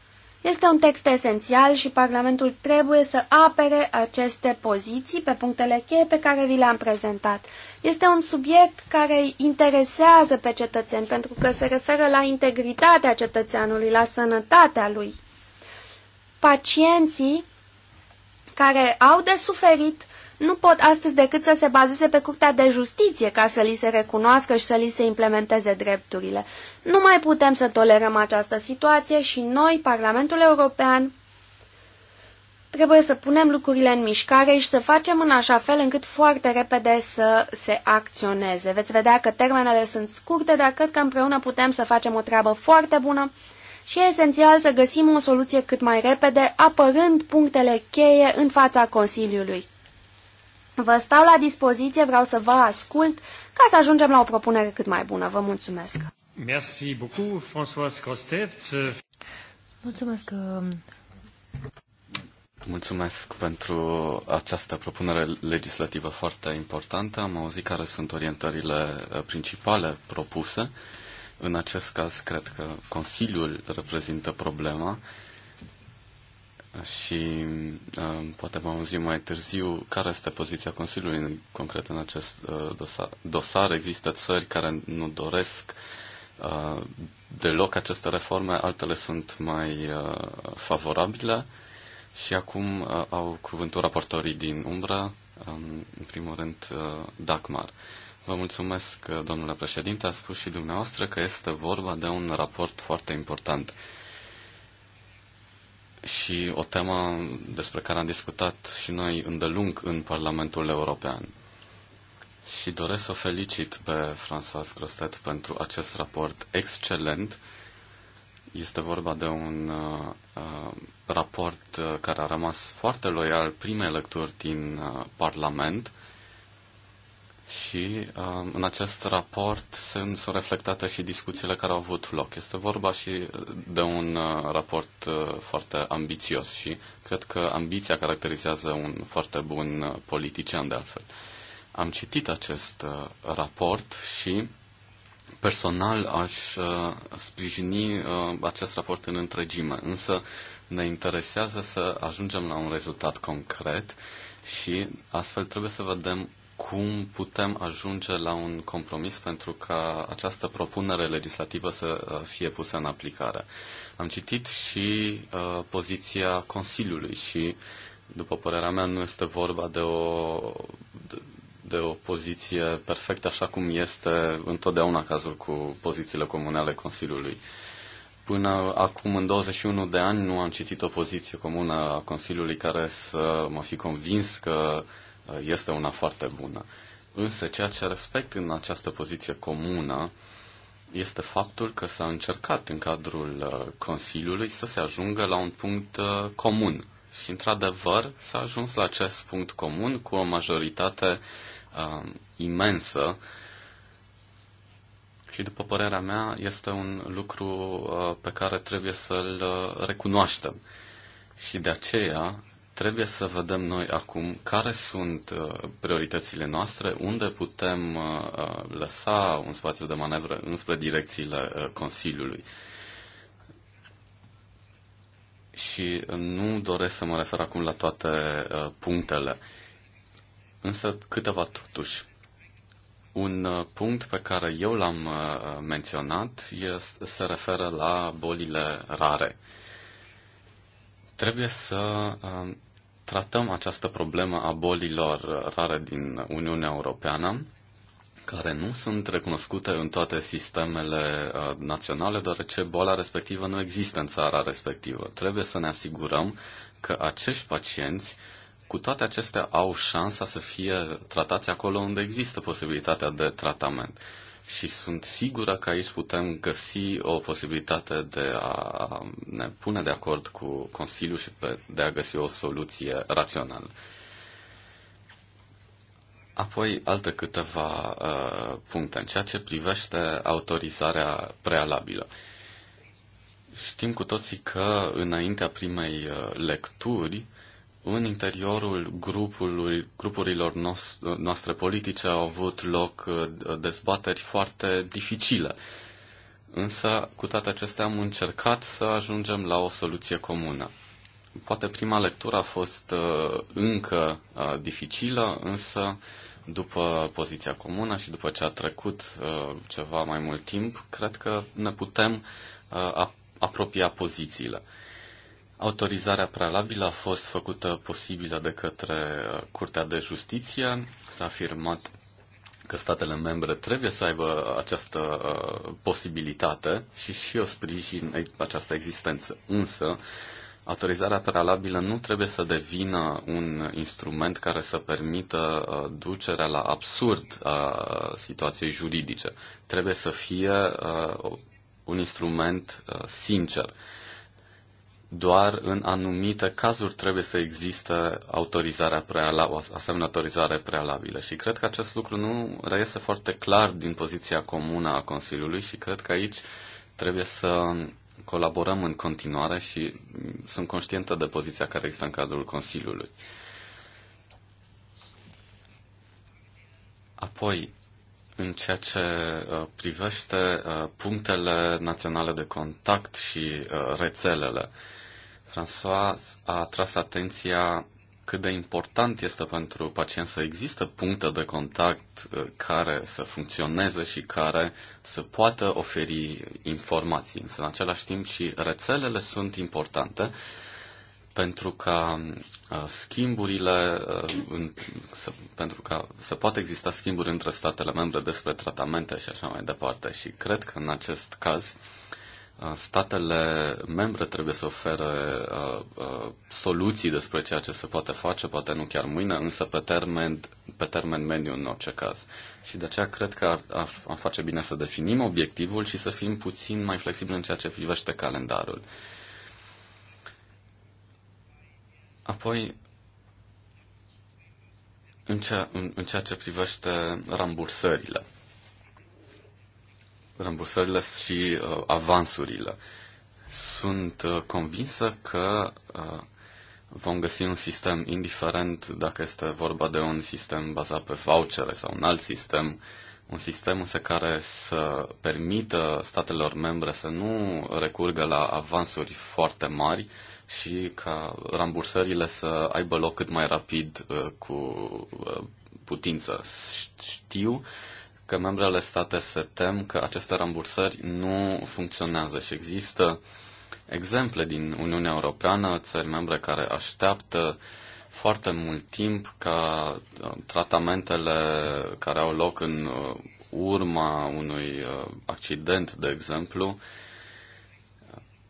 Este un text esențial și Parlamentul trebuie să apere aceste poziții pe punctele cheie pe care vi le-am prezentat. Este un subiect care îi interesează pe cetățeni pentru că se referă la integritatea cetățeanului, la sănătatea lui. Pacienții care au de suferit nu pot astăzi decât să se bazeze pe Curtea de Justiție ca să li se recunoască și să li se implementeze drepturile. Nu mai putem să tolerăm această situație și noi, Parlamentul European, trebuie să punem lucrurile în mișcare și să facem în așa fel încât foarte repede să se acționeze. Veți vedea că termenele sunt scurte, dar cred că împreună putem să facem o treabă foarte bună și e esențial să găsim o soluție cât mai repede, apărând punctele cheie în fața Consiliului. Vă stau la dispoziție, vreau să vă ascult ca să ajungem la o propunere cât mai bună. Vă mulțumesc! Merci beaucoup, François Costet. Mulțumesc, uh, Mulțumesc pentru această propunere legislativă foarte importantă. Am auzit care sunt orientările uh, principale propuse. În acest caz, cred că Consiliul reprezintă problema și uh, poate vom auzi mai târziu care este poziția Consiliului în concret în acest uh, dosar. Există țări care nu doresc uh, deloc aceste reforme, altele sunt mai favorabile. Și acum au cuvântul raportorii din Umbra, um, în primul rând Dagmar. Vă mulțumesc, domnule președinte, a spus și dumneavoastră că este vorba de un raport foarte important și o temă despre care am discutat și noi îndelung în Parlamentul European. Și doresc să felicit pe François Grostet pentru acest raport excelent. Este vorba de un uh, raport uh, care a rămas foarte loial primei lecturi din uh, Parlament uh, și uh, în acest raport sunt, sunt reflectate și discuțiile care au avut loc. Este vorba și de un uh, raport uh, foarte ambițios și cred că ambiția caracterizează un foarte bun uh, politician de altfel. Am citit acest uh, raport și personal aș uh, sprijini uh, acest raport în întregime, însă ne interesează să ajungem la un rezultat concret și astfel trebuie să vedem cum putem ajunge la un compromis pentru ca această propunere legislativă să uh, fie pusă în aplicare. Am citit și uh, poziția Consiliului și, după părerea mea, nu este vorba de o, de, de o poziție perfectă, așa cum este întotdeauna cazul cu pozițiile comune ale Consiliului. Până acum, în 21 de ani, nu am citit o poziție comună a Consiliului care să mă fi convins că uh, Uh, este una foarte bună. Însă ceea ce respect în această poziție comună este faptul că s-a încercat în cadrul uh, Consiliului să se ajungă la un punct uh, comun. Și, într-adevăr, s-a ajuns la acest punct comun cu o majoritate uh, imensă și, după părerea mea, este un lucru uh, pe care trebuie să-l recunoaștem. Și de aceea Trebuie să vedem noi acum care sunt uh, prioritățile noastre, unde putem uh, uh, lăsa un spațiu de manevră înspre direcțiile Consiliului. Și nu doresc să mă refer acum la toate punctele, însă câteva totuși. Un punct pe care eu l-am menționat este, se referă la bolile rare. Trebuie să tratăm această problemă a bolilor rare din Uniunea Europeană, care nu sunt recunoscute în toate sistemele uh, naționale, deoarece boala respectivă nu există în țara respectivă. Trebuie să ne asigurăm că acești pacienți, cu toate acestea, au șansa să fie tratați acolo unde există posibilitatea de tratament și sunt sigură că aici putem găsi o posibilitate de a ne pune de acord cu Consiliul și de a găsi o soluție rațională. Apoi alte câteva uh, puncte în ceea ce privește autorizarea prealabilă. Știm cu toții că înaintea primei uh, lecturi uh, în interiorul grupului, grupurilor noastre politice au avut loc uh, dezbateri foarte dificile. Însă, cu toate acestea, am încercat să ajungem la o soluție comună. Poate prima lectură a fost uh, încă uh, dificilă, însă după poziția comună și după ce a trecut ceva mai mult timp, cred că ne putem apropia pozițiile. Autorizarea prealabilă a fost făcută posibilă de către uh, Curtea de Justiție. S-a afirmat că statele membre trebuie să aibă această uh, posibilitate și și o sprijin această existență. Însă, autorizarea prealabilă nu trebuie să devină un instrument care să permită uh, ducerea la absurd a situației juridice. Trebuie să fie uh, un instrument uh, sincer. Uh, doar în anumite cazuri trebuie să existe autorizarea prealabilă, o asemenea autorizare prealabilă. Și cred că acest lucru nu reiese foarte clar din poziția comună a Consiliului și cred că aici trebuie să colaborăm în continuare și sunt conștientă de poziția care există în cadrul Consiliului. Apoi, în ceea ce uh, privește uh, punctele naționale de contact și uh, rețelele. François a tras atenția cât de important este pentru pacient să există puncte de contact uh, care să funcționeze și care să poată oferi informații. Însă, în același timp, și rețelele sunt importante pentru ca uh, schimburile, uh, să, pentru ca să poată exista schimburi între statele membre despre tratamente și așa mai departe. Și cred că în acest caz Uh, statele membre trebuie să ofere uh, uh, soluții despre ceea ce se poate face, poate nu chiar mâine, însă pe termen, pe termen mediu în orice caz. Și de aceea cred că ar, ar, ar face bine să definim obiectivul și să fim puțin mai flexibili în ceea ce privește calendarul. Apoi, în, ceea în, în ceea ce privește rambursările rambursările și uh, avansurile. Sunt uh, convinsă că uh, vom găsi un sistem, indiferent dacă este vorba de un sistem bazat pe vouchere sau un alt sistem, un sistem însă care să permită statelor membre să nu recurgă la avansuri foarte mari și ca rambursările să aibă loc cât mai rapid uh, cu uh, putință. Știu uh, că membrele state se tem că aceste rambursări nu funcționează și există exemple din Uniunea Europeană, țări membre care așteaptă foarte mult timp ca uh, tratamentele care au loc în uh, urma unui uh, accident, de exemplu,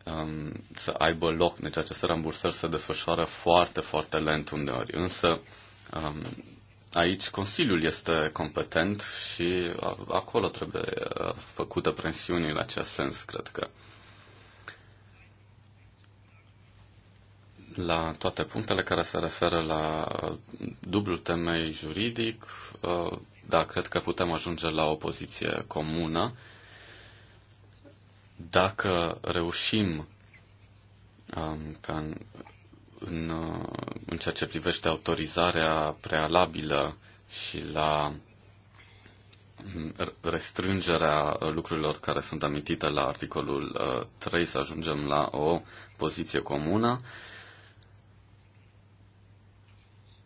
um, să aibă loc. Deci aceste rambursări se desfășoară foarte, foarte lent uneori. Însă um, Aici Consiliul este competent și acolo trebuie făcută presiuni în acest sens, cred că. La toate punctele care se referă la dublul temei juridic, da, cred că putem ajunge la o poziție comună. Dacă reușim ca în, în, în ceea ce privește autorizarea prealabilă și la mm, restrângerea lucrurilor care sunt amintite la articolul 3, uh, să ajungem la o poziție comună.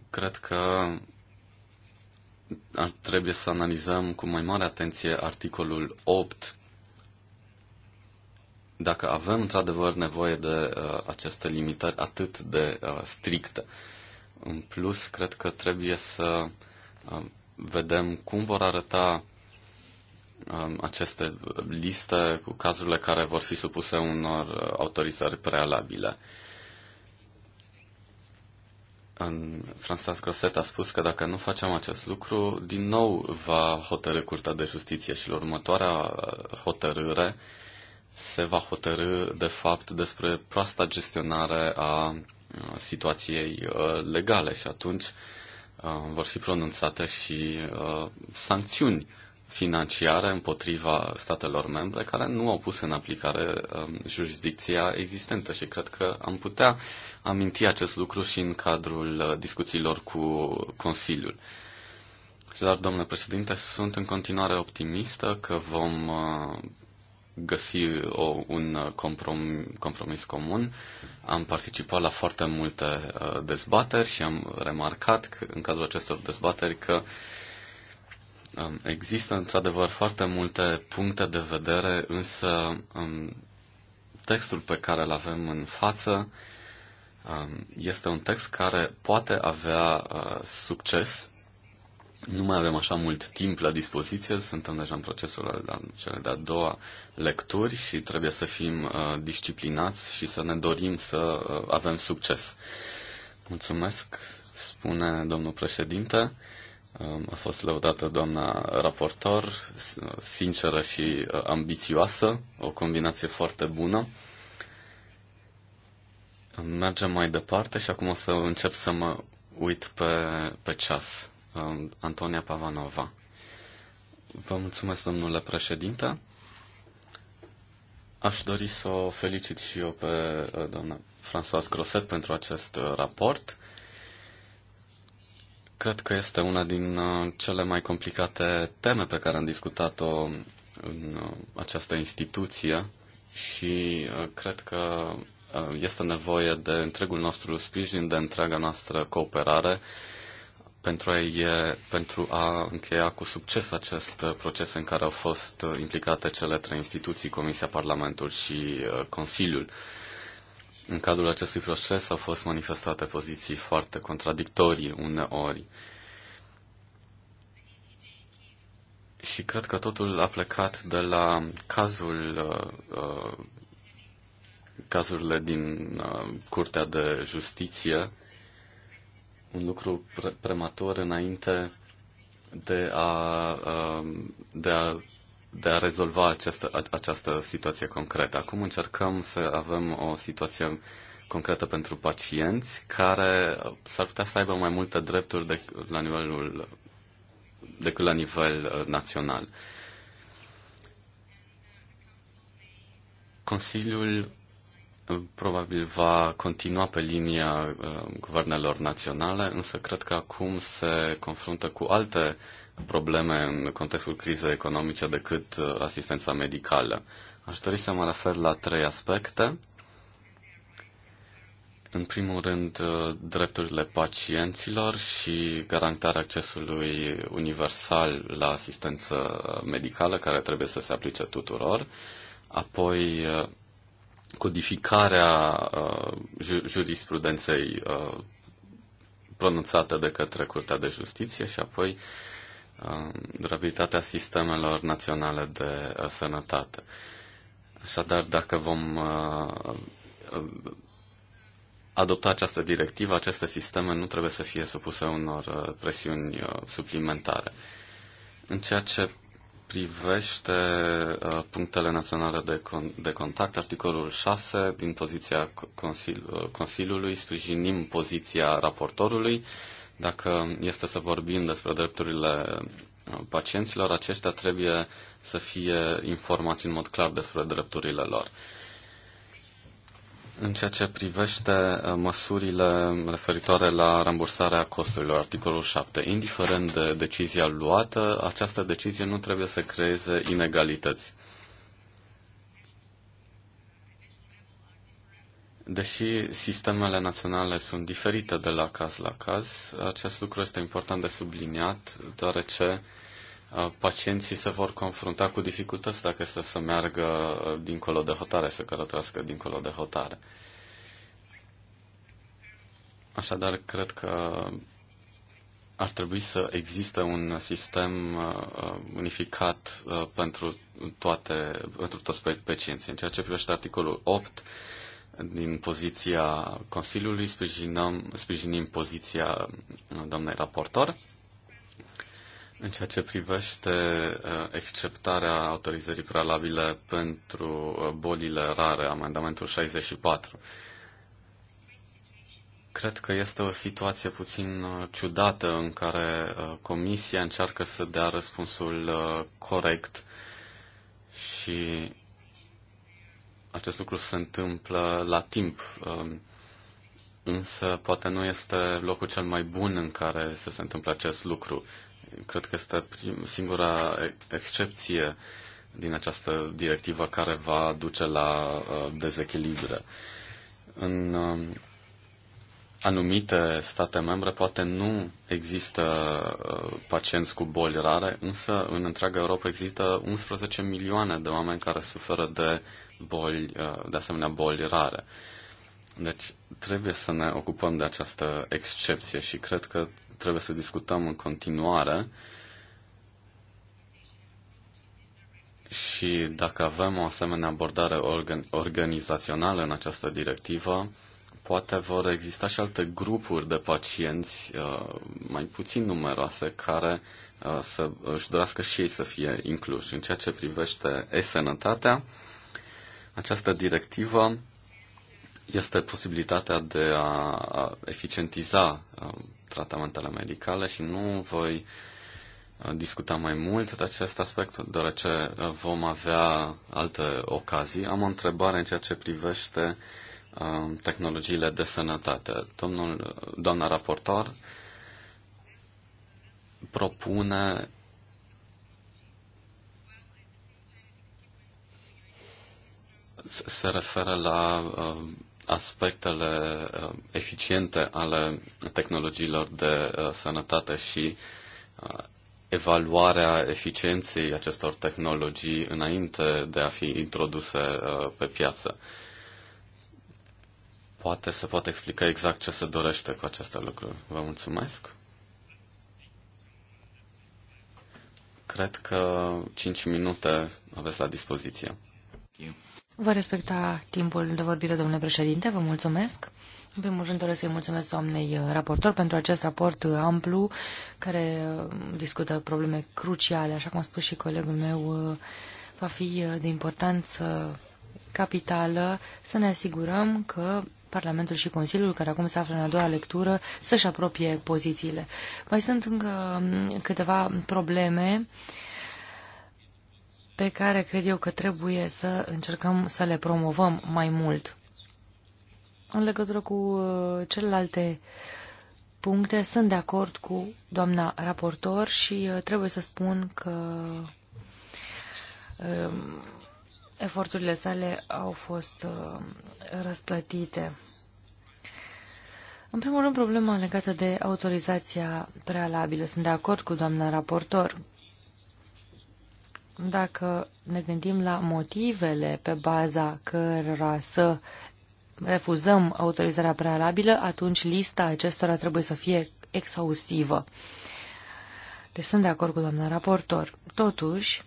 Cred că ar, trebuie să analizăm cu mai mare atenție articolul 8 dacă avem într-adevăr nevoie de uh, aceste limitări atât de uh, stricte. În plus, cred că trebuie să uh, vedem cum vor arăta uh, aceste liste cu cazurile care vor fi supuse unor uh, autorizări prealabile. În Francis Groset a spus că dacă nu facem acest lucru, din nou va hotărâ Curtea de Justiție și la următoarea uh, hotărâre uh, se va hotărâ, de fapt, despre proasta gestionare a situației uh, legale și atunci uh, vor fi pronunțate și uh, sancțiuni financiare împotriva statelor membre care nu au pus în aplicare um, jurisdicția existentă și cred că am putea aminti acest lucru și în cadrul discuțiilor cu Consiliul. Dar, domnule președinte, sunt în continuare optimistă că vom găsi o, un uh, comprom, compromis comun. Am participat la foarte multe uh, dezbateri și am remarcat că, în cazul acestor dezbateri că um, există într-adevăr foarte multe puncte de vedere, însă um, textul pe care îl avem în față um, este un text care poate avea uh, succes nu mai avem așa mult timp la dispoziție, suntem deja în procesul la cele de-a doua lecturi și trebuie să fim uh, disciplinați și să ne dorim să uh, avem succes. Mulțumesc, spune domnul președinte. Um, a fost lăudată doamna raportor, sinceră și uh, ambițioasă, o combinație foarte bună. Mergem mai departe și acum o să încep să mă uit pe, pe ceas. Antonia Pavanova. Vă mulțumesc, domnule președinte. Aș dori să o felicit și eu pe uh, doamna François Groset pentru acest uh, raport. Cred că este una din uh, cele mai complicate teme pe care am discutat-o în această instituție și cred că este nevoie de întregul nostru sprijin, de întreaga noastră cooperare pentru a, pentru a încheia cu succes acest uh, proces în care au fost uh, implicate cele trei instituții, Comisia, Parlamentul și uh, Consiliul. În cadrul acestui proces au fost manifestate poziții foarte contradictorii uneori. Și cred că totul a plecat de la cazul, uh, cazurile din uh, Curtea de Justiție un lucru pre- prematur înainte de a, um, de a, de a rezolva această, această situație concretă. Acum încercăm să avem o situație concretă pentru pacienți care s-ar putea să aibă mai multe drepturi de, la nivelul, decât la nivel uh, național. Consiliul probabil va continua pe linia uh, guvernelor naționale, însă cred că acum se confruntă cu alte probleme în contextul crizei economice decât uh, asistența medicală. Aș dori să mă refer la trei aspecte. În primul rând, uh, drepturile pacienților și garantarea accesului universal la asistență medicală, care trebuie să se aplice tuturor. Apoi, codificarea uh, jurisprudenței uh, pronunțată de către Curtea de Justiție și apoi uh, durabilitatea sistemelor naționale de uh, sănătate. Așadar, dacă vom uh, uh adopta această directivă, aceste sisteme nu trebuie să fie supuse unor uh, presiuni uh, suplimentare. În ceea ce privește uh, punctele naționale de, con- de contact, articolul 6 din poziția Consili- uh, Consiliului, sprijinim poziția raportorului. Dacă este să vorbim despre drepturile uh, pacienților, aceștia trebuie să fie informați în mod clar despre drepturile lor. În ceea ce privește uh, măsurile referitoare la rambursarea costurilor, articolul 7, indiferent de decizia luată, această decizie nu trebuie să creeze inegalități. Deși sistemele naționale sunt diferite de la caz la caz, acest lucru este important de subliniat, deoarece pacienții se vor confrunta cu dificultăți dacă este să meargă dincolo de hotare, să călătorească dincolo de hotare. Așadar, cred că ar trebui să existe un sistem unificat pentru, toate, pentru toți pacienții. În ceea ce privește articolul 8, din poziția Consiliului, sprijinăm, sprijinim poziția doamnei raportor în ceea ce privește exceptarea uh, autorizării prealabile pentru uh, bolile rare, amendamentul 64, Cred că este o situație puțin uh, ciudată în care Comisia încearcă să dea răspunsul corect și acest lucru se întâmplă la timp, um, însă poate nu este locul cel mai bun în care să se întâmple acest lucru cred că este prim, singura excepție din această directivă care va duce la uh, dezechilibre. În uh, anumite state membre poate nu există uh, pacienți cu boli rare, însă în întreaga Europa există 11 milioane de oameni care suferă de boli, uh, de asemenea boli rare. Deci trebuie să ne ocupăm de această excepție și cred că trebuie să discutăm în continuare și dacă avem o asemenea abordare organ- organizațională în această directivă, poate vor exista și alte grupuri de pacienți uh, mai puțin numeroase care uh, să își dorească și ei să fie incluși. În ceea ce privește e-sănătatea, această directivă este posibilitatea de a eficientiza um, tratamentele medicale și nu voi uh, discuta mai mult de acest aspect, deoarece uh, vom avea alte ocazii. Am o întrebare în ceea ce privește uh, tehnologiile de sănătate. Domnul, doamna raportor propune se referă la aspectele eh, eficiente ale tehnologiilor de eh, sănătate și eh, evaluarea eficienței acestor tehnologii înainte de a fi introduse pe piață. Poate se poate explica exact ce se dorește cu aceste lucruri. Vă mulțumesc. Cred că 5 minute aveți la dispoziție. Thank you. Vă respecta timpul de vorbire, domnule președinte, vă mulțumesc. În primul rând doresc să-i mulțumesc doamnei raportor pentru acest raport amplu care discută probleme cruciale, așa cum a spus și colegul meu, va fi de importanță capitală să ne asigurăm că Parlamentul și Consiliul, care acum se află în a doua lectură, să-și apropie pozițiile. Mai sunt încă câteva probleme uh, pe care cred eu că trebuie să încercăm să le promovăm mai mult. În legătură cu uh, celelalte puncte, sunt de acord cu doamna raportor și uh, trebuie să spun că um, eforturile sale au fost uh, răsplătite. În primul rând, problema legată de autorizația prealabilă. Sunt de acord cu doamna raportor. Dacă ne gândim la motivele pe baza cărora să refuzăm autorizarea prealabilă, atunci lista acestora trebuie să fie exhaustivă. Deci sunt de acord cu doamna raportor. Totuși,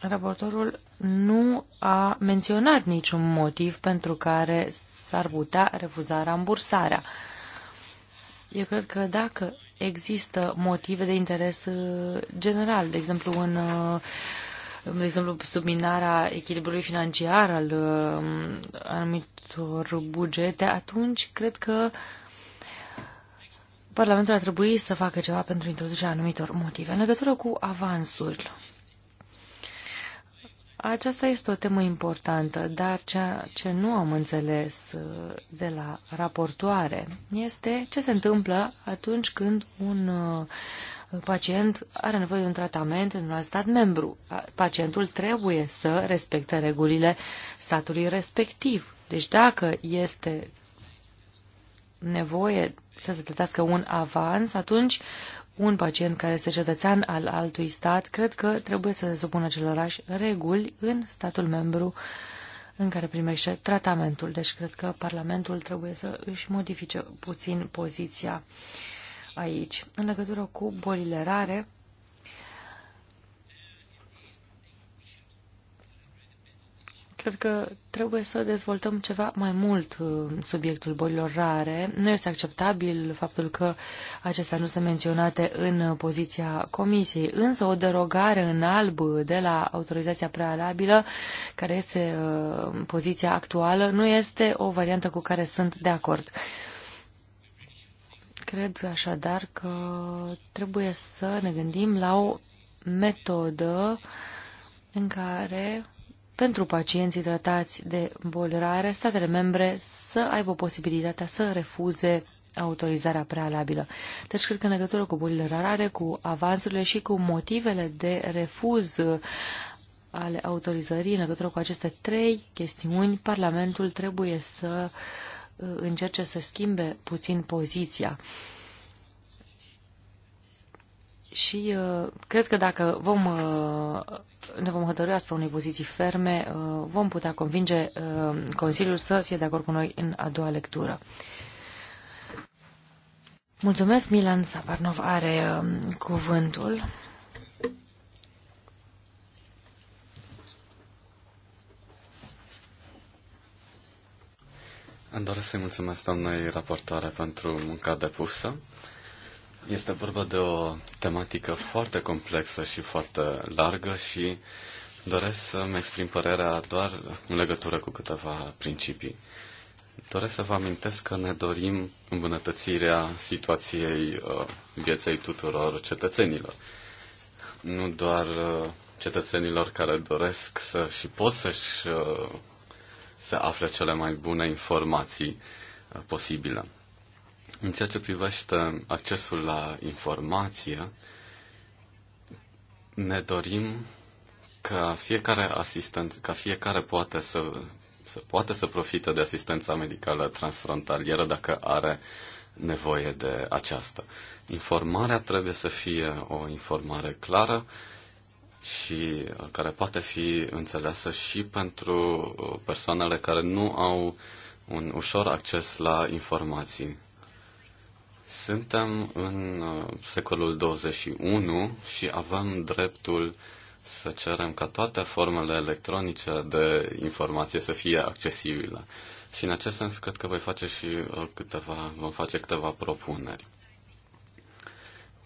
raportorul nu a menționat niciun motiv pentru care s-ar putea refuza rambursarea. Eu cred că dacă există motive de interes uh, general, de exemplu în uh, de exemplu, subminarea echilibrului financiar al uh, anumitor bugete, atunci cred că Parlamentul ar trebui să facă ceva pentru introducerea anumitor motive. În legătură cu avansul, aceasta este o temă importantă, dar ceea ce nu am înțeles uh, de la raportoare este ce se întâmplă atunci când un uh, pacient are nevoie de un tratament în un alt stat membru. Pacientul trebuie să respecte regulile statului respectiv. Deci dacă este nevoie să se plătească un avans, atunci un pacient care este cetățean al altui stat, cred că trebuie să se supună celorași reguli în statul membru în care primește tratamentul. Deci cred că Parlamentul trebuie să își modifice puțin poziția aici. În legătură cu bolile rare, Cred că trebuie să dezvoltăm ceva mai mult uh, subiectul bolilor rare. Nu este acceptabil faptul că acestea nu sunt menționate în uh, poziția comisiei, însă o derogare în alb de la autorizația prealabilă, care este uh, poziția actuală, nu este o variantă cu care sunt de acord. Cred așadar că trebuie să ne gândim la o metodă în care pentru pacienții tratați de boli rare, statele membre să aibă posibilitatea să refuze autorizarea prealabilă. Deci, cred că în legătură cu bolile rare, cu avansurile și cu motivele de refuz ale autorizării, în legătură cu aceste trei chestiuni, Parlamentul trebuie să uh, încerce să schimbe puțin poziția. Și uh, cred că dacă vom, uh, ne vom hotărâi asupra unei poziții ferme, uh, vom putea convinge uh, Consiliul să fie de acord cu noi în a doua lectură. Mulțumesc, Milan Saparnov are um, cuvântul. Îmi doresc să-i mulțumesc doamnei raportoare pentru munca depusă. Este vorba de o tematică foarte complexă și foarte largă și doresc să-mi exprim părerea doar în legătură cu câteva principii. Doresc să vă amintesc că ne dorim îmbunătățirea situației uh, vieței tuturor cetățenilor. Nu doar uh, cetățenilor care doresc să și pot să-și uh, să afle cele mai bune informații posibile. În ceea ce privește accesul la informație, ne dorim ca fiecare asistent, ca fiecare poate să, să poate să profite de asistența medicală transfrontalieră dacă are nevoie de aceasta. Informarea trebuie să fie o informare clară și uh, care poate fi înțeleasă și pentru uh, persoanele care nu au un ușor acces la informații. Suntem în uh, secolul 21 și avem dreptul să cerem ca toate formele electronice de informație să fie accesibile. Și în acest sens cred că voi face și uh, câteva, vom face câteva propuneri.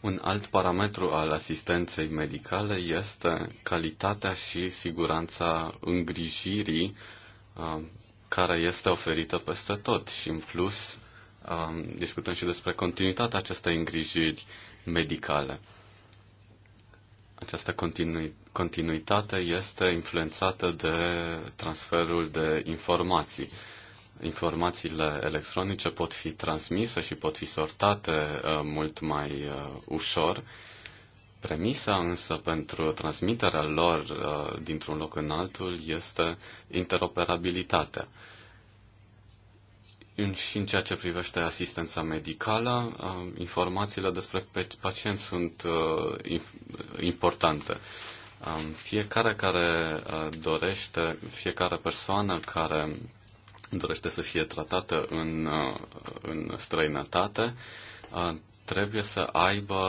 Un alt parametru al asistenței medicale este calitatea și siguranța îngrijirii uh, care este oferită peste tot și în plus discutăm și despre continuitatea acestei îngrijiri medicale. Această continui, continuitate este influențată de transferul de informații. Informațiile electronice pot fi transmise și pot fi sortate uh, mult mai uh, ușor. Premisa însă pentru transmiterea lor uh, dintr-un loc în altul este interoperabilitatea. În, și în ceea ce privește asistența medicală, um, informațiile despre pacienți sunt uh, importante. Um, fiecare care uh, dorește, fiecare persoană care dorește să fie tratată în, uh, în străinătate, trebuie să aibă,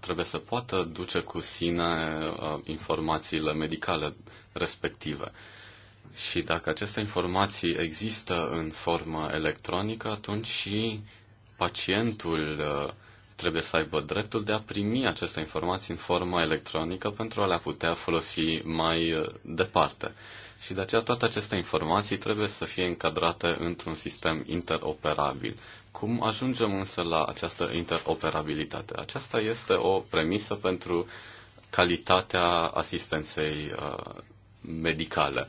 trebuie să poată duce cu sine informațiile medicale respective. Și dacă aceste informații există în formă electronică, atunci și pacientul uh, trebuie să aibă dreptul de a primi aceste informații în formă electronică pentru a le putea folosi mai uh, departe. Și de aceea toate aceste informații trebuie să fie încadrate într-un sistem interoperabil. Cum ajungem însă la această interoperabilitate? Aceasta este o premisă pentru calitatea asistenței uh, medicale.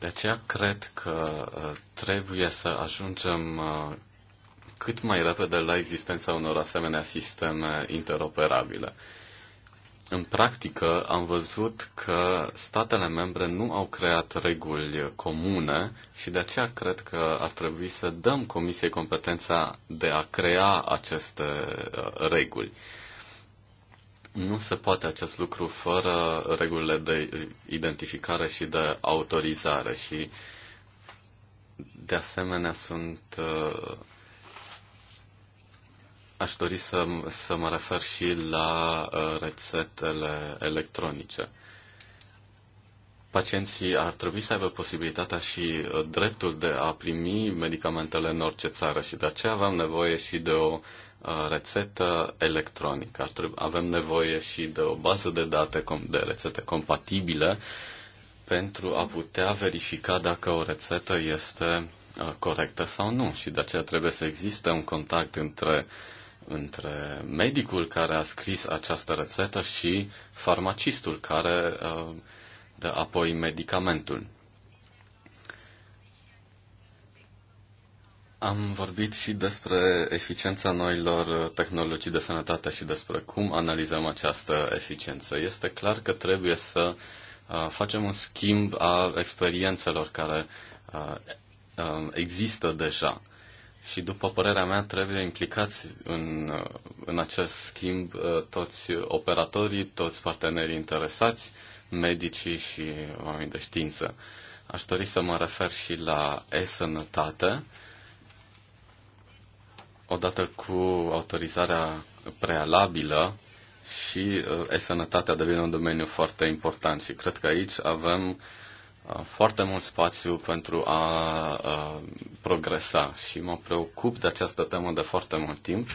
De aceea cred că uh, trebuie să ajungem uh, cât mai repede la existența unor asemenea sisteme interoperabile. În practică am văzut că statele membre nu au creat reguli comune și de aceea cred că ar trebui să dăm Comisiei competența de a crea aceste uh, reguli. Nu se poate acest lucru fără regulile de identificare și de autorizare și de asemenea sunt uh, aș dori să, să mă refer și la uh, rețetele electronice. Pacienții ar trebui să aibă posibilitatea și uh, dreptul de a primi medicamentele în orice țară și de aceea avem nevoie și de o uh, Uh, rețetă electronică. Ar trebui, avem nevoie și de o bază de date de rețete compatibile pentru a putea verifica dacă o rețetă este uh, corectă sau nu și de aceea trebuie să existe un contact între, între medicul care a scris această rețetă și farmacistul care uh, dă apoi medicamentul. Am vorbit și despre eficiența noilor tehnologii de sănătate și despre cum analizăm această eficiență. Este clar că trebuie să uh, facem un schimb a experiențelor care uh, um, există deja. Și după părerea mea trebuie implicați în, uh, în acest schimb toți operatorii, toți partenerii interesați, medicii și oamenii de știință. Aș dori să mă refer și la e-sănătate. Uh, odată cu autorizarea prealabilă și uh, e-sănătatea devine un domeniu foarte important și cred că aici avem uh, foarte mult spațiu pentru a, a uh, progresa și mă preocup de această temă de foarte mult timp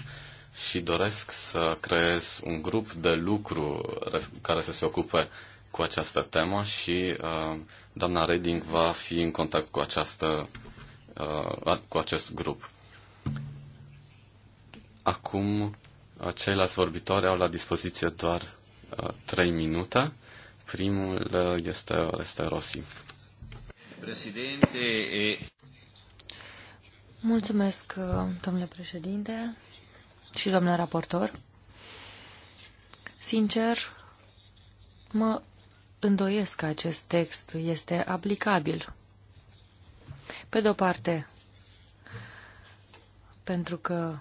și doresc să creez un grup de lucru care să se ocupe cu această temă și uh, doamna Reding va fi în contact cu, această, uh, cu acest grup. Acum uh, ceilalți vorbitori au la dispoziție doar uh, minute. Primul uh, este, este Rossi. Președinte, e... Mulțumesc, uh, domnule președinte și domnule raportor. Sincer, mă îndoiesc că acest text este aplicabil. Pe de-o parte, pentru că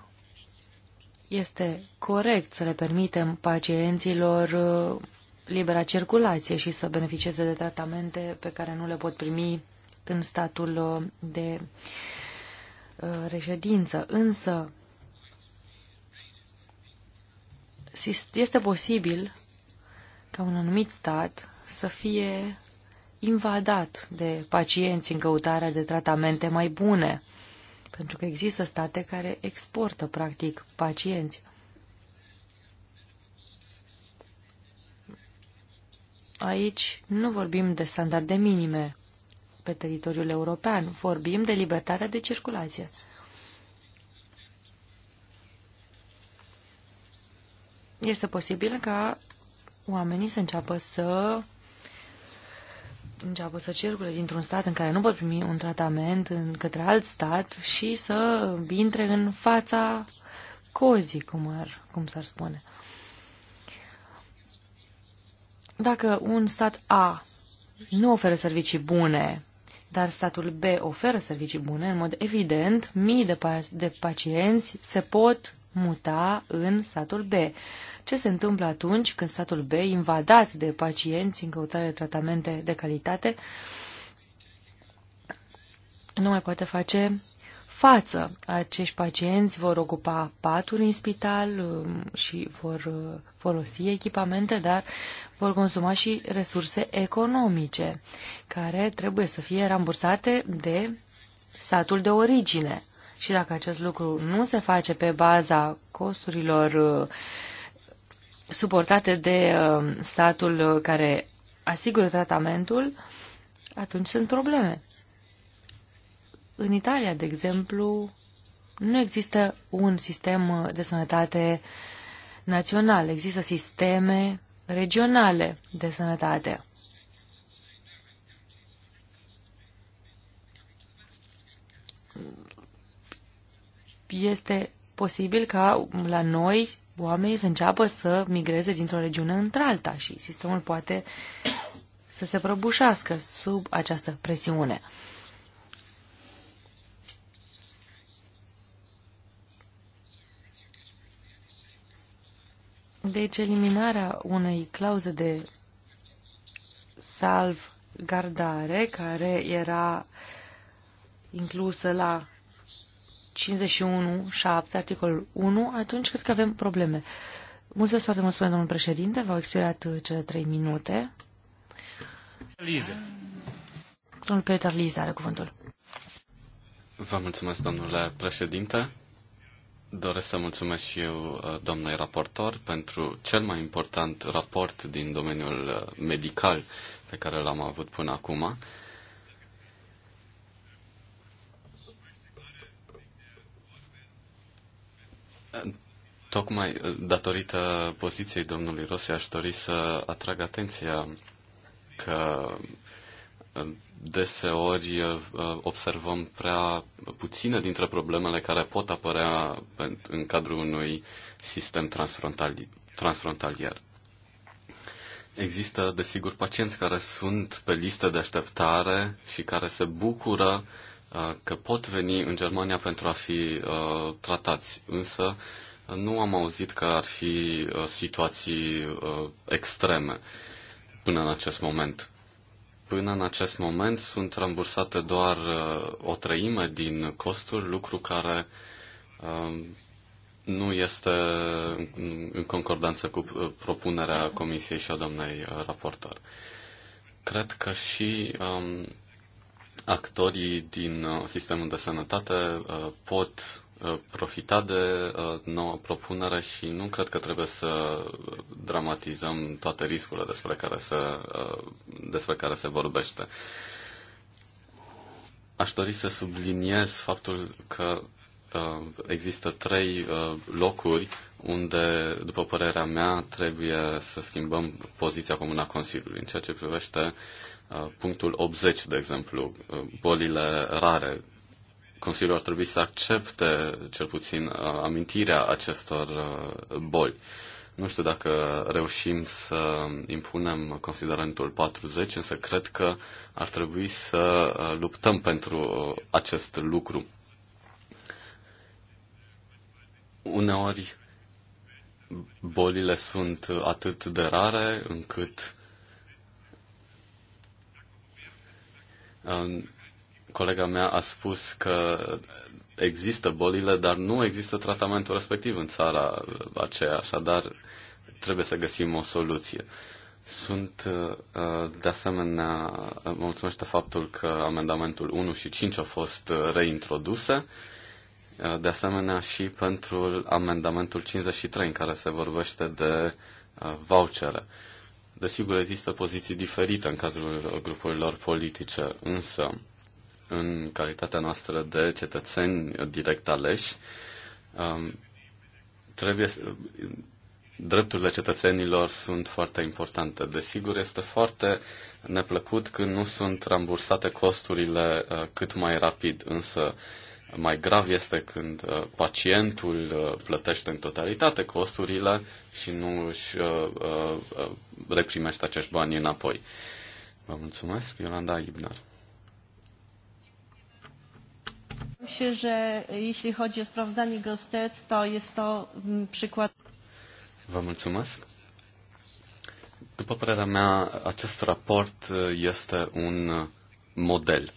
este corect să le permitem pacienților uh, libera circulație și să beneficieze de tratamente pe care nu le pot primi în statul uh, de uh, reședință. Însă, este posibil ca un anumit stat să fie invadat de pacienți în căutarea de tratamente mai bune pentru că există state care exportă, practic, pacienți. Aici nu vorbim de standarde minime pe teritoriul european, vorbim de libertatea de circulație. Este posibil ca oamenii să înceapă să înceapă să circule dintr-un stat în care nu pot primi un tratament în către alt stat și să intre în fața cozii, cum, ar, cum s-ar spune. Dacă un stat A nu oferă servicii bune, dar statul B oferă servicii bune, în mod evident, mii de, pa- de pacienți se pot muta în satul B. Ce se întâmplă atunci când satul B, invadat de pacienți în căutare de tratamente de calitate, nu mai poate face față. Acești pacienți vor ocupa paturi în spital um, și vor uh, folosi echipamente, dar vor consuma și resurse economice, care trebuie să fie rambursate de statul de origine și dacă acest lucru nu se face pe baza costurilor uh, suportate de uh, statul care asigură tratamentul, atunci sunt probleme. În Italia, de exemplu, nu există un sistem uh, de sănătate național, există sisteme regionale de sănătate. este posibil ca la noi oamenii să înceapă să migreze dintr-o regiune într-alta și sistemul poate să se prăbușească sub această presiune. Deci eliminarea unei clauze de salvgardare care era inclusă la 51, 7, articolul 1, atunci cred că avem probleme. Mulțumesc foarte mult, spune domnul președinte, v-au expirat uh, cele trei minute. Liza. Domnul Peter Liza are cuvântul. Vă mulțumesc, domnule președinte. Doresc să mulțumesc și eu, uh, domnului raportor, pentru cel mai important raport din domeniul uh, medical pe care l-am avut până acum. Tocmai eh, datorită poziției domnului Rossi aș dori să atrag atenția că eh, deseori eh, observăm prea puține dintre problemele care pot apărea în cadrul unui sistem transfrontalier. Există, desigur, pacienți care sunt pe listă de așteptare și care se bucură uh, că pot veni în Germania pentru a fi tratați, însă nu am auzit că ar fi situații extreme până în acest moment. Până în acest moment sunt rambursate doar o treime din costuri, lucru care nu este în concordanță cu propunerea Comisiei și a doamnei raportor. Cred că și um, actorii din uh, sistemul de sănătate uh, pot uh, profita de noua propunere și nu cred că trebuie să dramatizăm toate riscurile despre care se, despre care se vorbește. Aș dori să subliniez faptul că există trei locuri unde, după părerea mea, trebuie să schimbăm poziția comună a Consiliului în ceea ce privește uh, Uh, punctul 80, de exemplu, uh, bolile rare. Consiliul ar trebui să accepte cel puțin uh, amintirea acestor boli. Nu știu dacă reușim să impunem considerentul 40, însă cred că ar trebui să luptăm pentru acest lucru. Uneori bolile sunt atât de rare încât Colega mea a spus că există bolile, dar nu există tratamentul respectiv în țara aceea, așadar trebuie să găsim o soluție. Sunt uh, de asemenea mulțumesc de faptul că amendamentul 1 și 5 au fost reintroduse, uh, de asemenea și pentru amendamentul 53 în care se vorbește de uh, vouchere. Desigur, există poziții diferite în cadrul grupurilor politice, însă, în calitatea noastră de cetățeni direct aleși, um, trebuie drepturile cetățenilor sunt foarte importante. Desigur, este foarte neplăcut când nu sunt rambursate costurile uh, cât mai rapid, însă mai grav este când uh, pacientul uh, plătește în totalitate costurile și nu își uh, reprimește acești bani înapoi. Vă mulțumesc, Iolanda Ibnar. się, że jeśli chodzi o sprawozdanie Grostet, to jest to mm, przykład. Vă mulțumesc. După părerea mea, acest raport este un model.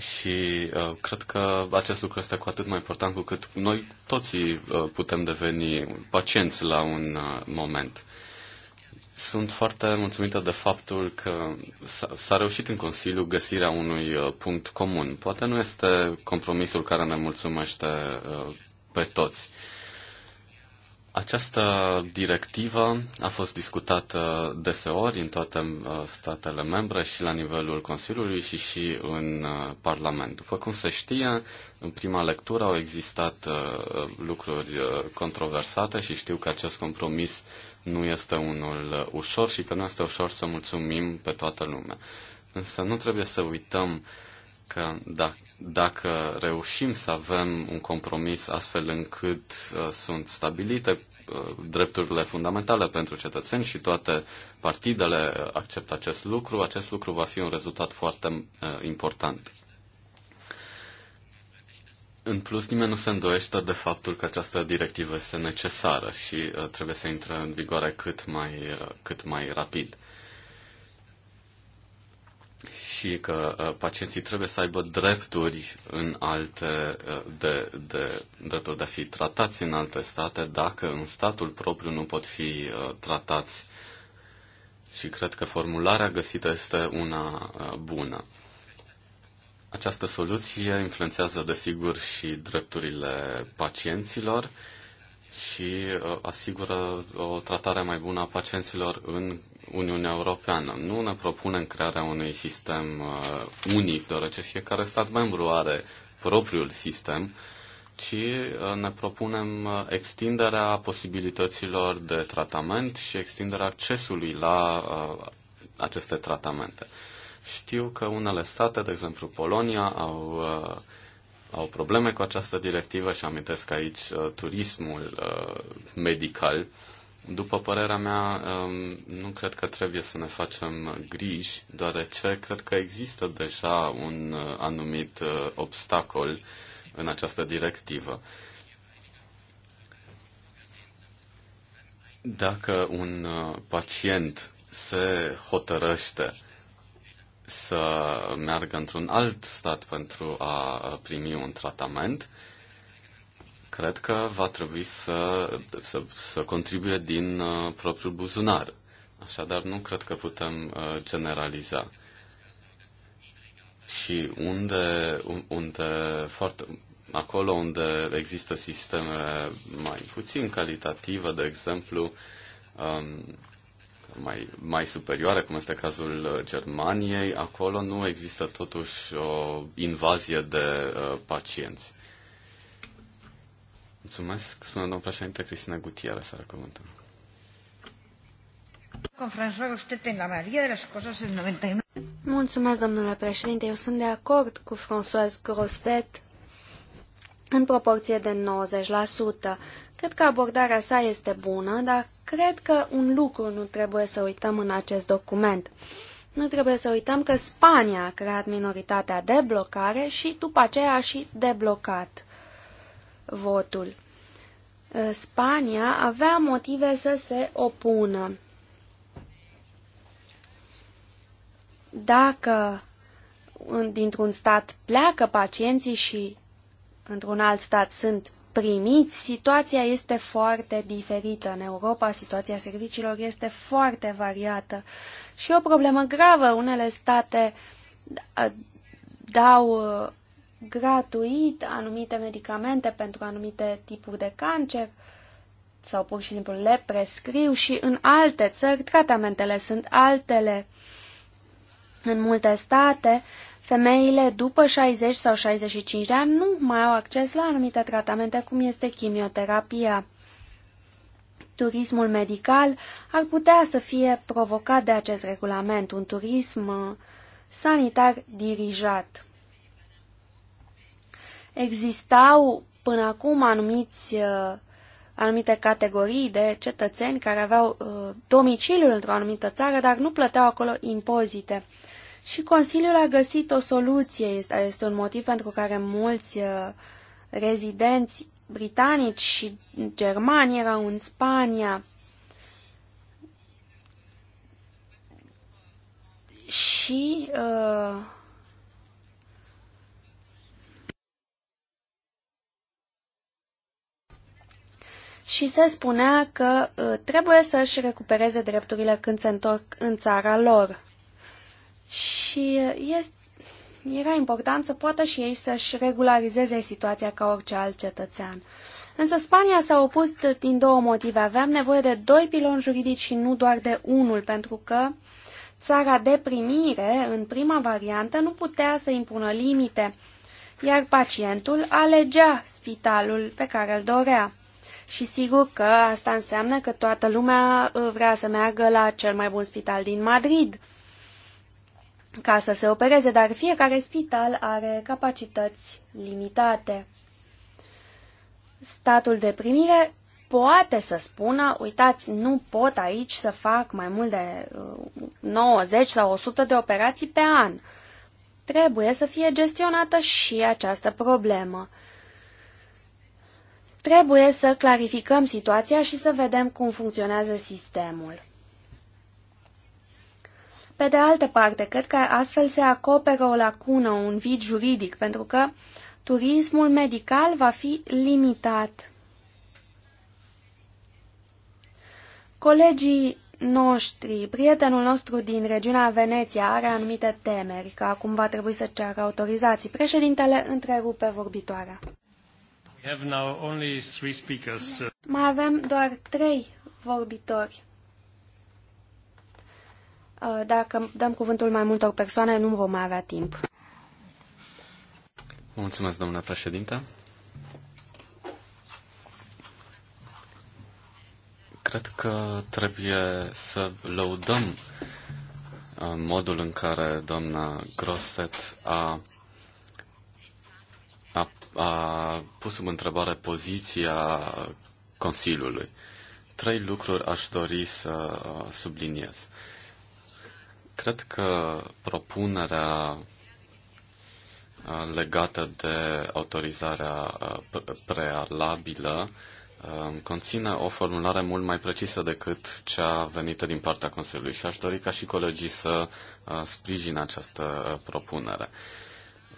Și uh, cred că acest lucru este cu atât mai important cu cât noi toții uh, putem deveni pacienți la un uh, moment. Sunt foarte mulțumită de faptul că s-a reușit în Consiliu găsirea unui uh, punct comun. Poate nu este compromisul care ne mulțumește uh, pe toți. Uh, această directivă a fost discutată deseori în toate uh, statele membre și la nivelul Consiliului și și în uh, Parlament. După cum se știe, în prima lectură au existat uh, lucruri controversate și știu că acest compromis nu este unul ușor și că nu este ușor să mulțumim pe toată lumea. Însă nu trebuie să uităm că dacă dacă reușim să avem un compromis astfel încât uh, sunt stabilite uh, drepturile fundamentale pentru cetățeni și toate partidele acceptă acest lucru, acest lucru va fi un rezultat foarte uh, important. În plus, nimeni nu se îndoiește de faptul că această directivă este necesară și trebuie să intre în vigoare cât mai, cât mai rapid și că uh, pacienții trebuie să aibă drepturi în alte uh, de, de drepturi de a fi tratați în alte state dacă în statul propriu nu pot fi uh, tratați. Și cred că formularea găsită este una bună. Această soluție influențează desigur și drepturile pacienților și asigură o tratare mai bună a pacienților în Uniunea Europeană. Nu ne propunem crearea unui sistem uh, unic, deoarece fiecare stat membru are propriul sistem, ci uh, ne propunem uh, extinderea posibilităților de tratament și extinderea accesului la uh, aceste tratamente. Știu că unele state, de exemplu Polonia, au uh, au probleme cu această directivă și amintesc aici uh, turismul uh, medical după părerea mea, um, nu cred că trebuie să ne facem griji, deoarece cred că există deja un uh, anumit uh, obstacol în această directivă. Dacă un uh, pacient se hotărăște să meargă într-un alt stat pentru a primi un tratament, cred că va trebui să, să, să contribuie din uh, propriul buzunar. Așadar, nu cred că putem uh, generaliza. Și unde, unde foarte, acolo unde există sisteme mai puțin calitative, de exemplu, um, mai, mai superioare, cum este cazul uh, Germaniei, acolo nu există totuși o invazie de uh, pacienți. Mulțumesc. Sună domnul președinte Cristina Gutierrez, are cuvântul. Mulțumesc, domnule președinte. Eu sunt de acord cu François Grostet în proporție de 90%. Cred că abordarea sa este bună, dar cred că un lucru nu trebuie să uităm în acest document. Nu trebuie să uităm că Spania a creat minoritatea de blocare și după aceea a și deblocat votul. Uh, Spania avea motive să se opună. Dacă dintr-un stat pleacă pacienții și într-un alt stat sunt primiți, situația este foarte diferită. În Europa, situația serviciilor este foarte variată și o problemă gravă. Unele state uh, dau uh, gratuit anumite medicamente pentru anumite tipuri de cancer sau pur și simplu le prescriu și în alte țări tratamentele sunt altele. În multe state, femeile după 60 sau 65 de ani nu mai au acces la anumite tratamente cum este chimioterapia. Turismul medical ar putea să fie provocat de acest regulament, un turism uh, sanitar dirijat. Existau până acum anumiți, uh, anumite categorii de cetățeni care aveau uh, domiciliul într-o anumită țară, dar nu plăteau acolo impozite. Și Consiliul a găsit o soluție, este un motiv pentru care mulți uh, rezidenți britanici și germani erau în Spania. Și uh, și se spunea că uh, trebuie să își recupereze drepturile când se întorc în țara lor. Și uh, este, era important să poată și ei să-și regularizeze situația ca orice alt cetățean. Însă Spania s-a opus din două motive. Aveam nevoie de doi piloni juridici și nu doar de unul, pentru că țara de primire, în prima variantă, nu putea să impună limite, iar pacientul alegea spitalul pe care îl dorea. Și sigur că asta înseamnă că toată lumea uh, vrea să meargă la cel mai bun spital din Madrid ca să se opereze, dar fiecare spital are capacități limitate. Statul de primire poate să spună, uitați, nu pot aici să fac mai mult de 90 uh, sau 100 de operații pe an. Trebuie să fie gestionată și această problemă. Trebuie să clarificăm situația și să vedem cum funcționează sistemul. Pe de altă parte, cred că astfel se acoperă o lacună, un vid juridic, pentru că turismul medical va fi limitat. Colegii noștri, prietenul nostru din regiunea Veneția are anumite temeri, că acum va trebui să ceară autorizații. Președintele întrerupe vorbitoarea have now only three speakers. Uh, mai avem doar trei vorbitori. Uh, dacă dăm cuvântul mai multor persoane, nu vom mai avea timp. Mulțumesc, domnule președinte. Cred că trebuie să lăudăm uh, modul în care doamna Grosset a a pus în întrebare poziția Consiliului. Trei lucruri aș dori să subliniez. Cred că propunerea legată de autorizarea prealabilă conține o formulare mult mai precisă decât cea venită din partea Consiliului și aș dori ca și colegii să sprijină această propunere.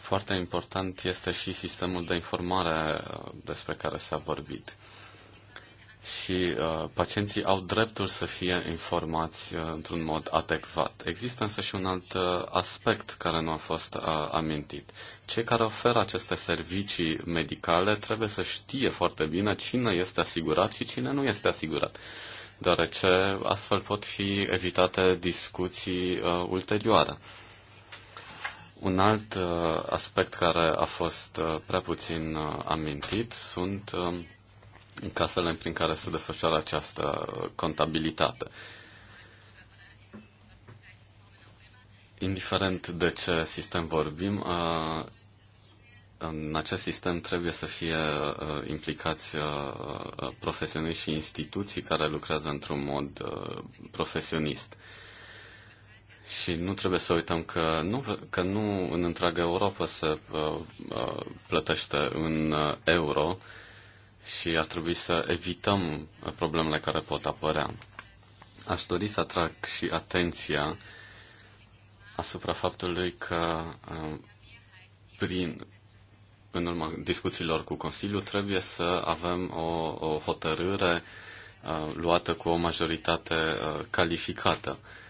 Foarte important este și sistemul de informare uh, despre care s-a vorbit. Și uh, pacienții au dreptul să fie informați uh, într-un mod adecvat. Există însă și un alt uh, aspect care nu a fost uh, amintit. Cei care oferă aceste servicii medicale trebuie să știe foarte bine cine este asigurat și cine nu este asigurat deoarece astfel pot fi evitate discuții uh, ulterioare. Un alt uh, aspect care a fost uh, prea puțin uh, amintit sunt um, casele prin care se desfășoară această contabilitate. Indiferent de ce sistem vorbim, în acest sistem trebuie să fie implicați profesioniști și instituții care lucrează într-un mod profesionist. Și nu trebuie să uităm că nu, că nu în întreaga Europa se uh, uh, plătește în uh, euro și ar trebui să evităm uh, problemele care pot apărea. Aș dori să atrag și atenția asupra faptului că uh, prin, în urma discuțiilor cu Consiliul trebuie să avem o, o hotărâre uh, luată cu o majoritate uh, calificată. Uh,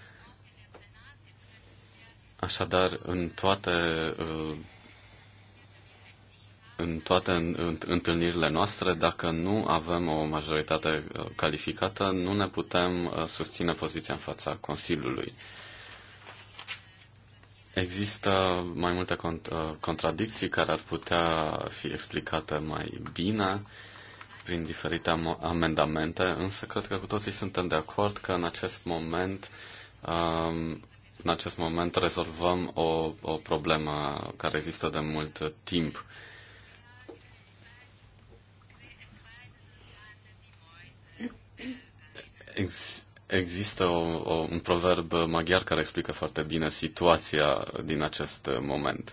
Așadar, în toate, uh, în toate întâlnirile noastre, dacă nu avem o majoritate uh, calificată, nu ne putem uh, susține poziția în fața Consiliului. Există mai multe cont- contradicții care ar putea fi explicate mai bine prin diferite am- amendamente, însă cred că cu toții suntem de acord că în acest moment um, în acest moment rezolvăm o, o problemă care există de mult timp. Ex- există o, o, un proverb maghiar care explică foarte bine situația din acest moment.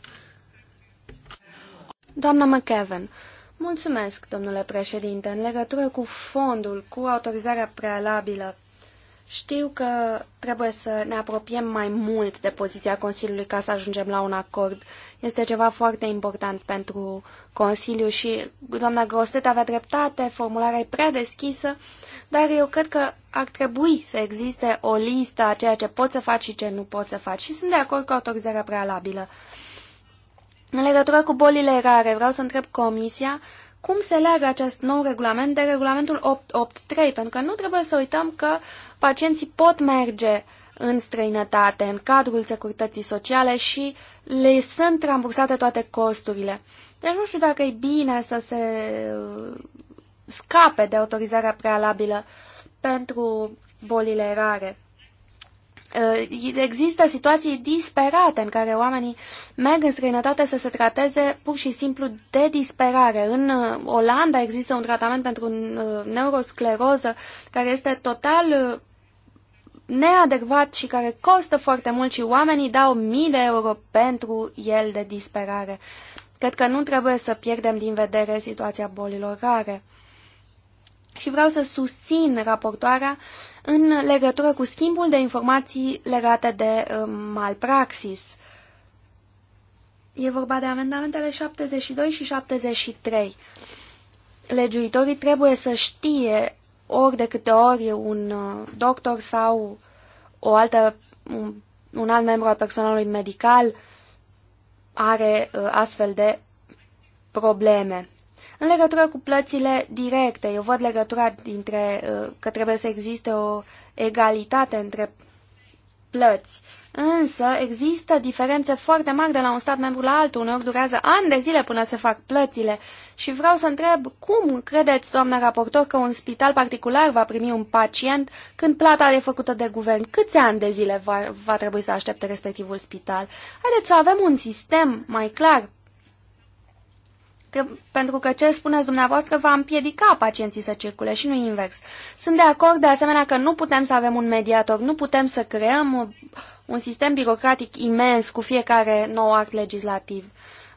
Doamna McEvan, mulțumesc, domnule președinte, în legătură cu fondul, cu autorizarea prealabilă știu că trebuie să ne apropiem mai mult de poziția Consiliului ca să ajungem la un acord. Este ceva foarte important pentru Consiliu și doamna Grostet avea dreptate, formularea e prea deschisă, dar eu cred că ar trebui să existe o listă a ceea ce poți să faci și ce nu poți să faci și sunt de acord cu autorizarea prealabilă. În legătură cu bolile rare, vreau să întreb Comisia cum se leagă acest nou regulament de regulamentul 883, pentru că nu trebuie să uităm că uh, pacienții pot merge în străinătate, în cadrul securității sociale și le sunt rambursate toate costurile. Deci nu știu dacă e bine să se uh, scape de autorizarea prealabilă pentru bolile rare. Uh, există situații disperate în care oamenii merg în străinătate să se trateze pur și simplu de disperare. În uh, Olanda există un tratament pentru neuroscleroză care este total neadecvat și care costă foarte mult și oamenii dau mii de euro pentru el de disperare. Cred că nu trebuie să pierdem din vedere situația bolilor rare. Și vreau să susțin raportoarea în legătură cu schimbul de informații legate de um, malpraxis. E vorba de amendamentele 72 și 73. Legiuitorii trebuie să știe ori de câte ori un uh, doctor sau o altă, un, un alt membru al personalului medical are uh, astfel de probleme. În legătură cu plățile directe, eu văd legătura dintre uh, că trebuie să existe o egalitate între plăți. Însă există diferențe foarte mari de la un stat membru la altul, uneori durează ani de zile până se fac plățile și vreau să întreb cum credeți, doamna raportor, că un spital particular va primi un pacient când plata e făcută de guvern? Câți ani de zile va, va trebui să aștepte respectivul spital? Haideți să avem un sistem mai clar pentru că ce spuneți dumneavoastră va împiedica pacienții să circule și nu invers. Sunt de acord de asemenea că nu putem să avem un mediator, nu putem să creăm un sistem birocratic imens cu fiecare nou act legislativ.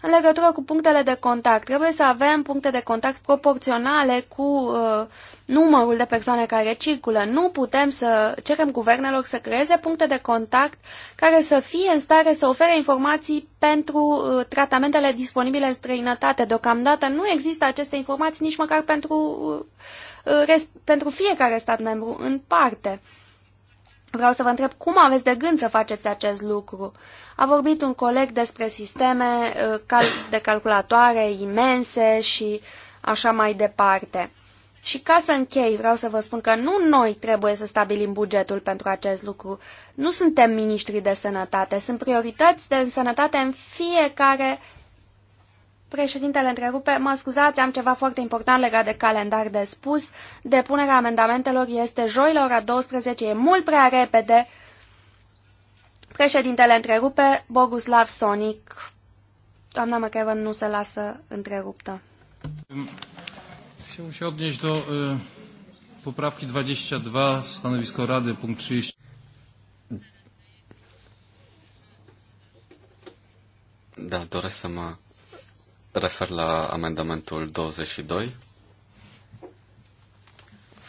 În legătură cu punctele de contact, trebuie să avem puncte de contact proporționale cu uh, numărul de persoane care circulă. Nu putem să cerem guvernelor să creeze puncte de contact care să fie în stare să ofere informații pentru uh, tratamentele disponibile în străinătate. Deocamdată nu există aceste informații nici măcar pentru, uh, uh, pentru fiecare stat membru în parte. Vreau să vă întreb cum aveți de gând să faceți acest lucru. A vorbit un coleg despre sisteme de calculatoare imense și așa mai departe. Și ca să închei, vreau să vă spun că nu noi trebuie să stabilim bugetul pentru acest lucru. Nu suntem miniștri de sănătate, sunt priorități de sănătate în fiecare... Președintele întrerupe, mă scuzați, am ceva foarte important legat de calendar de spus. Depunerea amendamentelor este joi la ora 12, e mult prea repede. Președintele întrerupe, Boguslav Sonic. Doamna McEvan nu se lasă întreruptă. Chciałbym się odnieść do y, poprawki 22, stanowisko Rady, punkt 30. Da, doresc să mă refer la amendamentul 22.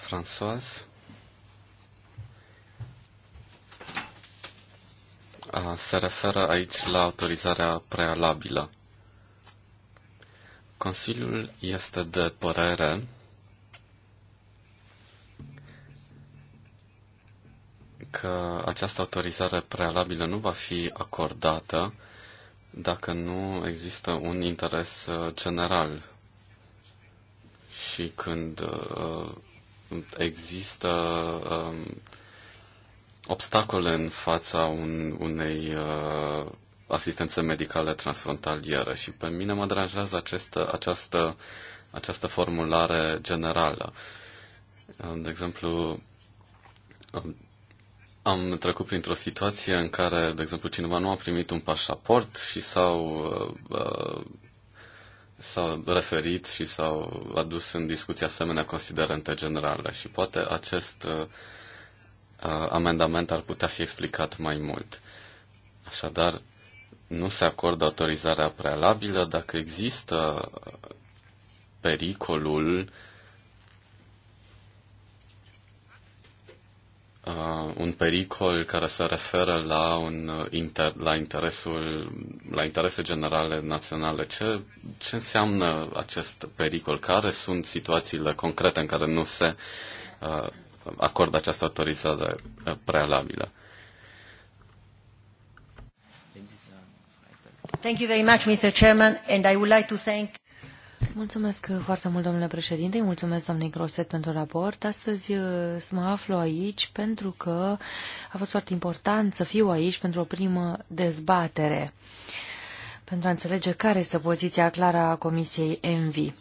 François se referă aici la autorizarea prealabilă. Consiliul este de părere că această autorizare prealabilă nu va fi acordată dacă nu există un interes uh, general și când uh, există um, obstacole în fața unei uh, asistență medicală transfrontalieră și pe mine mă deranjează această, această, această formulare generală. De exemplu, am trecut printr-o situație în care, de exemplu, cineva nu a primit un pașaport și s-au, uh, s-au referit și s-au adus în discuție asemenea considerente generale și poate acest uh, uh, amendament ar putea fi explicat mai mult. Așadar, nu se acordă autorizarea prealabilă dacă există pericolul uh, un pericol care se referă la, un inter, la, interesul, la interese generale naționale. Ce, ce înseamnă acest pericol? Care sunt situațiile concrete în care nu se uh, acordă această autorizare prealabilă? Mulțumesc foarte mult, domnule președinte, mulțumesc doamnei Groset pentru raport. Astăzi uh, mă aflu aici pentru că a fost foarte important să fiu aici pentru o primă dezbatere, pentru a înțelege care este poziția clară a Comisiei ENVI.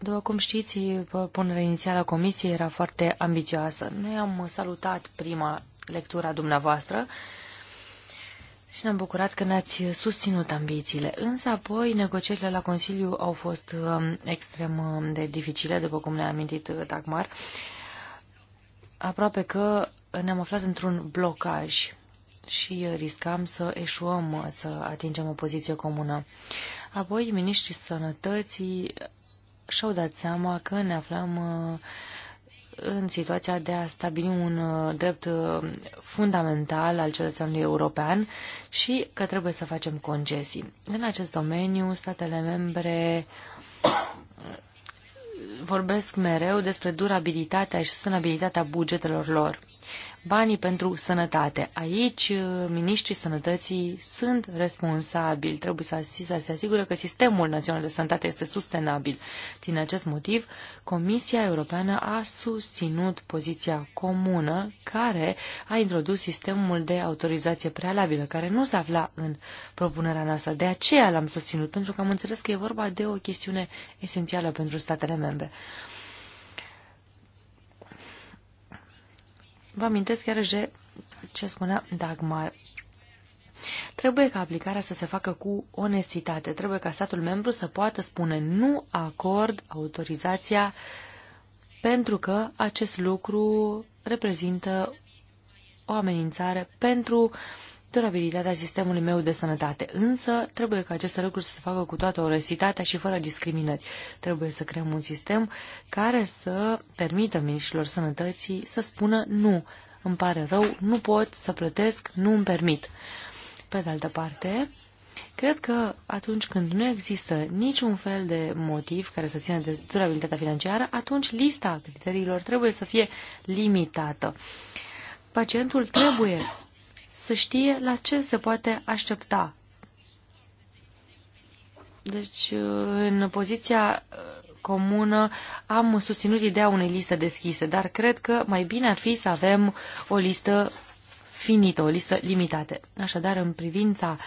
După cum știți, propunerea inițială a Comisiei era foarte ambițioasă. Noi am salutat prima lectura dumneavoastră, și ne-am bucurat că ne-ați susținut ambițiile. Însă apoi negocierile la Consiliu au fost um, extrem um, de dificile, după cum ne-a amintit uh, Dagmar. Aproape că ne-am aflat într-un blocaj și uh, riscam să eșuăm, uh, să atingem o poziție comună. Apoi, ministrii sănătății și-au dat seama că ne aflăm în situația de a stabili un uh, drept uh, fundamental al cetățeanului european și că trebuie să facem concesii. În acest domeniu, statele membre vorbesc mereu despre durabilitatea și sănabilitatea bugetelor lor banii pentru sănătate. Aici, uh, ministrii sănătății sunt responsabili. Trebuie să, să se asigură că sistemul național de sănătate este sustenabil. Din acest motiv, Comisia Europeană a susținut poziția comună care a introdus sistemul de autorizație prealabilă, care nu se afla în propunerea noastră. De aceea l-am susținut, pentru că am înțeles că e vorba de o chestiune esențială pentru statele membre. Vă amintesc chiar de ce spunea Dagmar. Trebuie ca aplicarea să se facă cu onestitate. Trebuie ca statul membru să poată spune nu acord autorizația pentru că acest lucru reprezintă o amenințare pentru uh, durabilitatea sistemului meu de sănătate. Însă trebuie ca aceste lucruri să se facă cu toată oresitatea și fără discriminări. Trebuie să creăm un sistem care să permită ministrilor sănătății să spună nu, îmi pare rău, nu pot să plătesc, nu îmi permit. Pe de altă parte, Cred că atunci când nu există niciun fel de motiv care să țină de durabilitatea financiară, atunci lista criteriilor trebuie să fie limitată. Pacientul trebuie să știe la ce se poate aștepta. Deci, în poziția uh, comună am susținut ideea unei liste deschise, dar cred că mai bine ar fi să avem o listă finită, o listă limitată. Așadar, în privința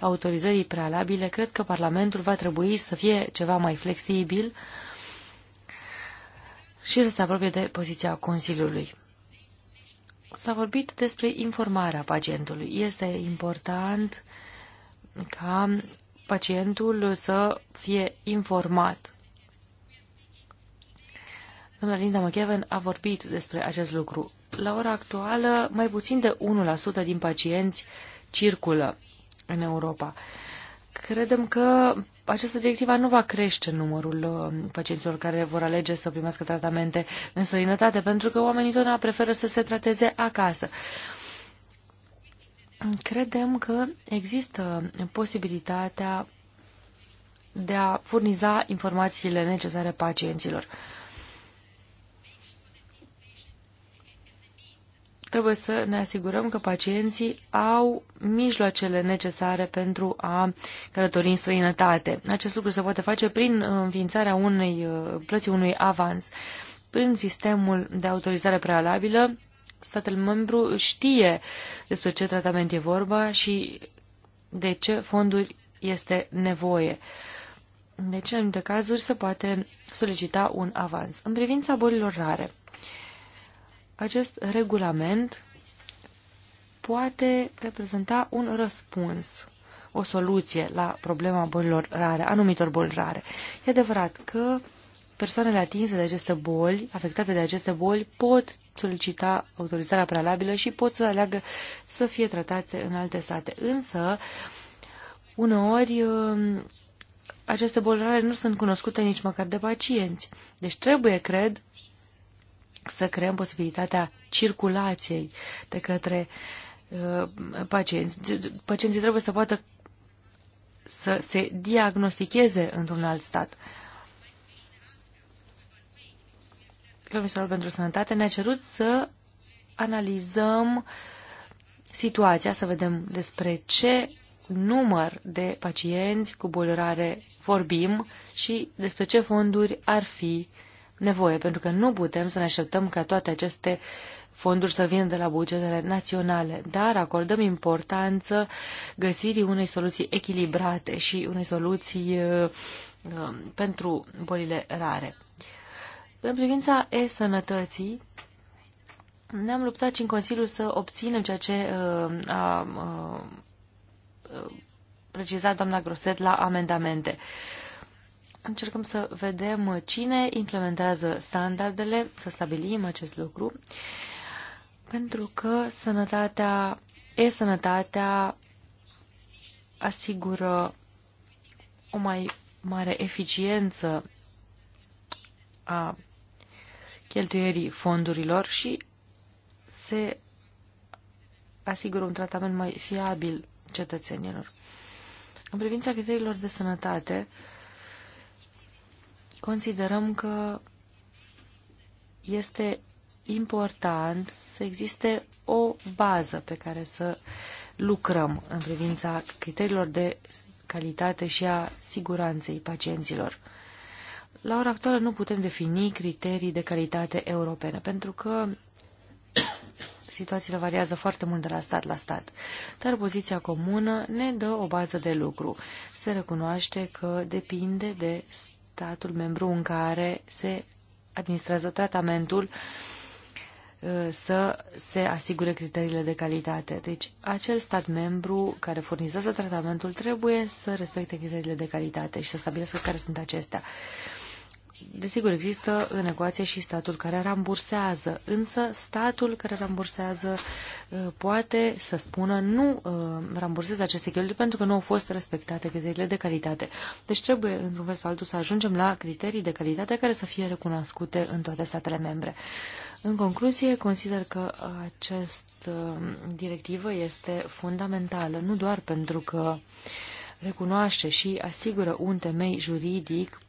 autorizării prealabile, cred că Parlamentul va trebui să fie ceva mai flexibil și să se apropie de poziția Consiliului. S-a vorbit despre informarea pacientului. Este important ca pacientul să fie informat. Doamna Linda McKeven a vorbit despre acest lucru. La ora actuală, mai puțin de 1% din pacienți circulă în Europa. Credem că această directivă nu va crește numărul uh, pacienților care vor alege să primească tratamente în străinătate, pentru că oamenii totdeauna preferă să se trateze acasă. Credem că există posibilitatea de a furniza informațiile necesare pacienților. Trebuie să ne asigurăm că pacienții au mijloacele necesare pentru a călători în străinătate. Acest lucru se poate face prin înființarea unei plății unui avans. Prin sistemul de autorizare prealabilă, statul membru știe despre ce tratament e vorba și de ce fonduri este nevoie. Deci, în anumite cazuri, se poate solicita un avans. În privința bolilor rare, acest regulament poate reprezenta un răspuns, o soluție la problema bolilor rare, anumitor boli rare. E adevărat că persoanele atinse de aceste boli, afectate de aceste boli, pot solicita autorizarea prealabilă și pot să aleagă să fie tratate în alte state. Însă, uneori, um, aceste boli rare nu sunt cunoscute nici măcar de pacienți. Deci trebuie, cred, să creăm posibilitatea circulației de către uh, pacienți. Deci, pacienții trebuie să poată să se diagnosticheze într-un alt stat. Comisarul pentru Sănătate ne-a cerut să analizăm situația, să vedem despre ce număr de pacienți cu bolerare vorbim și despre ce fonduri ar fi uh, nevoie, pentru că nu putem să ne așteptăm ca toate aceste fonduri să vină de la bugetele naționale, dar acordăm importanță găsirii unei soluții echilibrate și unei soluții uh, um, pentru bolile rare. În privința e-sănătății, ne-am luptat și în Consiliu să obținem ceea ce uh, a uh, precizat doamna Groset la amendamente. Uh, încercăm să vedem cine implementează standardele, să stabilim acest lucru, pentru că sănătatea, e-sănătatea asigură o mai mare eficiență a cheltuierii fondurilor și se asigură un tratament mai fiabil cetățenilor. În privința criteriilor de sănătate, uh, considerăm că este important să existe o bază pe care să lucrăm în privința criteriilor de calitate și a siguranței pacienților. La ora actuală nu putem defini criterii de calitate europene, pentru că situațiile variază foarte mult de la stat la stat. Dar poziția comună ne dă o bază de lucru. Se recunoaște că depinde de statul membru în care se administrează tratamentul uh, să se asigure criteriile de calitate. Deci, acel stat membru care furnizează tratamentul trebuie să respecte criteriile de calitate și să stabilească care sunt acestea. Uh, Desigur, există în ecuație și statul care rambursează, însă statul care rambursează uh, poate să spună nu uh, rambursează aceste cheltuieli pentru că nu au fost respectate criteriile de calitate. Deci trebuie, într-un fel sau altul, să ajungem la criterii de calitate care să fie recunoscute în toate statele membre. În concluzie, consider că această uh, directivă este fundamentală, nu doar pentru că recunoaște și asigură un temei juridic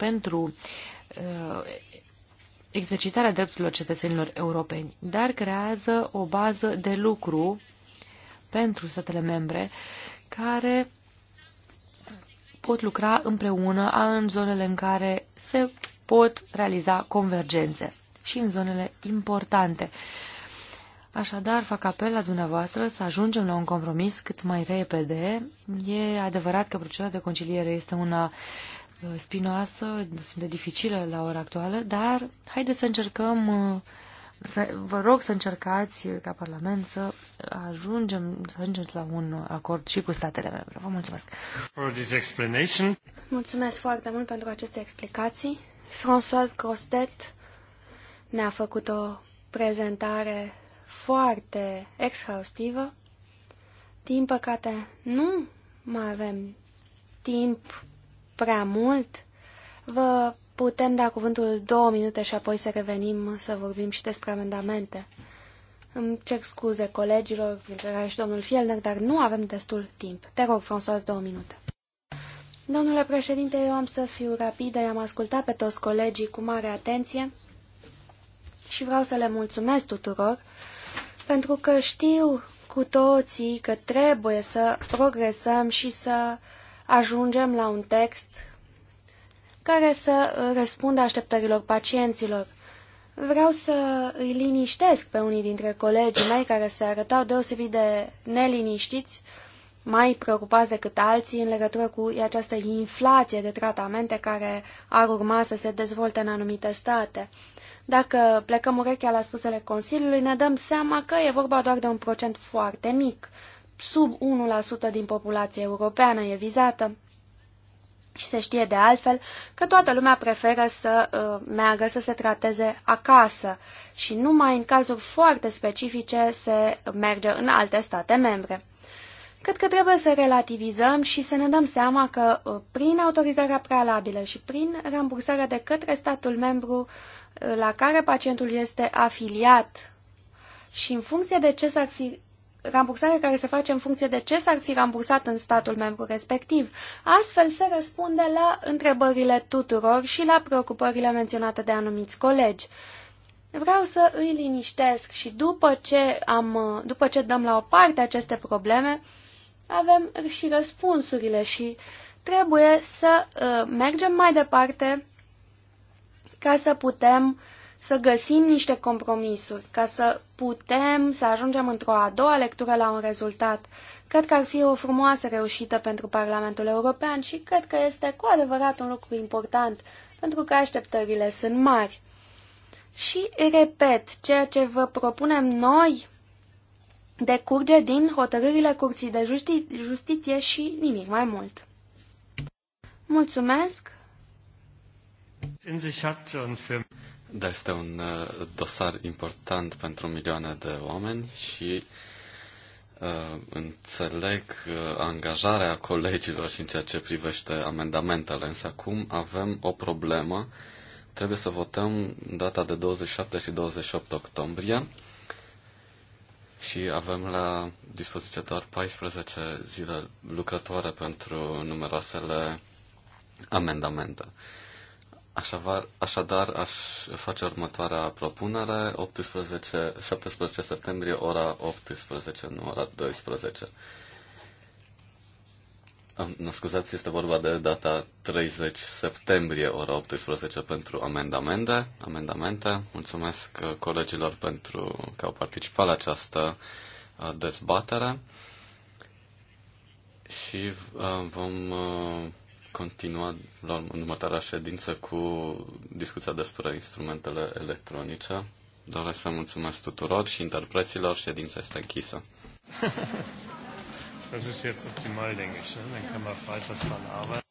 pentru uh, exercitarea drepturilor cetățenilor europeni, dar creează o bază de lucru pentru statele membre care pot lucra împreună în zonele în care se pot realiza convergențe și în zonele importante. Așadar, fac apel la dumneavoastră să ajungem la un compromis cât mai repede. E adevărat că procedura de conciliere este una Uh, spinoasă, destul de dificilă la ora actuală, dar haideți să încercăm, uh, să, vă rog să încercați ca Parlament să ajungem, să ajungeți la un acord și cu statele membre. Vă mulțumesc! For this explanation. Mulțumesc foarte mult pentru aceste explicații. Françoise Grostet ne-a făcut o prezentare foarte exhaustivă. Din păcate, nu mai avem timp prea mult. Vă putem da cuvântul două minute și apoi să revenim să vorbim și despre amendamente. Îmi cer scuze colegilor, și domnul Fielner, dar nu avem destul timp. Te rog, François, două minute. Domnule președinte, eu am să fiu rapidă, i-am ascultat pe toți colegii cu mare atenție și vreau să le mulțumesc tuturor, pentru că știu cu toții că trebuie să progresăm și să uh, ajungem la un text care să răspundă așteptărilor pacienților. Vreau să îi liniștesc pe unii dintre colegii mei care se arătau deosebit de neliniștiți, mai preocupați decât alții în legătură cu această inflație de tratamente care ar urma să se dezvolte în anumite state. Dacă plecăm urechea la spusele Consiliului, ne dăm seama că e vorba doar de un procent foarte mic, sub 1% din populația europeană e vizată. Și se știe de altfel că toată lumea preferă să uh, meargă să se trateze acasă și numai în cazuri foarte specifice se merge în alte state membre. Cred că trebuie să relativizăm și să ne dăm seama că uh, prin autorizarea prealabilă și prin rambursarea de către statul membru uh, la care pacientul este afiliat și în funcție de ce s-ar fi rambursare care se face în funcție de ce s-ar fi rambursat în statul membru respectiv. Astfel se răspunde la întrebările tuturor și la preocupările menționate de anumiți colegi. Vreau să îi liniștesc și după ce, am, după ce dăm la o parte aceste probleme, avem și răspunsurile și trebuie să uh, mergem mai departe ca să putem uh, să găsim niște compromisuri, ca să putem să ajungem într-o a doua lectură la un rezultat. Cred că ar fi o frumoasă reușită pentru Parlamentul European și cred că este cu adevărat un lucru important, pentru că așteptările sunt mari. Și, repet, ceea ce vă propunem noi decurge din hotărârile Curții de justi Justiție și nimic mai mult. Mulțumesc! Da, este un uh, dosar important pentru milioane de oameni și uh, înțeleg uh, angajarea colegilor și în ceea ce privește amendamentele, însă acum avem o problemă. Trebuie să votăm data de 27 și 28 octombrie și avem la dispoziție doar 14 zile lucrătoare pentru numeroasele amendamente. Așadar, așadar aș face următoarea propunere, 18, 17 septembrie, ora 18, nu ora 12. Nu scuzați, este vorba de data 30 septembrie, ora 18, pentru amendamente. amendamente. Mulțumesc uh, colegilor pentru că au participat la această uh, dezbatere și uh, vom continua la următoarea ședință cu discuția despre instrumentele electronice. Doresc să mulțumesc tuturor și interpreților. Ședința este închisă. Das ist jetzt optimal, denke ich. Ne? Dann können wir freitags dann arbeiten.